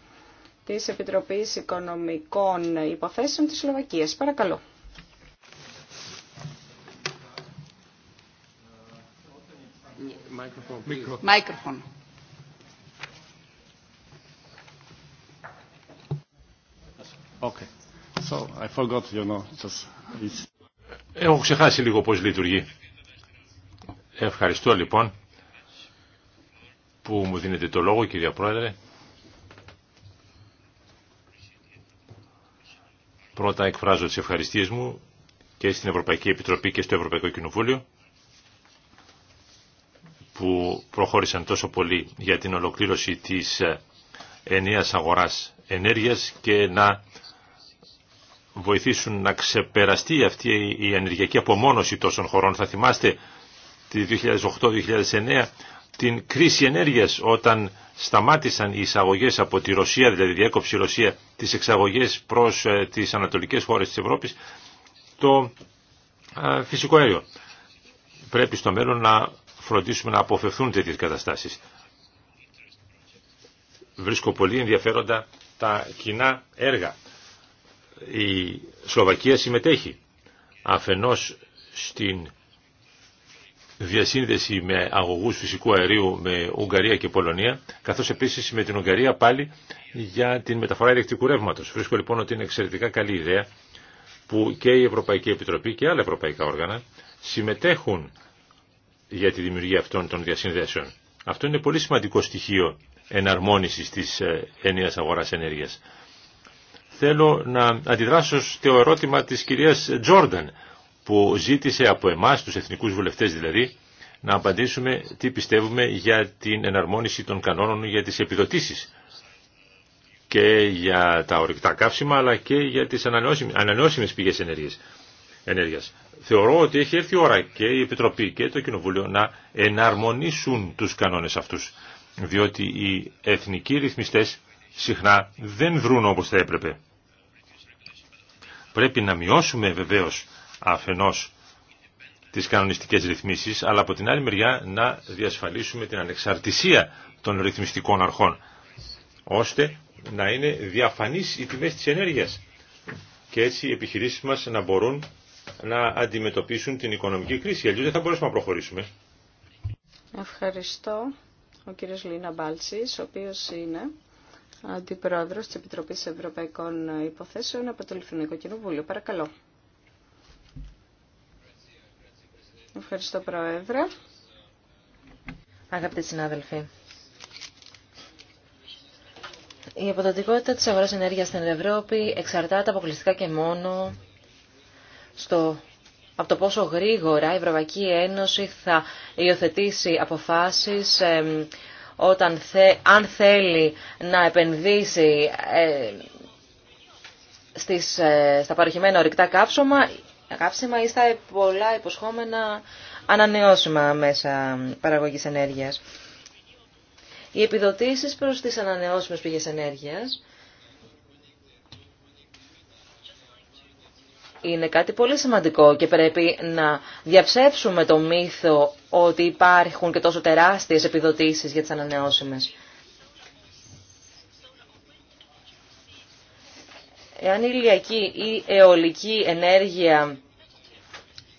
της Επιτροπής Οικονομικών Υποθέσεων της Σλοβακίας. Παρακαλώ. Έχω ξεχάσει λίγο πώς λειτουργεί. Ευχαριστώ λοιπόν που μου δίνετε το λόγο κυρία Πρόεδρε. Πρώτα εκφράζω τις ευχαριστίες μου και στην Ευρωπαϊκή Επιτροπή και στο Ευρωπαϊκό Κοινοβούλιο που προχώρησαν τόσο πολύ για την ολοκλήρωση της ε, ενιαίας αγοράς ενέργειας και να βοηθήσουν να ξεπεραστεί αυτή η ενεργειακή απομόνωση τόσων χωρών. Θα θυμάστε τη 2008-2009 την κρίση ενέργειας όταν σταμάτησαν οι εισαγωγές από τη Ρωσία, δηλαδή διέκοψε η Ρωσία τις εξαγωγές προς ε, τις ανατολικές χώρες της Ευρώπης το ε, φυσικό αέριο. Πρέπει στο μέλλον να φροντίσουμε να αποφευθούν τέτοιες καταστάσεις. Βρίσκω πολύ ενδιαφέροντα τα κοινά έργα. Η Σλοβακία συμμετέχει αφενός στην διασύνδεση με αγωγούς φυσικού αερίου με Ουγγαρία και Πολωνία, καθώς επίσης με την Ουγγαρία πάλι για την μεταφορά ηλεκτρικού ρεύματος. Βρίσκω λοιπόν ότι είναι εξαιρετικά καλή ιδέα που και η Ευρωπαϊκή Επιτροπή και άλλα ευρωπαϊκά όργανα συμμετέχουν για τη δημιουργία αυτών των διασυνδέσεων. Αυτό είναι πολύ σημαντικό στοιχείο εναρμόνισης της έννοιας ε, αγοράς ενέργειας. Θέλω να αντιδράσω στο ερώτημα της κυρίας Τζόρνταν που ζήτησε από εμάς, τους εθνικούς βουλευτές δηλαδή, να απαντήσουμε τι πιστεύουμε για την εναρμόνιση των κανόνων για τις επιδοτήσεις και για τα ορυκτά καύσιμα αλλά και για τις ανανεώσιμες πηγές ενέργειας ενέργειας. Θεωρώ ότι έχει έρθει η ώρα και η Επιτροπή και το Κοινοβούλιο να εναρμονίσουν τους κανόνες αυτούς, διότι οι εθνικοί ρυθμιστές συχνά δεν βρούν όπως θα έπρεπε. Πρέπει να μειώσουμε βεβαίως αφενός τις κανονιστικές ρυθμίσεις, αλλά από την άλλη μεριά να διασφαλίσουμε την ανεξαρτησία των ρυθμιστικών αρχών, ώστε να είναι διαφανείς οι τιμές της ενέργειας και έτσι οι επιχειρήσεις μας να μπορούν να αντιμετωπίσουν την οικονομική κρίση. Αλλιώς δεν θα μπορέσουμε να προχωρήσουμε. Ευχαριστώ ο κύριος Λίνα Μπάλσης ο οποίος είναι αντιπρόεδρος της Επιτροπής Ευρωπαϊκών Υποθέσεων από το Λιθουανικό Κοινοβούλιο. Παρακαλώ. Ευχαριστώ, Πρόεδρε. Αγαπητοί συνάδελφοι, η αποδοτικότητα της αγοράς ενέργειας στην Ευρώπη εξαρτάται αποκλειστικά και μόνο στο, από το πόσο γρήγορα η Ευρωπαϊκή Ένωση θα υιοθετήσει αποφάσεις όταν αν θέλει να επενδύσει ε, στις, ε, στα παροχημένα ορυκτά κάψωμα, κάψιμα ή στα πολλά υποσχόμενα ανανεώσιμα μέσα παραγωγής ενέργειας. Οι επιδοτήσεις προς τις ανανεώσιμες πηγές ενέργειας είναι κάτι πολύ σημαντικό και πρέπει να διαψεύσουμε το μύθο ότι υπάρχουν και τόσο τεράστιες επιδοτήσεις για τις ανανεώσιμες. Εάν η ηλιακή ή αιωλική ενέργεια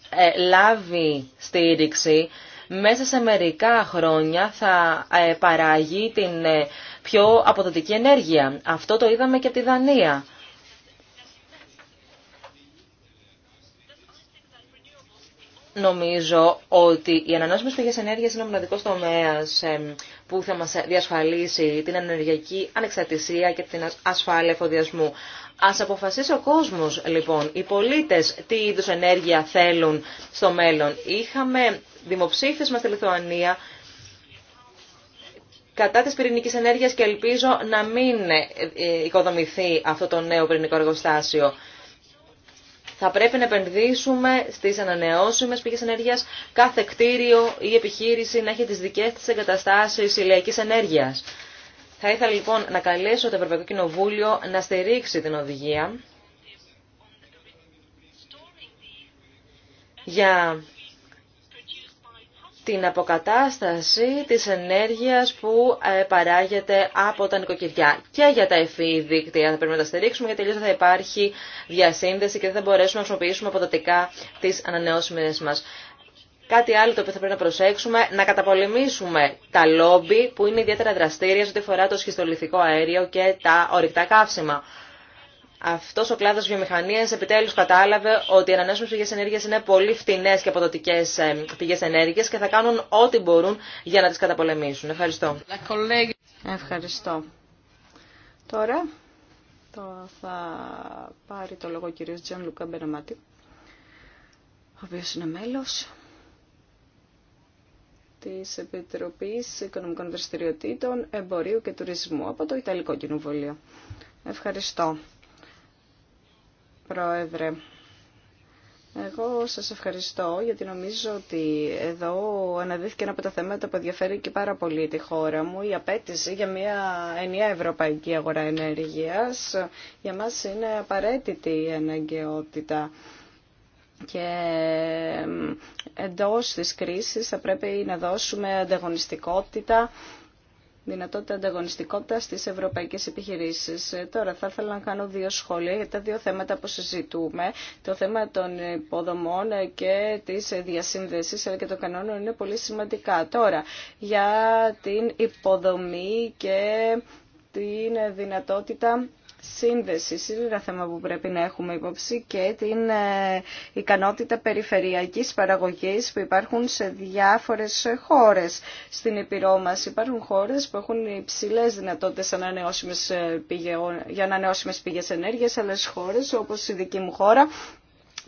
ε, λάβει στήριξη, μέσα σε μερικά χρόνια θα ε, παράγει την ε, πιο αποδοτική ενέργεια. Αυτό το είδαμε και από τη Δανία. Νομίζω ότι οι ανανεώσιμες πηγές ενέργειας είναι ο μοναδικός τομέας που θα μας διασφαλίσει την ενεργειακή ανεξαρτησία και την ασφάλεια εφοδιασμού. Ας αποφασίσει ο κόσμος, λοιπόν, οι πολίτες τι είδους ενέργεια θέλουν στο μέλλον. Είχαμε δημοψήφισμα στη Λιθουανία κατά της πυρηνικής ενέργειας και ελπίζω να μην ε, ε, οικοδομηθεί αυτό το νέο πυρηνικό εργοστάσιο. Θα πρέπει να επενδύσουμε στι ανανεώσιμε πηγέ ενέργειας. Κάθε κτίριο ή επιχείρηση να έχει τις δικές της εγκαταστάσεις ηλιακή ενέργειας. Θα ήθελα λοιπόν να καλέσω το Ευρωπαϊκό Κοινοβούλιο να στηρίξει την οδηγία για την αποκατάσταση της ενέργειας που ε, παράγεται από τα νοικοκυριά. Και για τα ευφύ δίκτυα θα πρέπει να τα στηρίξουμε γιατί τελείως θα υπάρχει διασύνδεση και δεν θα μπορέσουμε να χρησιμοποιήσουμε αποδοτικά τις ανανεώσιμες μας. Κάτι άλλο το οποίο θα πρέπει να προσέξουμε, να καταπολεμήσουμε τα λόμπι που είναι ιδιαίτερα δραστήρια σε ό,τι το σχιστολιθικό αέριο και τα ορυκτά καύσιμα. Αυτό ο κλάδο βιομηχανία επιτέλου κατάλαβε ότι οι ανανεώσιμες πηγές Ενέργεια είναι πολύ φτηνέ και αποδοτικέ ε, πηγέ ενέργεια και θα κάνουν ό,τι μπορούν για να τι καταπολεμήσουν. Ευχαριστώ. Ευχαριστώ. Τώρα το θα πάρει το λόγο ο κ. Τζον Λουκά Μπεραμάτι, ο οποίος είναι μέλος της Επιτροπής Οικονομικών Δραστηριοτήτων, Εμπορίου και Τουρισμού από το Ιταλικό Κοινοβούλιο. Ευχαριστώ. Πρόεδρε. Εγώ σας ευχαριστώ γιατί νομίζω ότι εδώ αναδύθηκε ένα από τα θέματα που ενδιαφέρει και πάρα πολύ τη χώρα μου. Η απέτηση για μια ενιαία ευρωπαϊκή αγορά ενέργειας για μας είναι απαραίτητη η αναγκαιότητα και εντός της κρίσης θα πρέπει να δώσουμε ανταγωνιστικότητα δυνατότητα ανταγωνιστικότητα στι ευρωπαϊκέ επιχειρήσει. Ε, τώρα θα ήθελα να κάνω δύο σχόλια για τα δύο θέματα που συζητούμε. Το θέμα των υποδομών ε, και τη διασύνδεση αλλά και των κανόνων είναι πολύ σημαντικά. Τώρα, για την υποδομή και την δυνατότητα Σύνδεση είναι ένα θέμα που πρέπει να έχουμε υπόψη και την ε, ικανότητα περιφερειακής παραγωγής που υπάρχουν σε διάφορες χώρες στην Επιρώ μας. Υπάρχουν χώρες που έχουν υψηλές δυνατότητες ανανεώσιμες ε, πηγε, για ανανεώσιμες πηγές ενέργειας, αλλά χώρες όπως η δική μου χώρα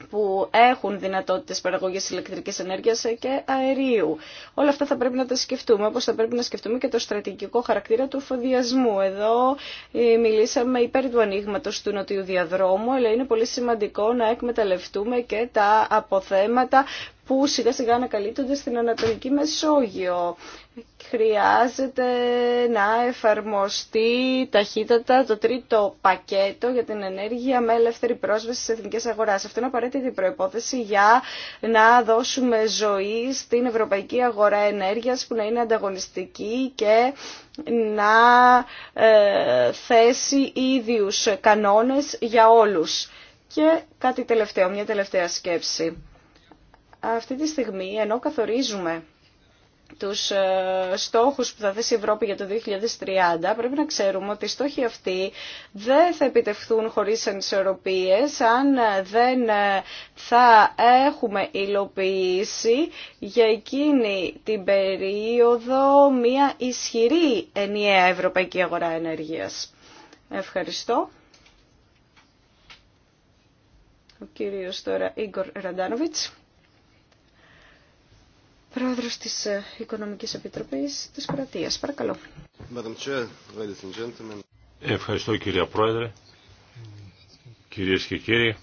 που έχουν δυνατότητες παραγωγής ηλεκτρικής ενέργειας και αερίου. Όλα αυτά θα πρέπει να τα σκεφτούμε, όπως θα πρέπει να σκεφτούμε και το στρατηγικό χαρακτήρα του εφοδιασμού. Εδώ ε, μιλήσαμε υπέρ του ανοίγματο του νοτιού διαδρόμου, αλλά είναι πολύ σημαντικό να εκμεταλλευτούμε και τα αποθέματα που σιγά σιγά ανακαλύπτονται στην Ανατολική Μεσόγειο. Χρειάζεται να εφαρμοστεί ταχύτατα το τρίτο πακέτο για την ενέργεια με ελεύθερη πρόσβαση στις εθνικές αγοράς. Αυτό είναι απαραίτητη προϋπόθεση για να δώσουμε ζωή στην ευρωπαϊκή αγορά ενέργειας που να είναι ανταγωνιστική και να ε, θέσει ίδιους κανόνες για όλους. Και κάτι τελευταίο, μια τελευταία σκέψη αυτή τη στιγμή, ενώ καθορίζουμε τους ε, στόχους που θα θέσει η Ευρώπη για το 2030, πρέπει να ξέρουμε ότι οι στόχοι αυτοί δεν θα επιτευχθούν χωρίς ανισορροπίες αν δεν ε, θα έχουμε υλοποιήσει για εκείνη την περίοδο μια ισχυρή ενιαία ευρωπαϊκή αγορά ενέργειας. Ευχαριστώ. Ο κύριος τώρα Ίγκορ Ραντάνοβιτς πρόεδρος της ε, Οικονομικής Επιτροπής της κρατίας. Παρακαλώ. Ευχαριστώ κυρία Πρόεδρε, κυρίες και κύριοι.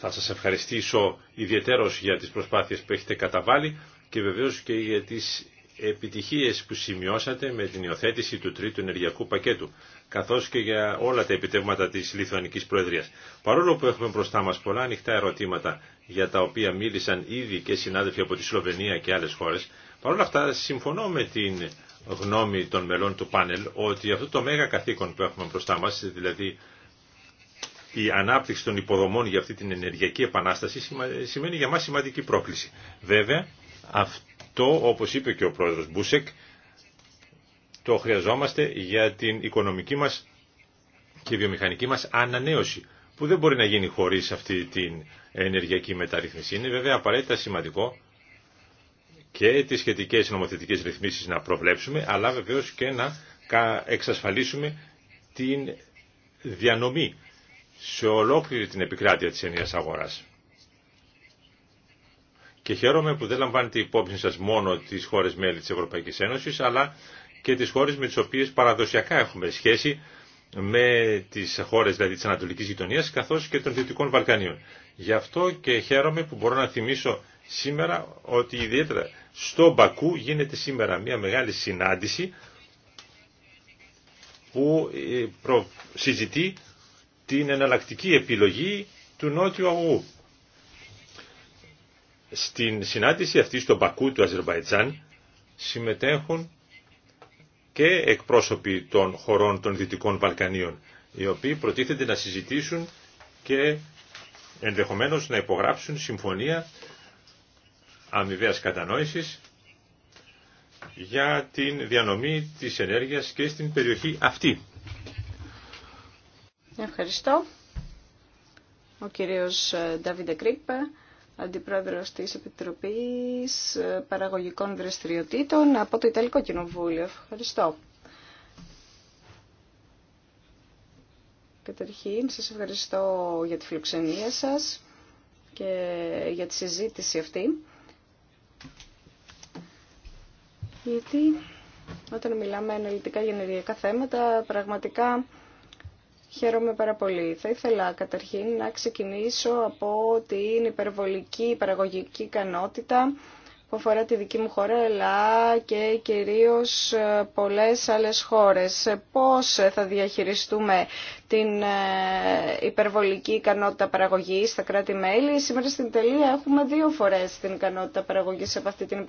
Θα σας ευχαριστήσω ιδιαίτερος για τις προσπάθειες που έχετε καταβάλει και βεβαίως και για τις επιτυχίες που σημειώσατε με την υιοθέτηση του τρίτου ενεργειακού πακέτου καθώς και για όλα τα επιτεύγματα της Λιθουανικής Προεδρίας. Παρόλο που έχουμε μπροστά μας πολλά ανοιχτά ερωτήματα για τα οποία μίλησαν ήδη και συνάδελφοι από τη Σλοβενία και άλλες χώρες, παρόλα αυτά συμφωνώ με την γνώμη των μελών του πάνελ ότι αυτό το μέγα καθήκον που έχουμε μπροστά μας, δηλαδή η ανάπτυξη των υποδομών για αυτή την ενεργειακή επανάσταση σημαίνει για μας σημαντική πρόκληση. Βέβαια, αυτό όπως είπε και ο πρόεδρος Μπούσεκ το χρειαζόμαστε για την οικονομική μας και βιομηχανική μας ανανέωση, που δεν μπορεί να γίνει χωρίς αυτή την ενεργειακή μεταρρύθμιση. Είναι βέβαια απαραίτητα σημαντικό και τις σχετικές νομοθετικές ρυθμίσεις να προβλέψουμε, αλλά βεβαίως και να εξασφαλίσουμε την διανομή σε ολόκληρη την επικράτεια της ενιαίας αγοράς. Και χαίρομαι που δεν λαμβάνετε υπόψη σας μόνο τις χώρες μέλη της Ευρωπαϊκής Ένωσης, αλλά και τις χώρες με τις οποίες παραδοσιακά έχουμε σχέση με τις χώρες δηλαδή της Ανατολικής Γειτονίας καθώς και των Δυτικών Βαλκανίων. Γι' αυτό και χαίρομαι που μπορώ να θυμίσω σήμερα ότι ιδιαίτερα στο Μπακού γίνεται σήμερα μια μεγάλη συνάντηση που ε, συζητεί την εναλλακτική επιλογή του Νότιου Αγού. Στην συνάντηση αυτή στο Μπακού του Αζερβαϊτζάν συμμετέχουν και εκπρόσωποι των χωρών των Δυτικών Βαλκανίων, οι οποίοι προτίθεται να συζητήσουν και ενδεχομένως να υπογράψουν συμφωνία αμοιβαίας κατανόησης για την διανομή της ενέργειας και στην περιοχή αυτή. Ευχαριστώ. Ο κύριος Νταβίντε Κρίκπε αντιπρόεδρος της Επιτροπής ε, Παραγωγικών Δραστηριοτήτων από το Ιταλικό Κοινοβούλιο. Ευχαριστώ. Καταρχήν, σας ευχαριστώ για τη φιλοξενία σας και για τη συζήτηση αυτή. Γιατί όταν μιλάμε αναλυτικά για θέματα, πραγματικά Χαίρομαι πάρα πολύ. Θα ήθελα καταρχήν να ξεκινήσω από την υπερβολική παραγωγική ικανότητα που αφορά τη δική μου χώρα, αλλά και κυρίως ε, πολλές άλλες χώρες. Πώς θα διαχειριστούμε την ε, υπερβολική ικανότητα παραγωγής στα κράτη-μέλη. Σήμερα στην τελεία έχουμε δύο φορές την ικανότητα παραγωγής από αυτή την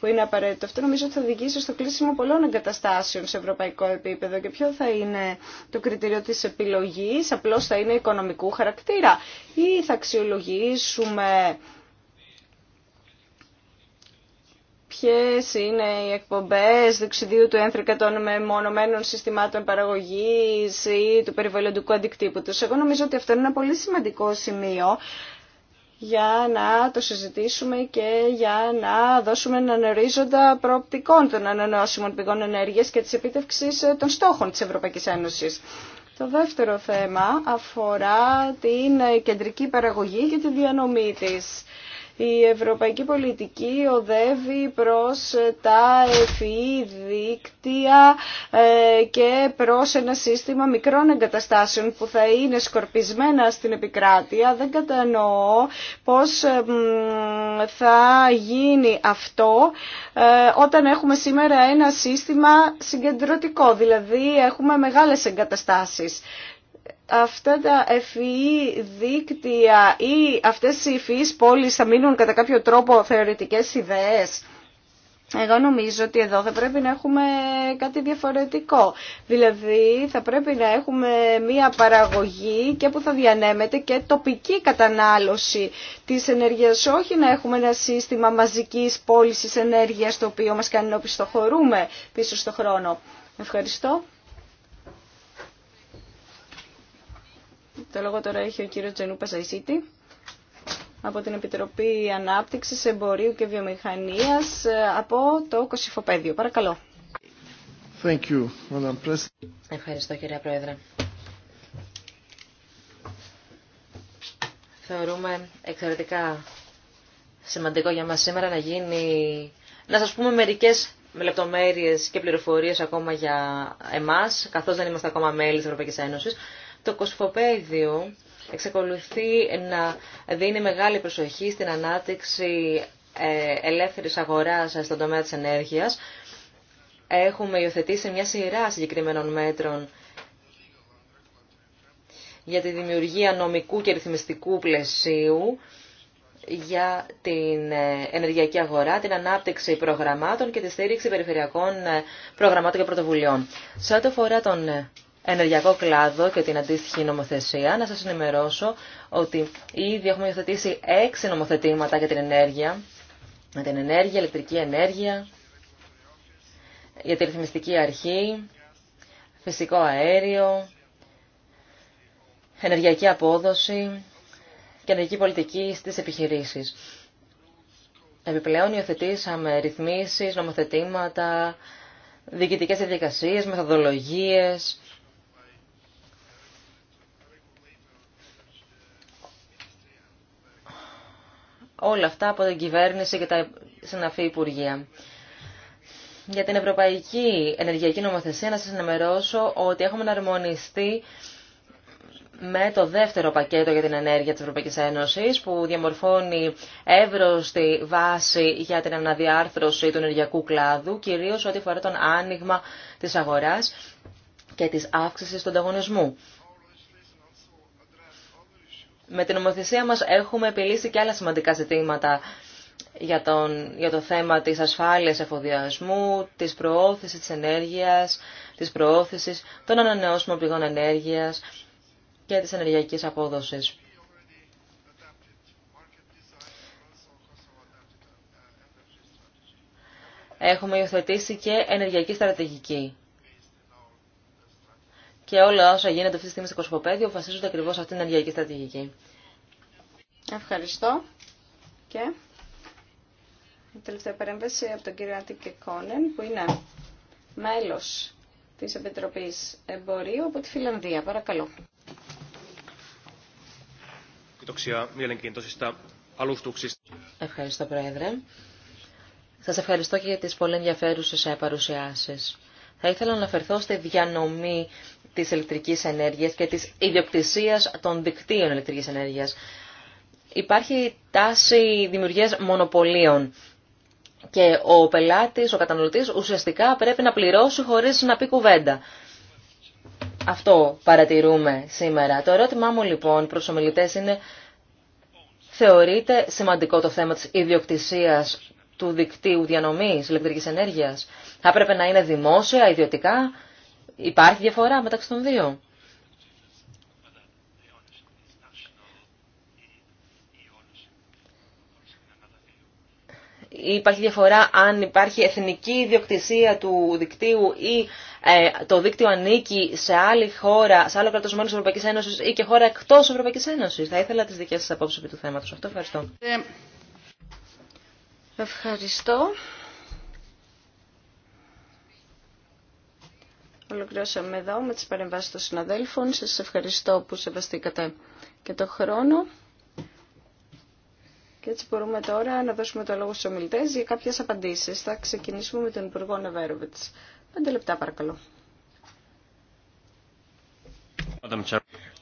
που είναι απαραίτητο. Αυτό νομίζω ότι θα οδηγήσει στο κλείσιμο πολλών εγκαταστάσεων σε ευρωπαϊκό επίπεδο. Και ποιο θα είναι το κριτήριο της επιλογής, απλώς θα είναι οικονομικού χαρακτήρα ή θα αξιολογήσουμε ποιες είναι οι εκπομπές δεξιδίου του ένθρικα των μεμονωμένων συστημάτων παραγωγής ή του περιβαλλοντικού αντικτύπου τους. Εγώ νομίζω ότι αυτό είναι ένα πολύ σημαντικό σημείο για να το συζητήσουμε και για να δώσουμε έναν ορίζοντα προοπτικών των ανανεώσιμων πηγών ενέργειας και της επίτευξης ε, των στόχων της Ευρωπαϊκής Ένωσης. Το δεύτερο θέμα αφορά την κεντρική παραγωγή και τη διανομή της. Η ευρωπαϊκή πολιτική οδεύει προς τα εφη δίκτυα ε, και προς ένα σύστημα μικρών εγκαταστάσεων που θα είναι σκορπισμένα στην επικράτεια. Δεν κατανοώ πώς θα γίνει αυτό ε, όταν έχουμε σήμερα ένα σύστημα συγκεντρωτικό, δηλαδή έχουμε μεγάλες εγκαταστάσεις αυτά τα ευφυή e e δίκτυα ή αυτές οι e ευφυείς πόλεις θα μείνουν κατά κάποιο τρόπο θεωρητικές ιδέες. Εγώ νομίζω ότι εδώ θα πρέπει να έχουμε κάτι διαφορετικό. Δηλαδή θα πρέπει να έχουμε μία παραγωγή και που θα διανέμεται και τοπική κατανάλωση της ενέργειας. Όχι να έχουμε ένα σύστημα μαζικής πώλησης ενέργειας το οποίο μας κάνει να πιστοχωρούμε πίσω στον χρόνο. Ευχαριστώ. Το λόγο τώρα έχει ο κύριος Τζενούπα Πασαϊσίτη από την Επιτροπή Ανάπτυξης Εμπορίου και Βιομηχανίας ε, από το Κωσυφοπέδιο. Παρακαλώ. Thank you, Ευχαριστώ κυρία Πρόεδρε. Θεωρούμε εξαιρετικά σημαντικό για μας σήμερα να γίνει, να σας πούμε μερικές με λεπτομέρειες και πληροφορίες ακόμα για εμάς, καθώς δεν είμαστε ακόμα μέλη της Ευρωπαϊκής Ένωσης. Το κοσφοπέδιο εξακολουθεί να δίνει μεγάλη προσοχή στην ανάπτυξη ε, ελεύθερης αγοράς ε, στον τομέα της ενέργειας. Έχουμε υιοθετήσει μια σειρά συγκεκριμένων μέτρων για τη δημιουργία νομικού και ρυθμιστικού πλαισίου για την ε, ενεργειακή αγορά, την ανάπτυξη προγραμμάτων και τη στήριξη περιφερειακών προγραμμάτων και πρωτοβουλειών. Σε ό,τι αφορά τον ενεργειακό κλάδο και την αντίστοιχη νομοθεσία, να σας ενημερώσω ότι ήδη έχουμε υιοθετήσει έξι νομοθετήματα για την ενέργεια, Με την ενέργεια, ηλεκτρική ενέργεια, για τη ρυθμιστική αρχή, φυσικό αέριο, ενεργειακή απόδοση και ενεργειακή πολιτική στις επιχειρήσεις. Επιπλέον υιοθετήσαμε ρυθμίσεις, νομοθετήματα, διοικητικές διαδικασίες, μεθοδολογίες, Όλα αυτά από την κυβέρνηση και τα συναφή Υπουργεία. Για την Ευρωπαϊκή Ενεργειακή Νομοθεσία να σας ενημερώσω ότι έχουμε εναρμονιστεί με το δεύτερο πακέτο για την ενέργεια της Ευρωπαϊκής Ένωσης που διαμορφώνει εύρωστη βάση για την αναδιάρθρωση του ενεργειακού κλάδου, κυρίως ό,τι φορά τον άνοιγμα της αγοράς και της αύξησης του ανταγωνισμού. Με την νομοθεσία μας έχουμε επιλύσει και άλλα σημαντικά ζητήματα για, τον, για το θέμα της ασφάλειας εφοδιασμού, της προώθησης της ενέργειας, της προώθησης των ανανεώσιμων πηγών ενέργειας και της ενεργειακής απόδοσης. Έχουμε υιοθετήσει και ενεργειακή στρατηγική και όλα όσα γίνεται αυτή τη στιγμή στο Κοσμοπέδιο βασίζονται ακριβώς σε αυτήν την ενεργειακή στρατηγική. Ευχαριστώ. Και η τελευταία παρέμβαση από τον κύριο Άντικε Κόνεν, που είναι μέλος της Επιτροπής Εμπορίου από τη Φιλανδία. Παρακαλώ. Ευχαριστώ, Πρόεδρε. Σας ευχαριστώ και για τις πολύ ενδιαφέρουσες παρουσιάσεις. Θα ήθελα να αναφερθώ στη διανομή Τη ηλεκτρική ενέργεια και τη ιδιοκτησία των δικτύων ηλεκτρικής ενέργειας. Υπάρχει τάση δημιουργίας μονοπωλίων και ο πελάτης, ο καταναλωτή ουσιαστικά πρέπει να πληρώσει χωρίς να πει κουβέντα. Αυτό παρατηρούμε σήμερα. Το ερώτημά μου λοιπόν προς ομιλητές είναι θεωρείται σημαντικό το θέμα της ιδιοκτησίας του δικτύου διανομής ηλεκτρικής ενέργειας. Θα έπρεπε να είναι δημόσια, ιδιωτικά Υπάρχει διαφορά μεταξύ των δύο. Υπάρχει διαφορά αν υπάρχει εθνική ιδιοκτησία του δικτύου ή ε, το δίκτυο ανήκει σε άλλη χώρα, σε άλλο κράτος μέλος της Ευρωπαϊκής Ένωσης ή και χώρα εκτός Ευρωπαϊκή Ευρωπαϊκής Ένωσης. Θα ήθελα τις δικές σας απόψεις επί του θέματος. Αυτό ευχαριστώ. Ε, ευχαριστώ. Ολοκληρώσαμε εδώ με τις παρεμβάσεις των συναδέλφων. Σας ευχαριστώ που σεβαστήκατε και το χρόνο. Και έτσι μπορούμε τώρα να δώσουμε το λόγο στους ομιλητές για κάποιες απαντήσεις. Θα ξεκινήσουμε με τον Υπουργό Νεβέροβιτς. Πέντε λεπτά παρακαλώ.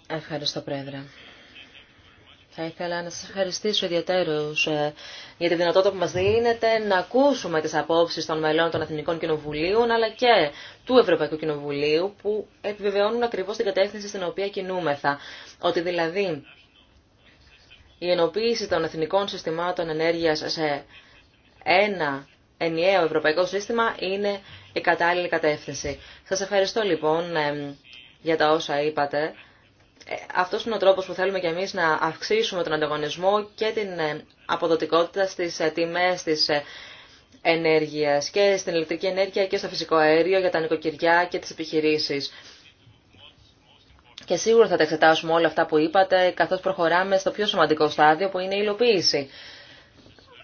Ευχαριστώ Πρόεδρε. Θα ήθελα να σας ευχαριστήσω ιδιαίτερως ε, για τη δυνατότητα που μας δίνετε να ακούσουμε τις απόψεις των μελών των Εθνικών Κοινοβουλίων αλλά και του Ευρωπαϊκού Κοινοβουλίου που επιβεβαιώνουν ακριβώς την κατεύθυνση στην οποία κινούμεθα. Ότι δηλαδή η ενοποίηση των εθνικών συστημάτων ενέργειας σε ένα ενιαίο ευρωπαϊκό σύστημα είναι η κατάλληλη κατεύθυνση. Σας ευχαριστώ λοιπόν ε, για τα όσα είπατε ε, Αυτό είναι ο τρόπο που θέλουμε κι εμεί να αυξήσουμε τον ανταγωνισμό και την ε, αποδοτικότητα στι ε, τιμέ τη ενέργεια και στην ηλεκτρική ενέργεια και στο φυσικό αέριο για τα νοικοκυριά και τι επιχειρήσει. Και σίγουρα θα τα εξετάσουμε όλα αυτά που είπατε, καθώ προχωράμε στο πιο σημαντικό στάδιο που είναι η υλοποίηση.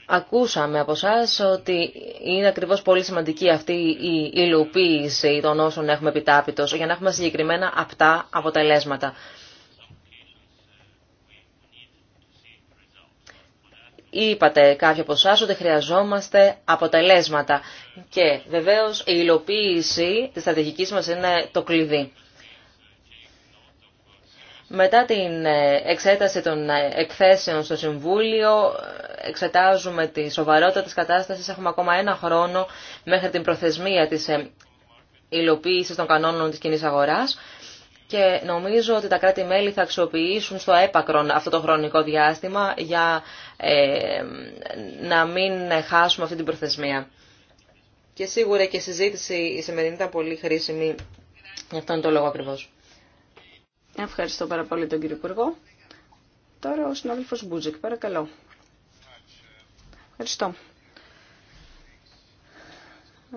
Ακούσαμε από εσά ότι είναι ακριβώ πολύ σημαντική αυτή η υλοποίηση των όσων έχουμε επιτάπητο για να έχουμε συγκεκριμένα αυτά αποτελέσματα. Είπατε κάποιοι από εσά ότι χρειαζόμαστε αποτελέσματα και βεβαίως η υλοποίηση της στρατηγικής μας είναι το κλειδί. Μετά την ε, εξέταση των ε, εκθέσεων στο Συμβούλιο, ε, εξετάζουμε τη σοβαρότητα της κατάστασης. Έχουμε ακόμα ένα χρόνο μέχρι την προθεσμία της υλοποίησης των κανόνων της κοινή αγοράς και νομίζω ότι τα κράτη-μέλη θα αξιοποιήσουν στο έπακρον αυτό το χρονικό διάστημα για ε, να μην χάσουμε αυτή την προθεσμία. Και σίγουρα και η συζήτηση η σημερινή ήταν πολύ χρήσιμη. Γι' αυτό είναι το λόγο ακριβώς. Ευχαριστώ πάρα πολύ τον κύριο Υπουργό. Τώρα ο συνάδελφος Μπούτζικ, παρακαλώ. Ευχαριστώ.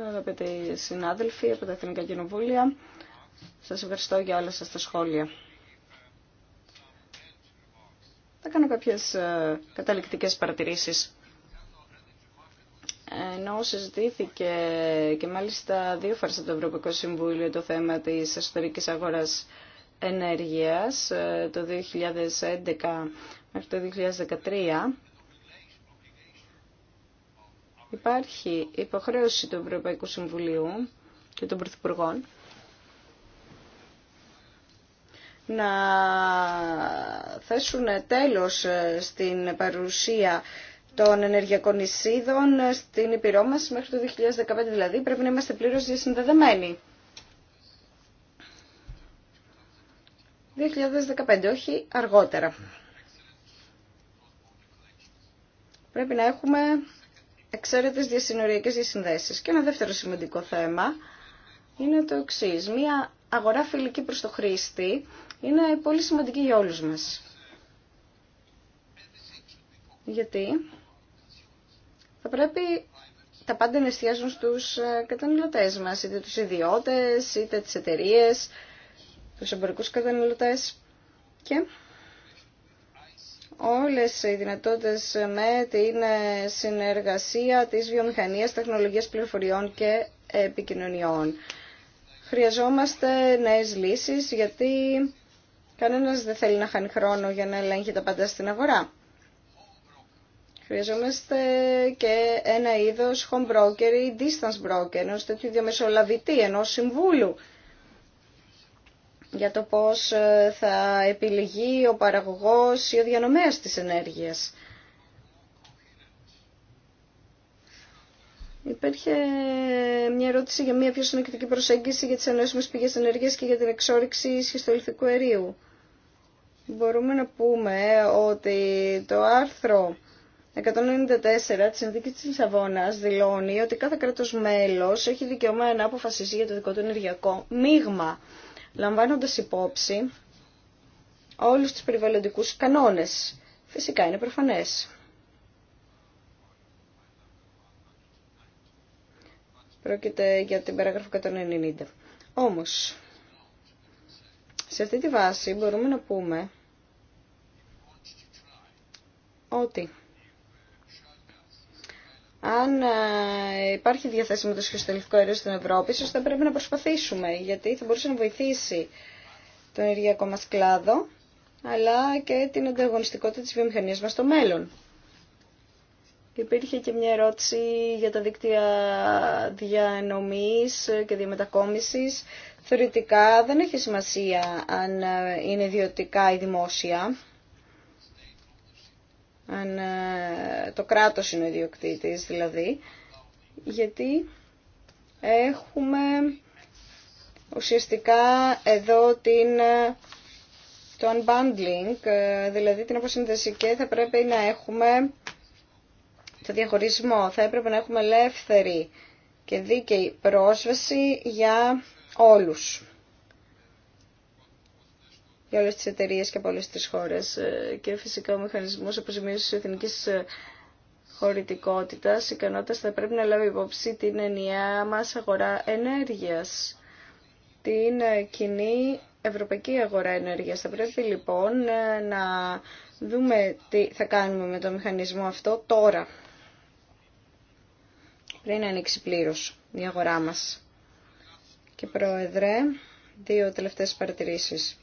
Αγαπητοί συνάδελφοι από τα Εθνικά Κοινοβούλια, σας ευχαριστώ για όλα σας τα σχόλια. Θα κάνω κάποιες ε, καταληκτικές παρατηρήσεις. Ενώ συζητήθηκε και μάλιστα δύο φορές από το Ευρωπαϊκό Συμβούλιο το θέμα της εσωτερικής αγοράς ενέργειας ε, το 2011 μέχρι το 2013, υπάρχει υποχρέωση του Ευρωπαϊκού Συμβουλίου και των Πρωθυπουργών να θέσουν τέλος στην παρουσία των ενεργειακών εισίδων στην Ήπειρό μέχρι το 2015 δηλαδή πρέπει να είμαστε πλήρως διασυνδεδεμένοι. 2015, όχι αργότερα. Πρέπει να έχουμε εξαίρετες διασυνοριακές διασυνδέσεις. Και ένα δεύτερο σημαντικό θέμα είναι το εξή. Μία αγορά φιλική προς το χρήστη είναι πολύ σημαντική για όλους μας. Γιατί θα πρέπει τα πάντα να εστιάζουν στους ε, καταναλωτές μας, είτε τους ιδιώτες, είτε τις εταιρείες, τους εμπορικούς καταναλωτές και όλες οι δυνατότητες με την ε, συνεργασία της βιομηχανίας, τεχνολογίας πληροφοριών και επικοινωνιών. Χρειαζόμαστε νέες λύσεις γιατί Κανένας δεν θέλει να χάνει χρόνο για να ελέγχει τα πάντα στην αγορά. Χρειαζόμαστε και ένα είδος home broker ή distance broker, ενός τέτοιου διαμεσολαβητή, ενός συμβούλου για το πώς ε, θα επιλεγεί ο παραγωγός ή ο διανομέας της ενέργειας. Υπήρχε μια ερώτηση για μια πιο συνεκτική προσέγγιση για τις ανανεώσιμες πηγές ενέργειας και για την εξόριξη σχιστολιθικού αερίου μπορούμε να πούμε ότι το άρθρο 194 της Συνθήκης της Λισαβόνας δηλώνει ότι κάθε κράτος μέλος έχει δικαίωμα να αποφασίσει για το δικό του ενεργειακό μείγμα, λαμβάνοντας υπόψη όλους τους περιβαλλοντικούς κανόνες. Φυσικά είναι προφανές. Πρόκειται για την παράγραφο 190. Όμως, σε αυτή τη βάση μπορούμε να πούμε ότι αν ε, υπάρχει διαθέσιμο το σχεστολιφικό αέριο στην Ευρώπη, ίσως πρέπει να προσπαθήσουμε, γιατί θα μπορούσε να βοηθήσει τον ενεργειακό μας κλάδο, αλλά και την ανταγωνιστικότητα της βιομηχανίας μας στο μέλλον. Υπήρχε και μια ερώτηση για τα δίκτυα διανομής και διαμετακόμισης. Θεωρητικά δεν έχει σημασία αν ε, είναι ιδιωτικά ή δημόσια αν ε, το κράτος είναι ο ιδιοκτήτης δηλαδή, γιατί έχουμε ουσιαστικά εδώ την, ε, το unbundling, ε, δηλαδή την αποσύνδεση και θα πρέπει να έχουμε το διαχωρισμό, θα έπρεπε να έχουμε ελεύθερη και δίκαιη πρόσβαση για όλους για όλες τις εταιρείε και από όλες τις χώρες ε, και φυσικά ο μηχανισμός αποζημίωσης εθνικής ε, χωρητικότητας, ικανότητας θα πρέπει να λάβει υπόψη την ενιαία μας αγορά ενέργειας, την κοινή ευρωπαϊκή αγορά ενέργειας. Θα πρέπει λοιπόν ε, να δούμε τι θα κάνουμε με το μηχανισμό αυτό τώρα, πριν ανοίξει πλήρως η αγορά μας. Και Πρόεδρε, δύο τελευταίες παρατηρήσεις.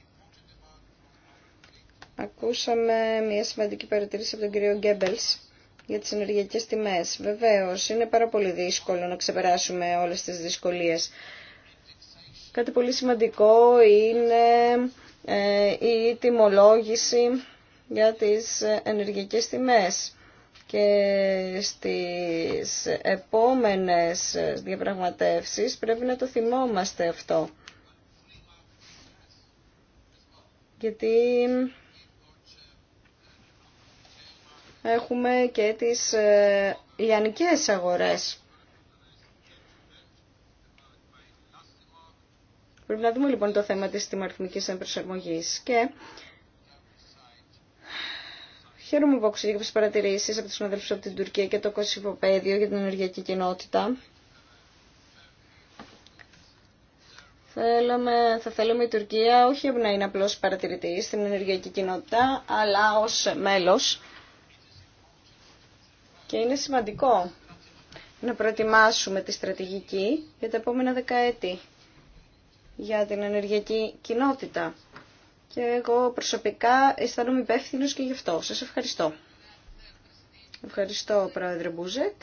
Ακούσαμε μια σημαντική παρατηρήση από τον κύριο Γκέμπελς για τις ενεργειακές τιμές. Βεβαίως, είναι πάρα πολύ δύσκολο να ξεπεράσουμε όλες τις δυσκολίες. Κάτι πολύ σημαντικό είναι ε, η τιμολόγηση για τις ενεργειακές τιμές και στις επόμενες διαπραγματεύσεις πρέπει να το θυμόμαστε αυτό. Γιατί έχουμε και τις ε, λιανικές αγορές. Πρέπει να δούμε λοιπόν το θέμα της τιμαριθμικής εμπροσαρμογής και χαίρομαι που άκουσα κάποιες παρατηρήσεις από τους συναδέλφους από την Τουρκία και το Κωσυφοπαίδιο για την ενεργειακή κοινότητα. Θέλαμε, θα θέλουμε η Τουρκία όχι να είναι απλώς παρατηρητή στην ενεργειακή κοινότητα, αλλά ως μέλος και είναι σημαντικό να προετοιμάσουμε τη στρατηγική για τα επόμενα δεκαέτη για την ενεργειακή κοινότητα. Και εγώ προσωπικά αισθάνομαι υπεύθυνο και γι' αυτό. Σας ευχαριστώ. Ευχαριστώ, Πρόεδρε Μπούζεκ.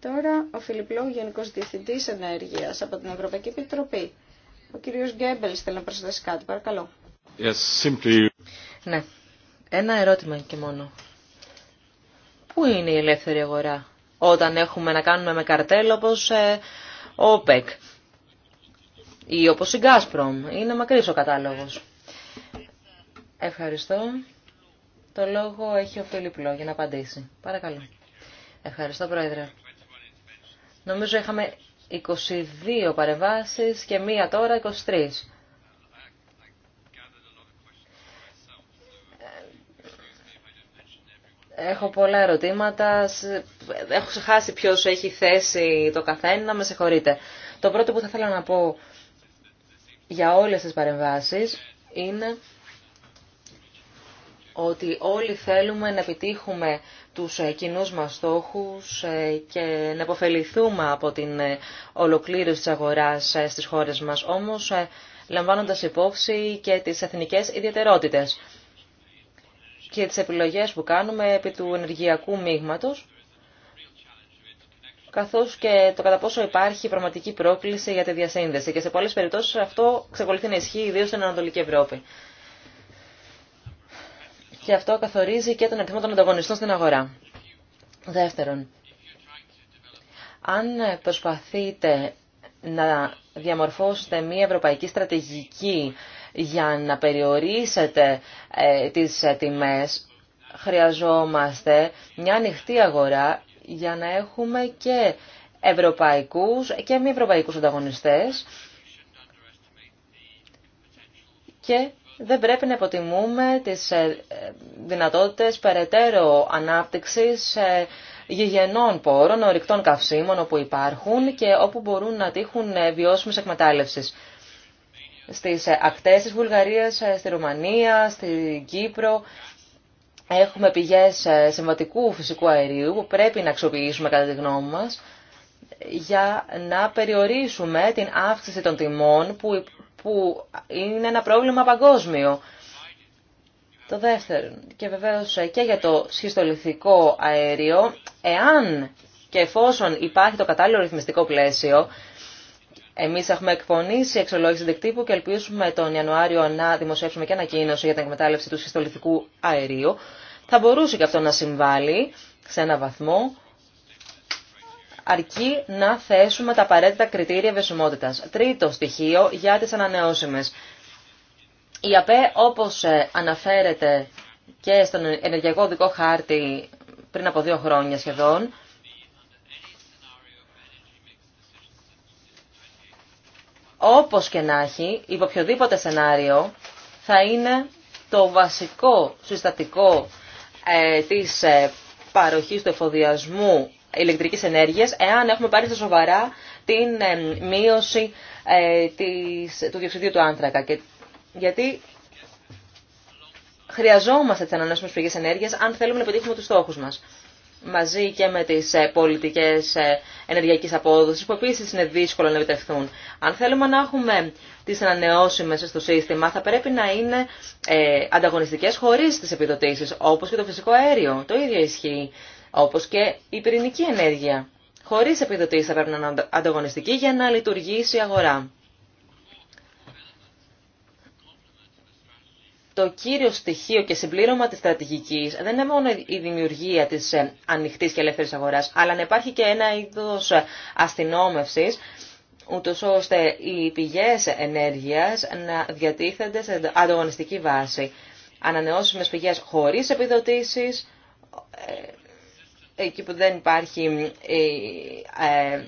Τώρα ο Φιλιπλό, Γενικό Διευθυντή Ενέργεια από την Ευρωπαϊκή Επιτροπή. Ο κύριο Γκέμπελ θέλει να προσθέσει κάτι, παρακαλώ. Yes, simply... Ναι, ένα ερώτημα και μόνο. Πού είναι η ελεύθερη αγορά όταν έχουμε να κάνουμε με καρτέλ όπως ο ΟΠΕΚ ή όπως ή όπως η γκασπρομ Είναι μακρύς ο κατάλογος. Ευχαριστώ. Το λόγο έχει ο Φιλιπλό για να απαντήσει. Παρακαλώ. Ευχαριστώ Πρόεδρε. Νομίζω είχαμε 22 παρεμβάσεις και μία τώρα 23. Έχω πολλά ερωτήματα. Έχω ξεχάσει ποιο έχει θέσει το καθένα. Με συγχωρείτε. Το πρώτο που θα ήθελα να πω για όλες τις παρεμβάσεις είναι ότι όλοι θέλουμε να επιτύχουμε τους κοινού μας στόχους ε, και να υποφεληθούμε από την ε, ολοκλήρωση της αγοράς ε, στις χώρες μας, όμως λαμβάνοντας υπόψη και τις εθνικές ιδιαιτερότητες και τις επιλογές που κάνουμε επί του ενεργειακού μείγματος, καθώς και το κατά πόσο υπάρχει πραγματική πρόκληση για τη διασύνδεση. Και σε πολλές περιπτώσεις αυτό ξεκολουθεί να ισχύει ιδίω στην Ανατολική Ευρώπη. Και αυτό καθορίζει και τον αριθμό των ανταγωνιστών στην αγορά. Δεύτερον, αν προσπαθείτε να διαμορφώσετε μια ευρωπαϊκή στρατηγική για να περιορίσετε ε, τις τιμές χρειαζόμαστε μια ανοιχτή αγορά για να έχουμε και ευρωπαϊκούς και μη ευρωπαϊκούς ανταγωνιστές και δεν πρέπει να υποτιμούμε τις ε, δυνατότητες περαιτέρω ανάπτυξης ε, γηγενών πόρων, ορυκτών καυσίμων όπου υπάρχουν και όπου μπορούν να τύχουν βιώσιμες εκμετάλλευσεις στις ακτές της Βουλγαρίας, ε, στη Ρουμανία, στην Κύπρο. Έχουμε πηγές ε, σημαντικού φυσικού αερίου που πρέπει να αξιοποιήσουμε κατά τη γνώμη μας για να περιορίσουμε την αύξηση των τιμών που, που είναι ένα πρόβλημα παγκόσμιο. Το δεύτερο, και βεβαίως ε, και για το σχιστολιθικό αέριο, εάν και εφόσον υπάρχει το κατάλληλο ρυθμιστικό πλαίσιο, εμείς έχουμε εκπονήσει εξολόγηση δεκτύπου και ελπίζουμε τον Ιανουάριο να δημοσιεύσουμε και ανακοίνωση για την εκμετάλλευση του συστολιθικού αερίου. Θα μπορούσε και αυτό να συμβάλλει σε ένα βαθμό αρκεί να θέσουμε τα απαραίτητα κριτήρια βεσιμότητα. Τρίτο στοιχείο για τι ανανεώσιμε. Η ΑΠΕ, όπως ε, αναφέρεται και στον ενεργειακό δικό χάρτη πριν από δύο χρόνια σχεδόν, Όπως και να έχει, υπό οποιοδήποτε σενάριο, θα είναι το βασικό συστατικό ε, της ε, παροχής του εφοδιασμού ηλεκτρικής ενέργειας, εάν έχουμε πάρει στα σοβαρά την ε, μείωση ε, της, του διοξιδίου του άνθρακα. γιατί χρειαζόμαστε τις ανανεώσιμες πηγές ενέργειας αν θέλουμε να πετύχουμε τους στόχους μας μαζί και με τις ε, πολιτικές ε, ενεργειακής απόδοσης που επίσης είναι δύσκολο να επιτευχθούν. Αν θέλουμε να έχουμε τις ανανεώσιμες στο σύστημα θα πρέπει να είναι ε, ανταγωνιστικές χωρίς τις επιδοτήσεις όπως και το φυσικό αέριο. Το ίδιο ισχύει όπως και η πυρηνική ενέργεια. Χωρίς επιδοτήσεις θα πρέπει να είναι ανταγωνιστική για να λειτουργήσει η αγορά. το κύριο στοιχείο και συμπλήρωμα της στρατηγικής δεν είναι μόνο η δημιουργία της ε, ανοιχτής και ελεύθερης αγοράς, αλλά να υπάρχει και ένα είδος ε, αστυνόμευσης, ούτως ώστε οι πηγές ενέργειας να διατίθενται σε ανταγωνιστική βάση. Ανανεώσιμες πηγές χωρίς επιδοτήσεις, ε, εκεί που δεν υπάρχει,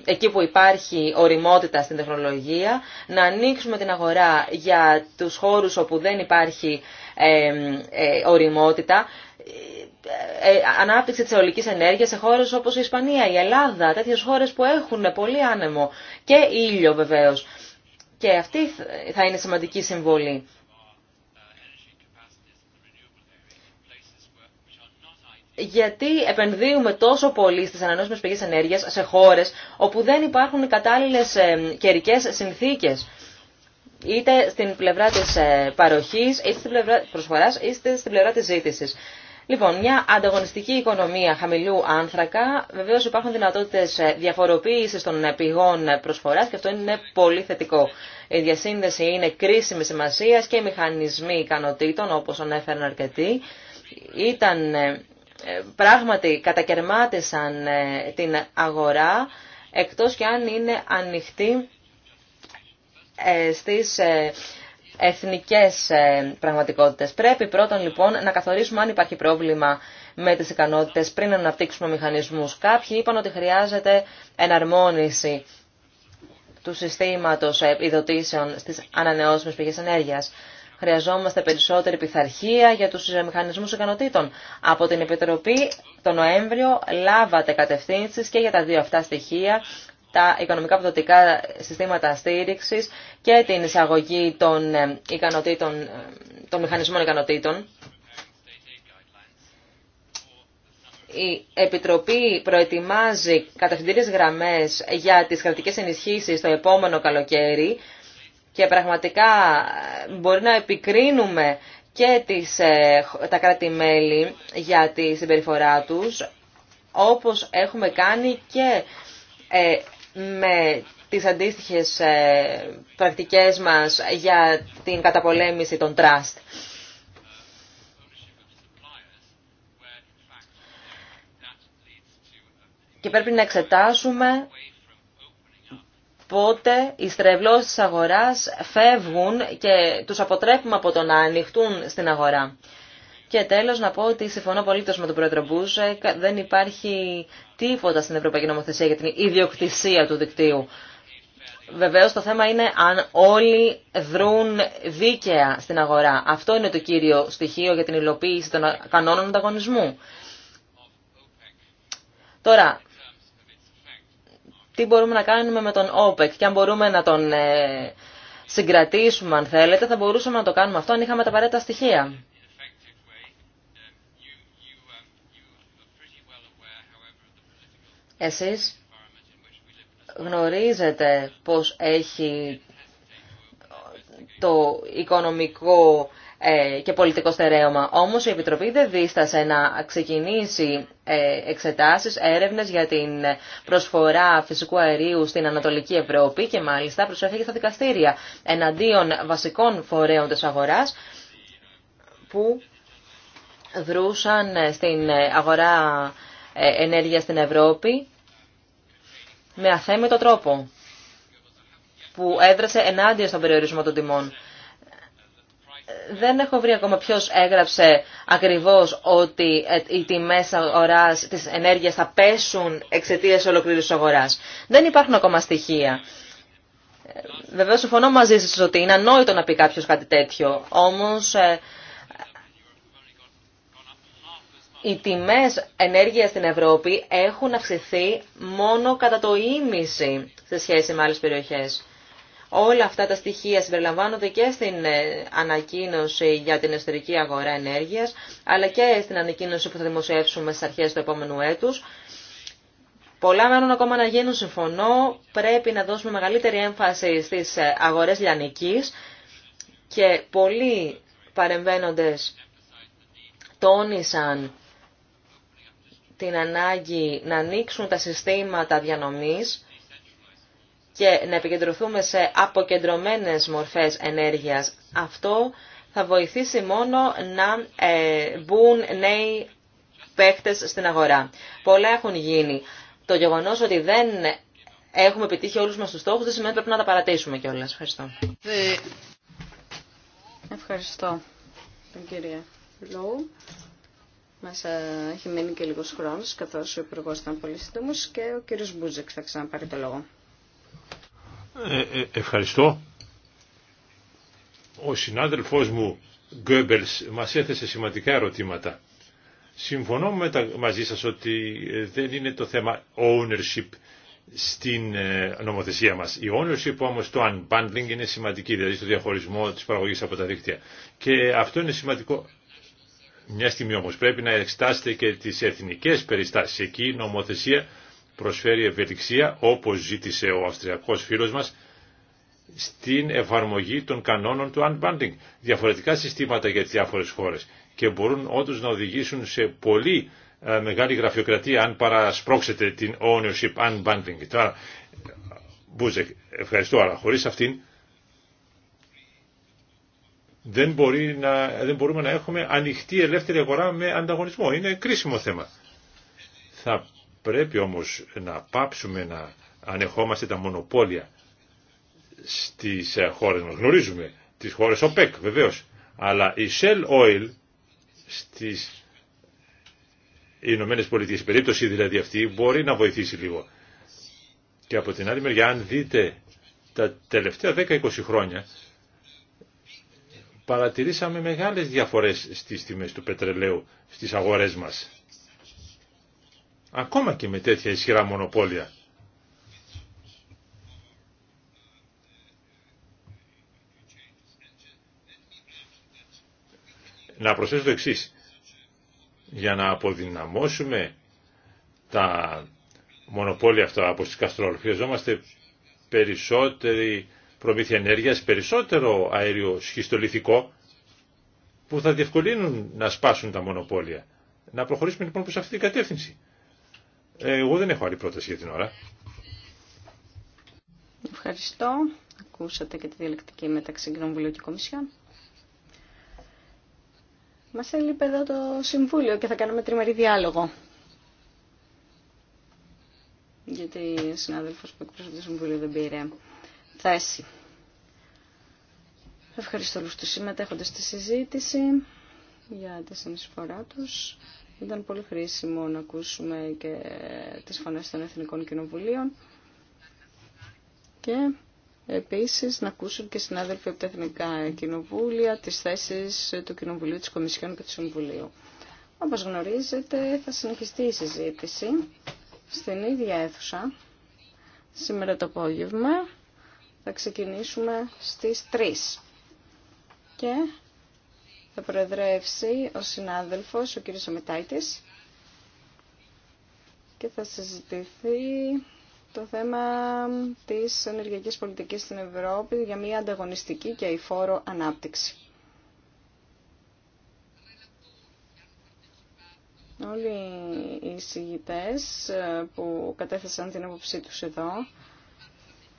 εκεί που υπάρχει οριμότητα στην τεχνολογία, να ανοίξουμε την αγορά για τους χώρους όπου δεν υπάρχει ε, οριμότητα, ε, ε, ανάπτυξη της αιωλικής ενέργειας σε χώρες όπως η Ισπανία, η Ελλάδα, τέτοιες χώρες που έχουν πολύ άνεμο και ήλιο βεβαίως. Και αυτή θα είναι σημαντική συμβολή. γιατί επενδύουμε τόσο πολύ στις ανανεώσιμες πηγές ενέργειας σε χώρες όπου δεν υπάρχουν κατάλληλες καιρικέ συνθήκες είτε στην πλευρά της ε, παροχής, είτε στην πλευρά προσφοράς, είτε στην πλευρά της ζήτησης. Λοιπόν, μια ανταγωνιστική οικονομία χαμηλού άνθρακα. Βεβαίω υπάρχουν δυνατότητε διαφοροποίηση των ε, πηγών ε, προσφορά και αυτό είναι πολύ θετικό. Η διασύνδεση είναι κρίσιμη σημασία και οι μηχανισμοί ικανοτήτων, όπω ανέφεραν αρκετοί, ήταν πράγματι κατακαιρμάτισαν την αγορά εκτός και αν είναι ανοιχτή ε, στις ε, εθνικές ε, πραγματικότητες. Πρέπει πρώτον λοιπόν να καθορίσουμε αν υπάρχει πρόβλημα με τις ικανότητες πριν αναπτύξουμε μηχανισμούς. Κάποιοι είπαν ότι χρειάζεται εναρμόνιση του συστήματος ειδοτήσεων στις ανανεώσιμες πηγές ενέργειας. Χρειαζόμαστε περισσότερη πειθαρχία για τους μηχανισμούς ικανοτήτων. Από την Επιτροπή το Νοέμβριο λάβατε κατευθύνσεις και για τα δύο αυτά στοιχεία τα οικονομικά αποδοτικά συστήματα στήριξης και την εισαγωγή των, ε, ικανοτήτων, ε, των μηχανισμών ικανοτήτων. Η Επιτροπή προετοιμάζει κατευθυντήριες γραμμές για τις κρατικές ενισχύσεις το επόμενο καλοκαίρι και πραγματικά ε, μπορεί να επικρίνουμε και τις, τα κράτη-μέλη για τη συμπεριφορά τους, όπως έχουμε κάνει και με τις αντίστοιχες ε, πρακτικές μας για την καταπολέμηση των τραστ. Και πρέπει να εξετάσουμε πότε οι στρεβλώσεις της αγοράς φεύγουν και τους αποτρέπουμε από το να ανοιχτούν στην αγορά. Και τέλος να πω ότι συμφωνώ πολύ με τον πρόεδρο Μπούσεκ, δεν υπάρχει τίποτα στην Ευρωπαϊκή Νομοθεσία για την ιδιοκτησία του δικτύου. Βεβαίω το θέμα είναι αν όλοι δρούν δίκαια στην αγορά. Αυτό είναι το κύριο στοιχείο για την υλοποίηση των κανόνων ανταγωνισμού. Τώρα, τι μπορούμε να κάνουμε με τον ΟΠΕΚ και αν μπορούμε να τον ε, συγκρατήσουμε αν θέλετε, θα μπορούσαμε να το κάνουμε αυτό αν είχαμε τα απαραίτητα στοιχεία. Εσείς γνωρίζετε πώς έχει το οικονομικό ε, και πολιτικό στερέωμα. Όμως η Επιτροπή δεν δίστασε να ξεκινήσει ε, εξετάσεις, έρευνες για την προσφορά φυσικού αερίου στην Ανατολική Ευρώπη και μάλιστα και στα δικαστήρια εναντίον βασικών φορέων της αγοράς που δρούσαν στην ε, αγορά ενέργειας στην Ευρώπη με αθέμητο τρόπο που έδρασε ενάντια στον περιορισμό των τιμών. Δεν έχω βρει ακόμα ποιος έγραψε ακριβώς ότι ε, οι τιμές αγοράς της ενέργειας θα πέσουν εξαιτίας ολοκλήρωσης αγοράς. Δεν υπάρχουν ακόμα στοιχεία. Ε, Βεβαίω συμφωνώ μαζί σα ότι είναι ανόητο να πει κάποιος κάτι τέτοιο. όμως... Ε, οι τιμές ενέργειας στην Ευρώπη έχουν αυξηθεί μόνο κατά το ίμιση σε σχέση με άλλες περιοχές. Όλα αυτά τα στοιχεία συμπεριλαμβάνονται και στην ε, ανακοίνωση για την εσωτερική αγορά ενέργειας, αλλά και στην ανακοίνωση που θα δημοσιεύσουμε στις αρχές του επόμενου έτους. Πολλά μένουν ακόμα να γίνουν, συμφωνώ. Πρέπει να δώσουμε μεγαλύτερη έμφαση στις ε, αγορές λιανικής και πολλοί παρεμβαίνοντες τόνισαν την ανάγκη να ανοίξουν τα συστήματα διανομής και να επικεντρωθούμε σε αποκεντρωμένες μορφές ενέργειας. Αυτό θα βοηθήσει μόνο να ε, μπουν νέοι παίχτες στην αγορά. Πολλά έχουν γίνει. Το γεγονός ότι δεν έχουμε επιτύχει όλους μας τους στόχους δεν σημαίνει πρέπει να τα παρατήσουμε κιόλας. Ευχαριστώ. Ευχαριστώ μας ε, έχει μείνει και λίγος χρόνος, καθώς ο Υπουργός ήταν πολύ σύντομος και ο κύριος Μπούζεκ θα ξαναπάρει το λόγο. Ε, ε, ευχαριστώ. Ο συνάδελφός μου Γκέμπελς μας έθεσε σημαντικά ερωτήματα. Συμφωνώ με τα, μαζί σας ότι ε, δεν είναι το θέμα ownership στην ε, νομοθεσία μας. Η ownership όμως το unbundling είναι σημαντική, δηλαδή στο διαχωρισμό της παραγωγής από τα δίκτυα. Και αυτό είναι σημαντικό μια στιγμή όμως πρέπει να εξετάσετε και τις εθνικές περιστάσεις. Εκεί η νομοθεσία προσφέρει ευελιξία, όπως ζήτησε ο αυστριακός φίλος μας, στην εφαρμογή των κανόνων του unbundling. Διαφορετικά συστήματα για τις διάφορες χώρες και μπορούν όντως να οδηγήσουν σε πολύ ε, μεγάλη γραφειοκρατία αν παρασπρώξετε την ownership unbundling. ευχαριστώ, αλλά χωρίς αυτήν δεν, μπορεί να, δεν μπορούμε να έχουμε ανοιχτή ελεύθερη αγορά με ανταγωνισμό. Είναι κρίσιμο θέμα. Θα πρέπει όμως να πάψουμε να ανεχόμαστε τα μονοπόλια στις ε, χώρες μας. Γνωρίζουμε τις χώρες ΟΠΕΚ βεβαίως. Αλλά η Shell Oil στις Ηνωμένες Πολιτείες, περίπτωση δηλαδή αυτή, μπορεί να βοηθήσει λίγο. Και από την άλλη μεριά, αν δείτε τα τελευταία 10-20 χρόνια, παρατηρήσαμε μεγάλες διαφορές στις τιμές του πετρελαίου στις αγορές μας. Ακόμα και με τέτοια ισχυρά μονοπόλια. Να προσθέσω το εξής. Για να αποδυναμώσουμε τα μονοπόλια αυτά από τις καστρόλ χρειαζόμαστε περισσότεροι προμήθεια ενέργειας, περισσότερο αέριο σχιστολιθικό που θα διευκολύνουν να σπάσουν τα μονοπόλια. Να προχωρήσουμε λοιπόν προς αυτή την κατεύθυνση. Ε, εγώ δεν έχω άλλη πρόταση για την ώρα. Ευχαριστώ. Ακούσατε και τη διαλεκτική μεταξύ Κοινοβουλίου και Κομισιόν. Μας έλειπε εδώ το Συμβούλιο και θα κάνουμε τριμερή διάλογο. Γιατί ο συνάδελφος που εκπροσωπεί το Συμβούλιο δεν πήρε θέση. Ευχαριστώ όλους τους συμμετέχοντες στη συζήτηση για τη συνεισφορά τους. Ήταν πολύ χρήσιμο να ακούσουμε και τις φωνές των Εθνικών Κοινοβουλίων και επίσης να ακούσουν και συνάδελφοι από τα Εθνικά Κοινοβούλια τις θέσεις του Κοινοβουλίου της Κομισιόν και του Συμβουλίου. Όπως γνωρίζετε θα συνεχιστεί η συζήτηση στην ίδια αίθουσα σήμερα το απόγευμα θα ξεκινήσουμε στις 3. Και θα προεδρεύσει ο συνάδελφος, ο κύριος Ομετάιτης, και θα συζητηθεί το θέμα της ενεργειακής πολιτικής στην Ευρώπη για μια ανταγωνιστική και υφόρο ανάπτυξη. Όλοι οι συγητές που κατέθεσαν την άποψή τους εδώ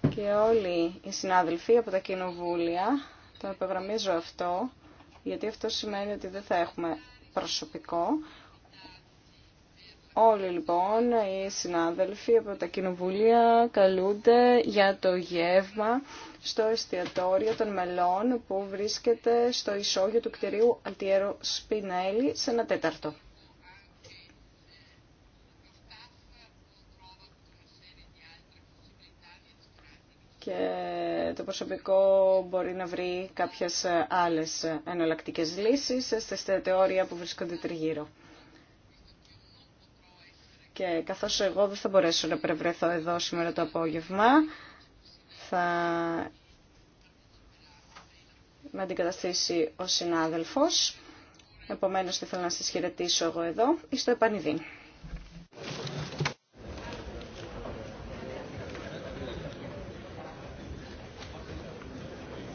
και όλοι οι συνάδελφοι από τα κοινοβούλια, το επεγραμμίζω αυτό, γιατί αυτό σημαίνει ότι δεν θα έχουμε προσωπικό. Όλοι λοιπόν οι συνάδελφοι από τα κοινοβούλια καλούνται για το γεύμα στο εστιατόριο των μελών που βρίσκεται στο ισόγειο του κτηρίου Αλτιέρο Σπινέλη σε ένα τέταρτο. και το προσωπικό μπορεί να βρει κάποιες άλλες εναλλακτικέ λύσεις στα θεώρια που βρίσκονται τριγύρω. Και καθώς εγώ δεν θα μπορέσω να περιβρεθώ εδώ σήμερα το απόγευμα, θα με αντικαταστήσει ο συνάδελφος. Επομένως, θα ήθελα να σας χαιρετήσω εγώ εδώ είστε στο επανειδήν.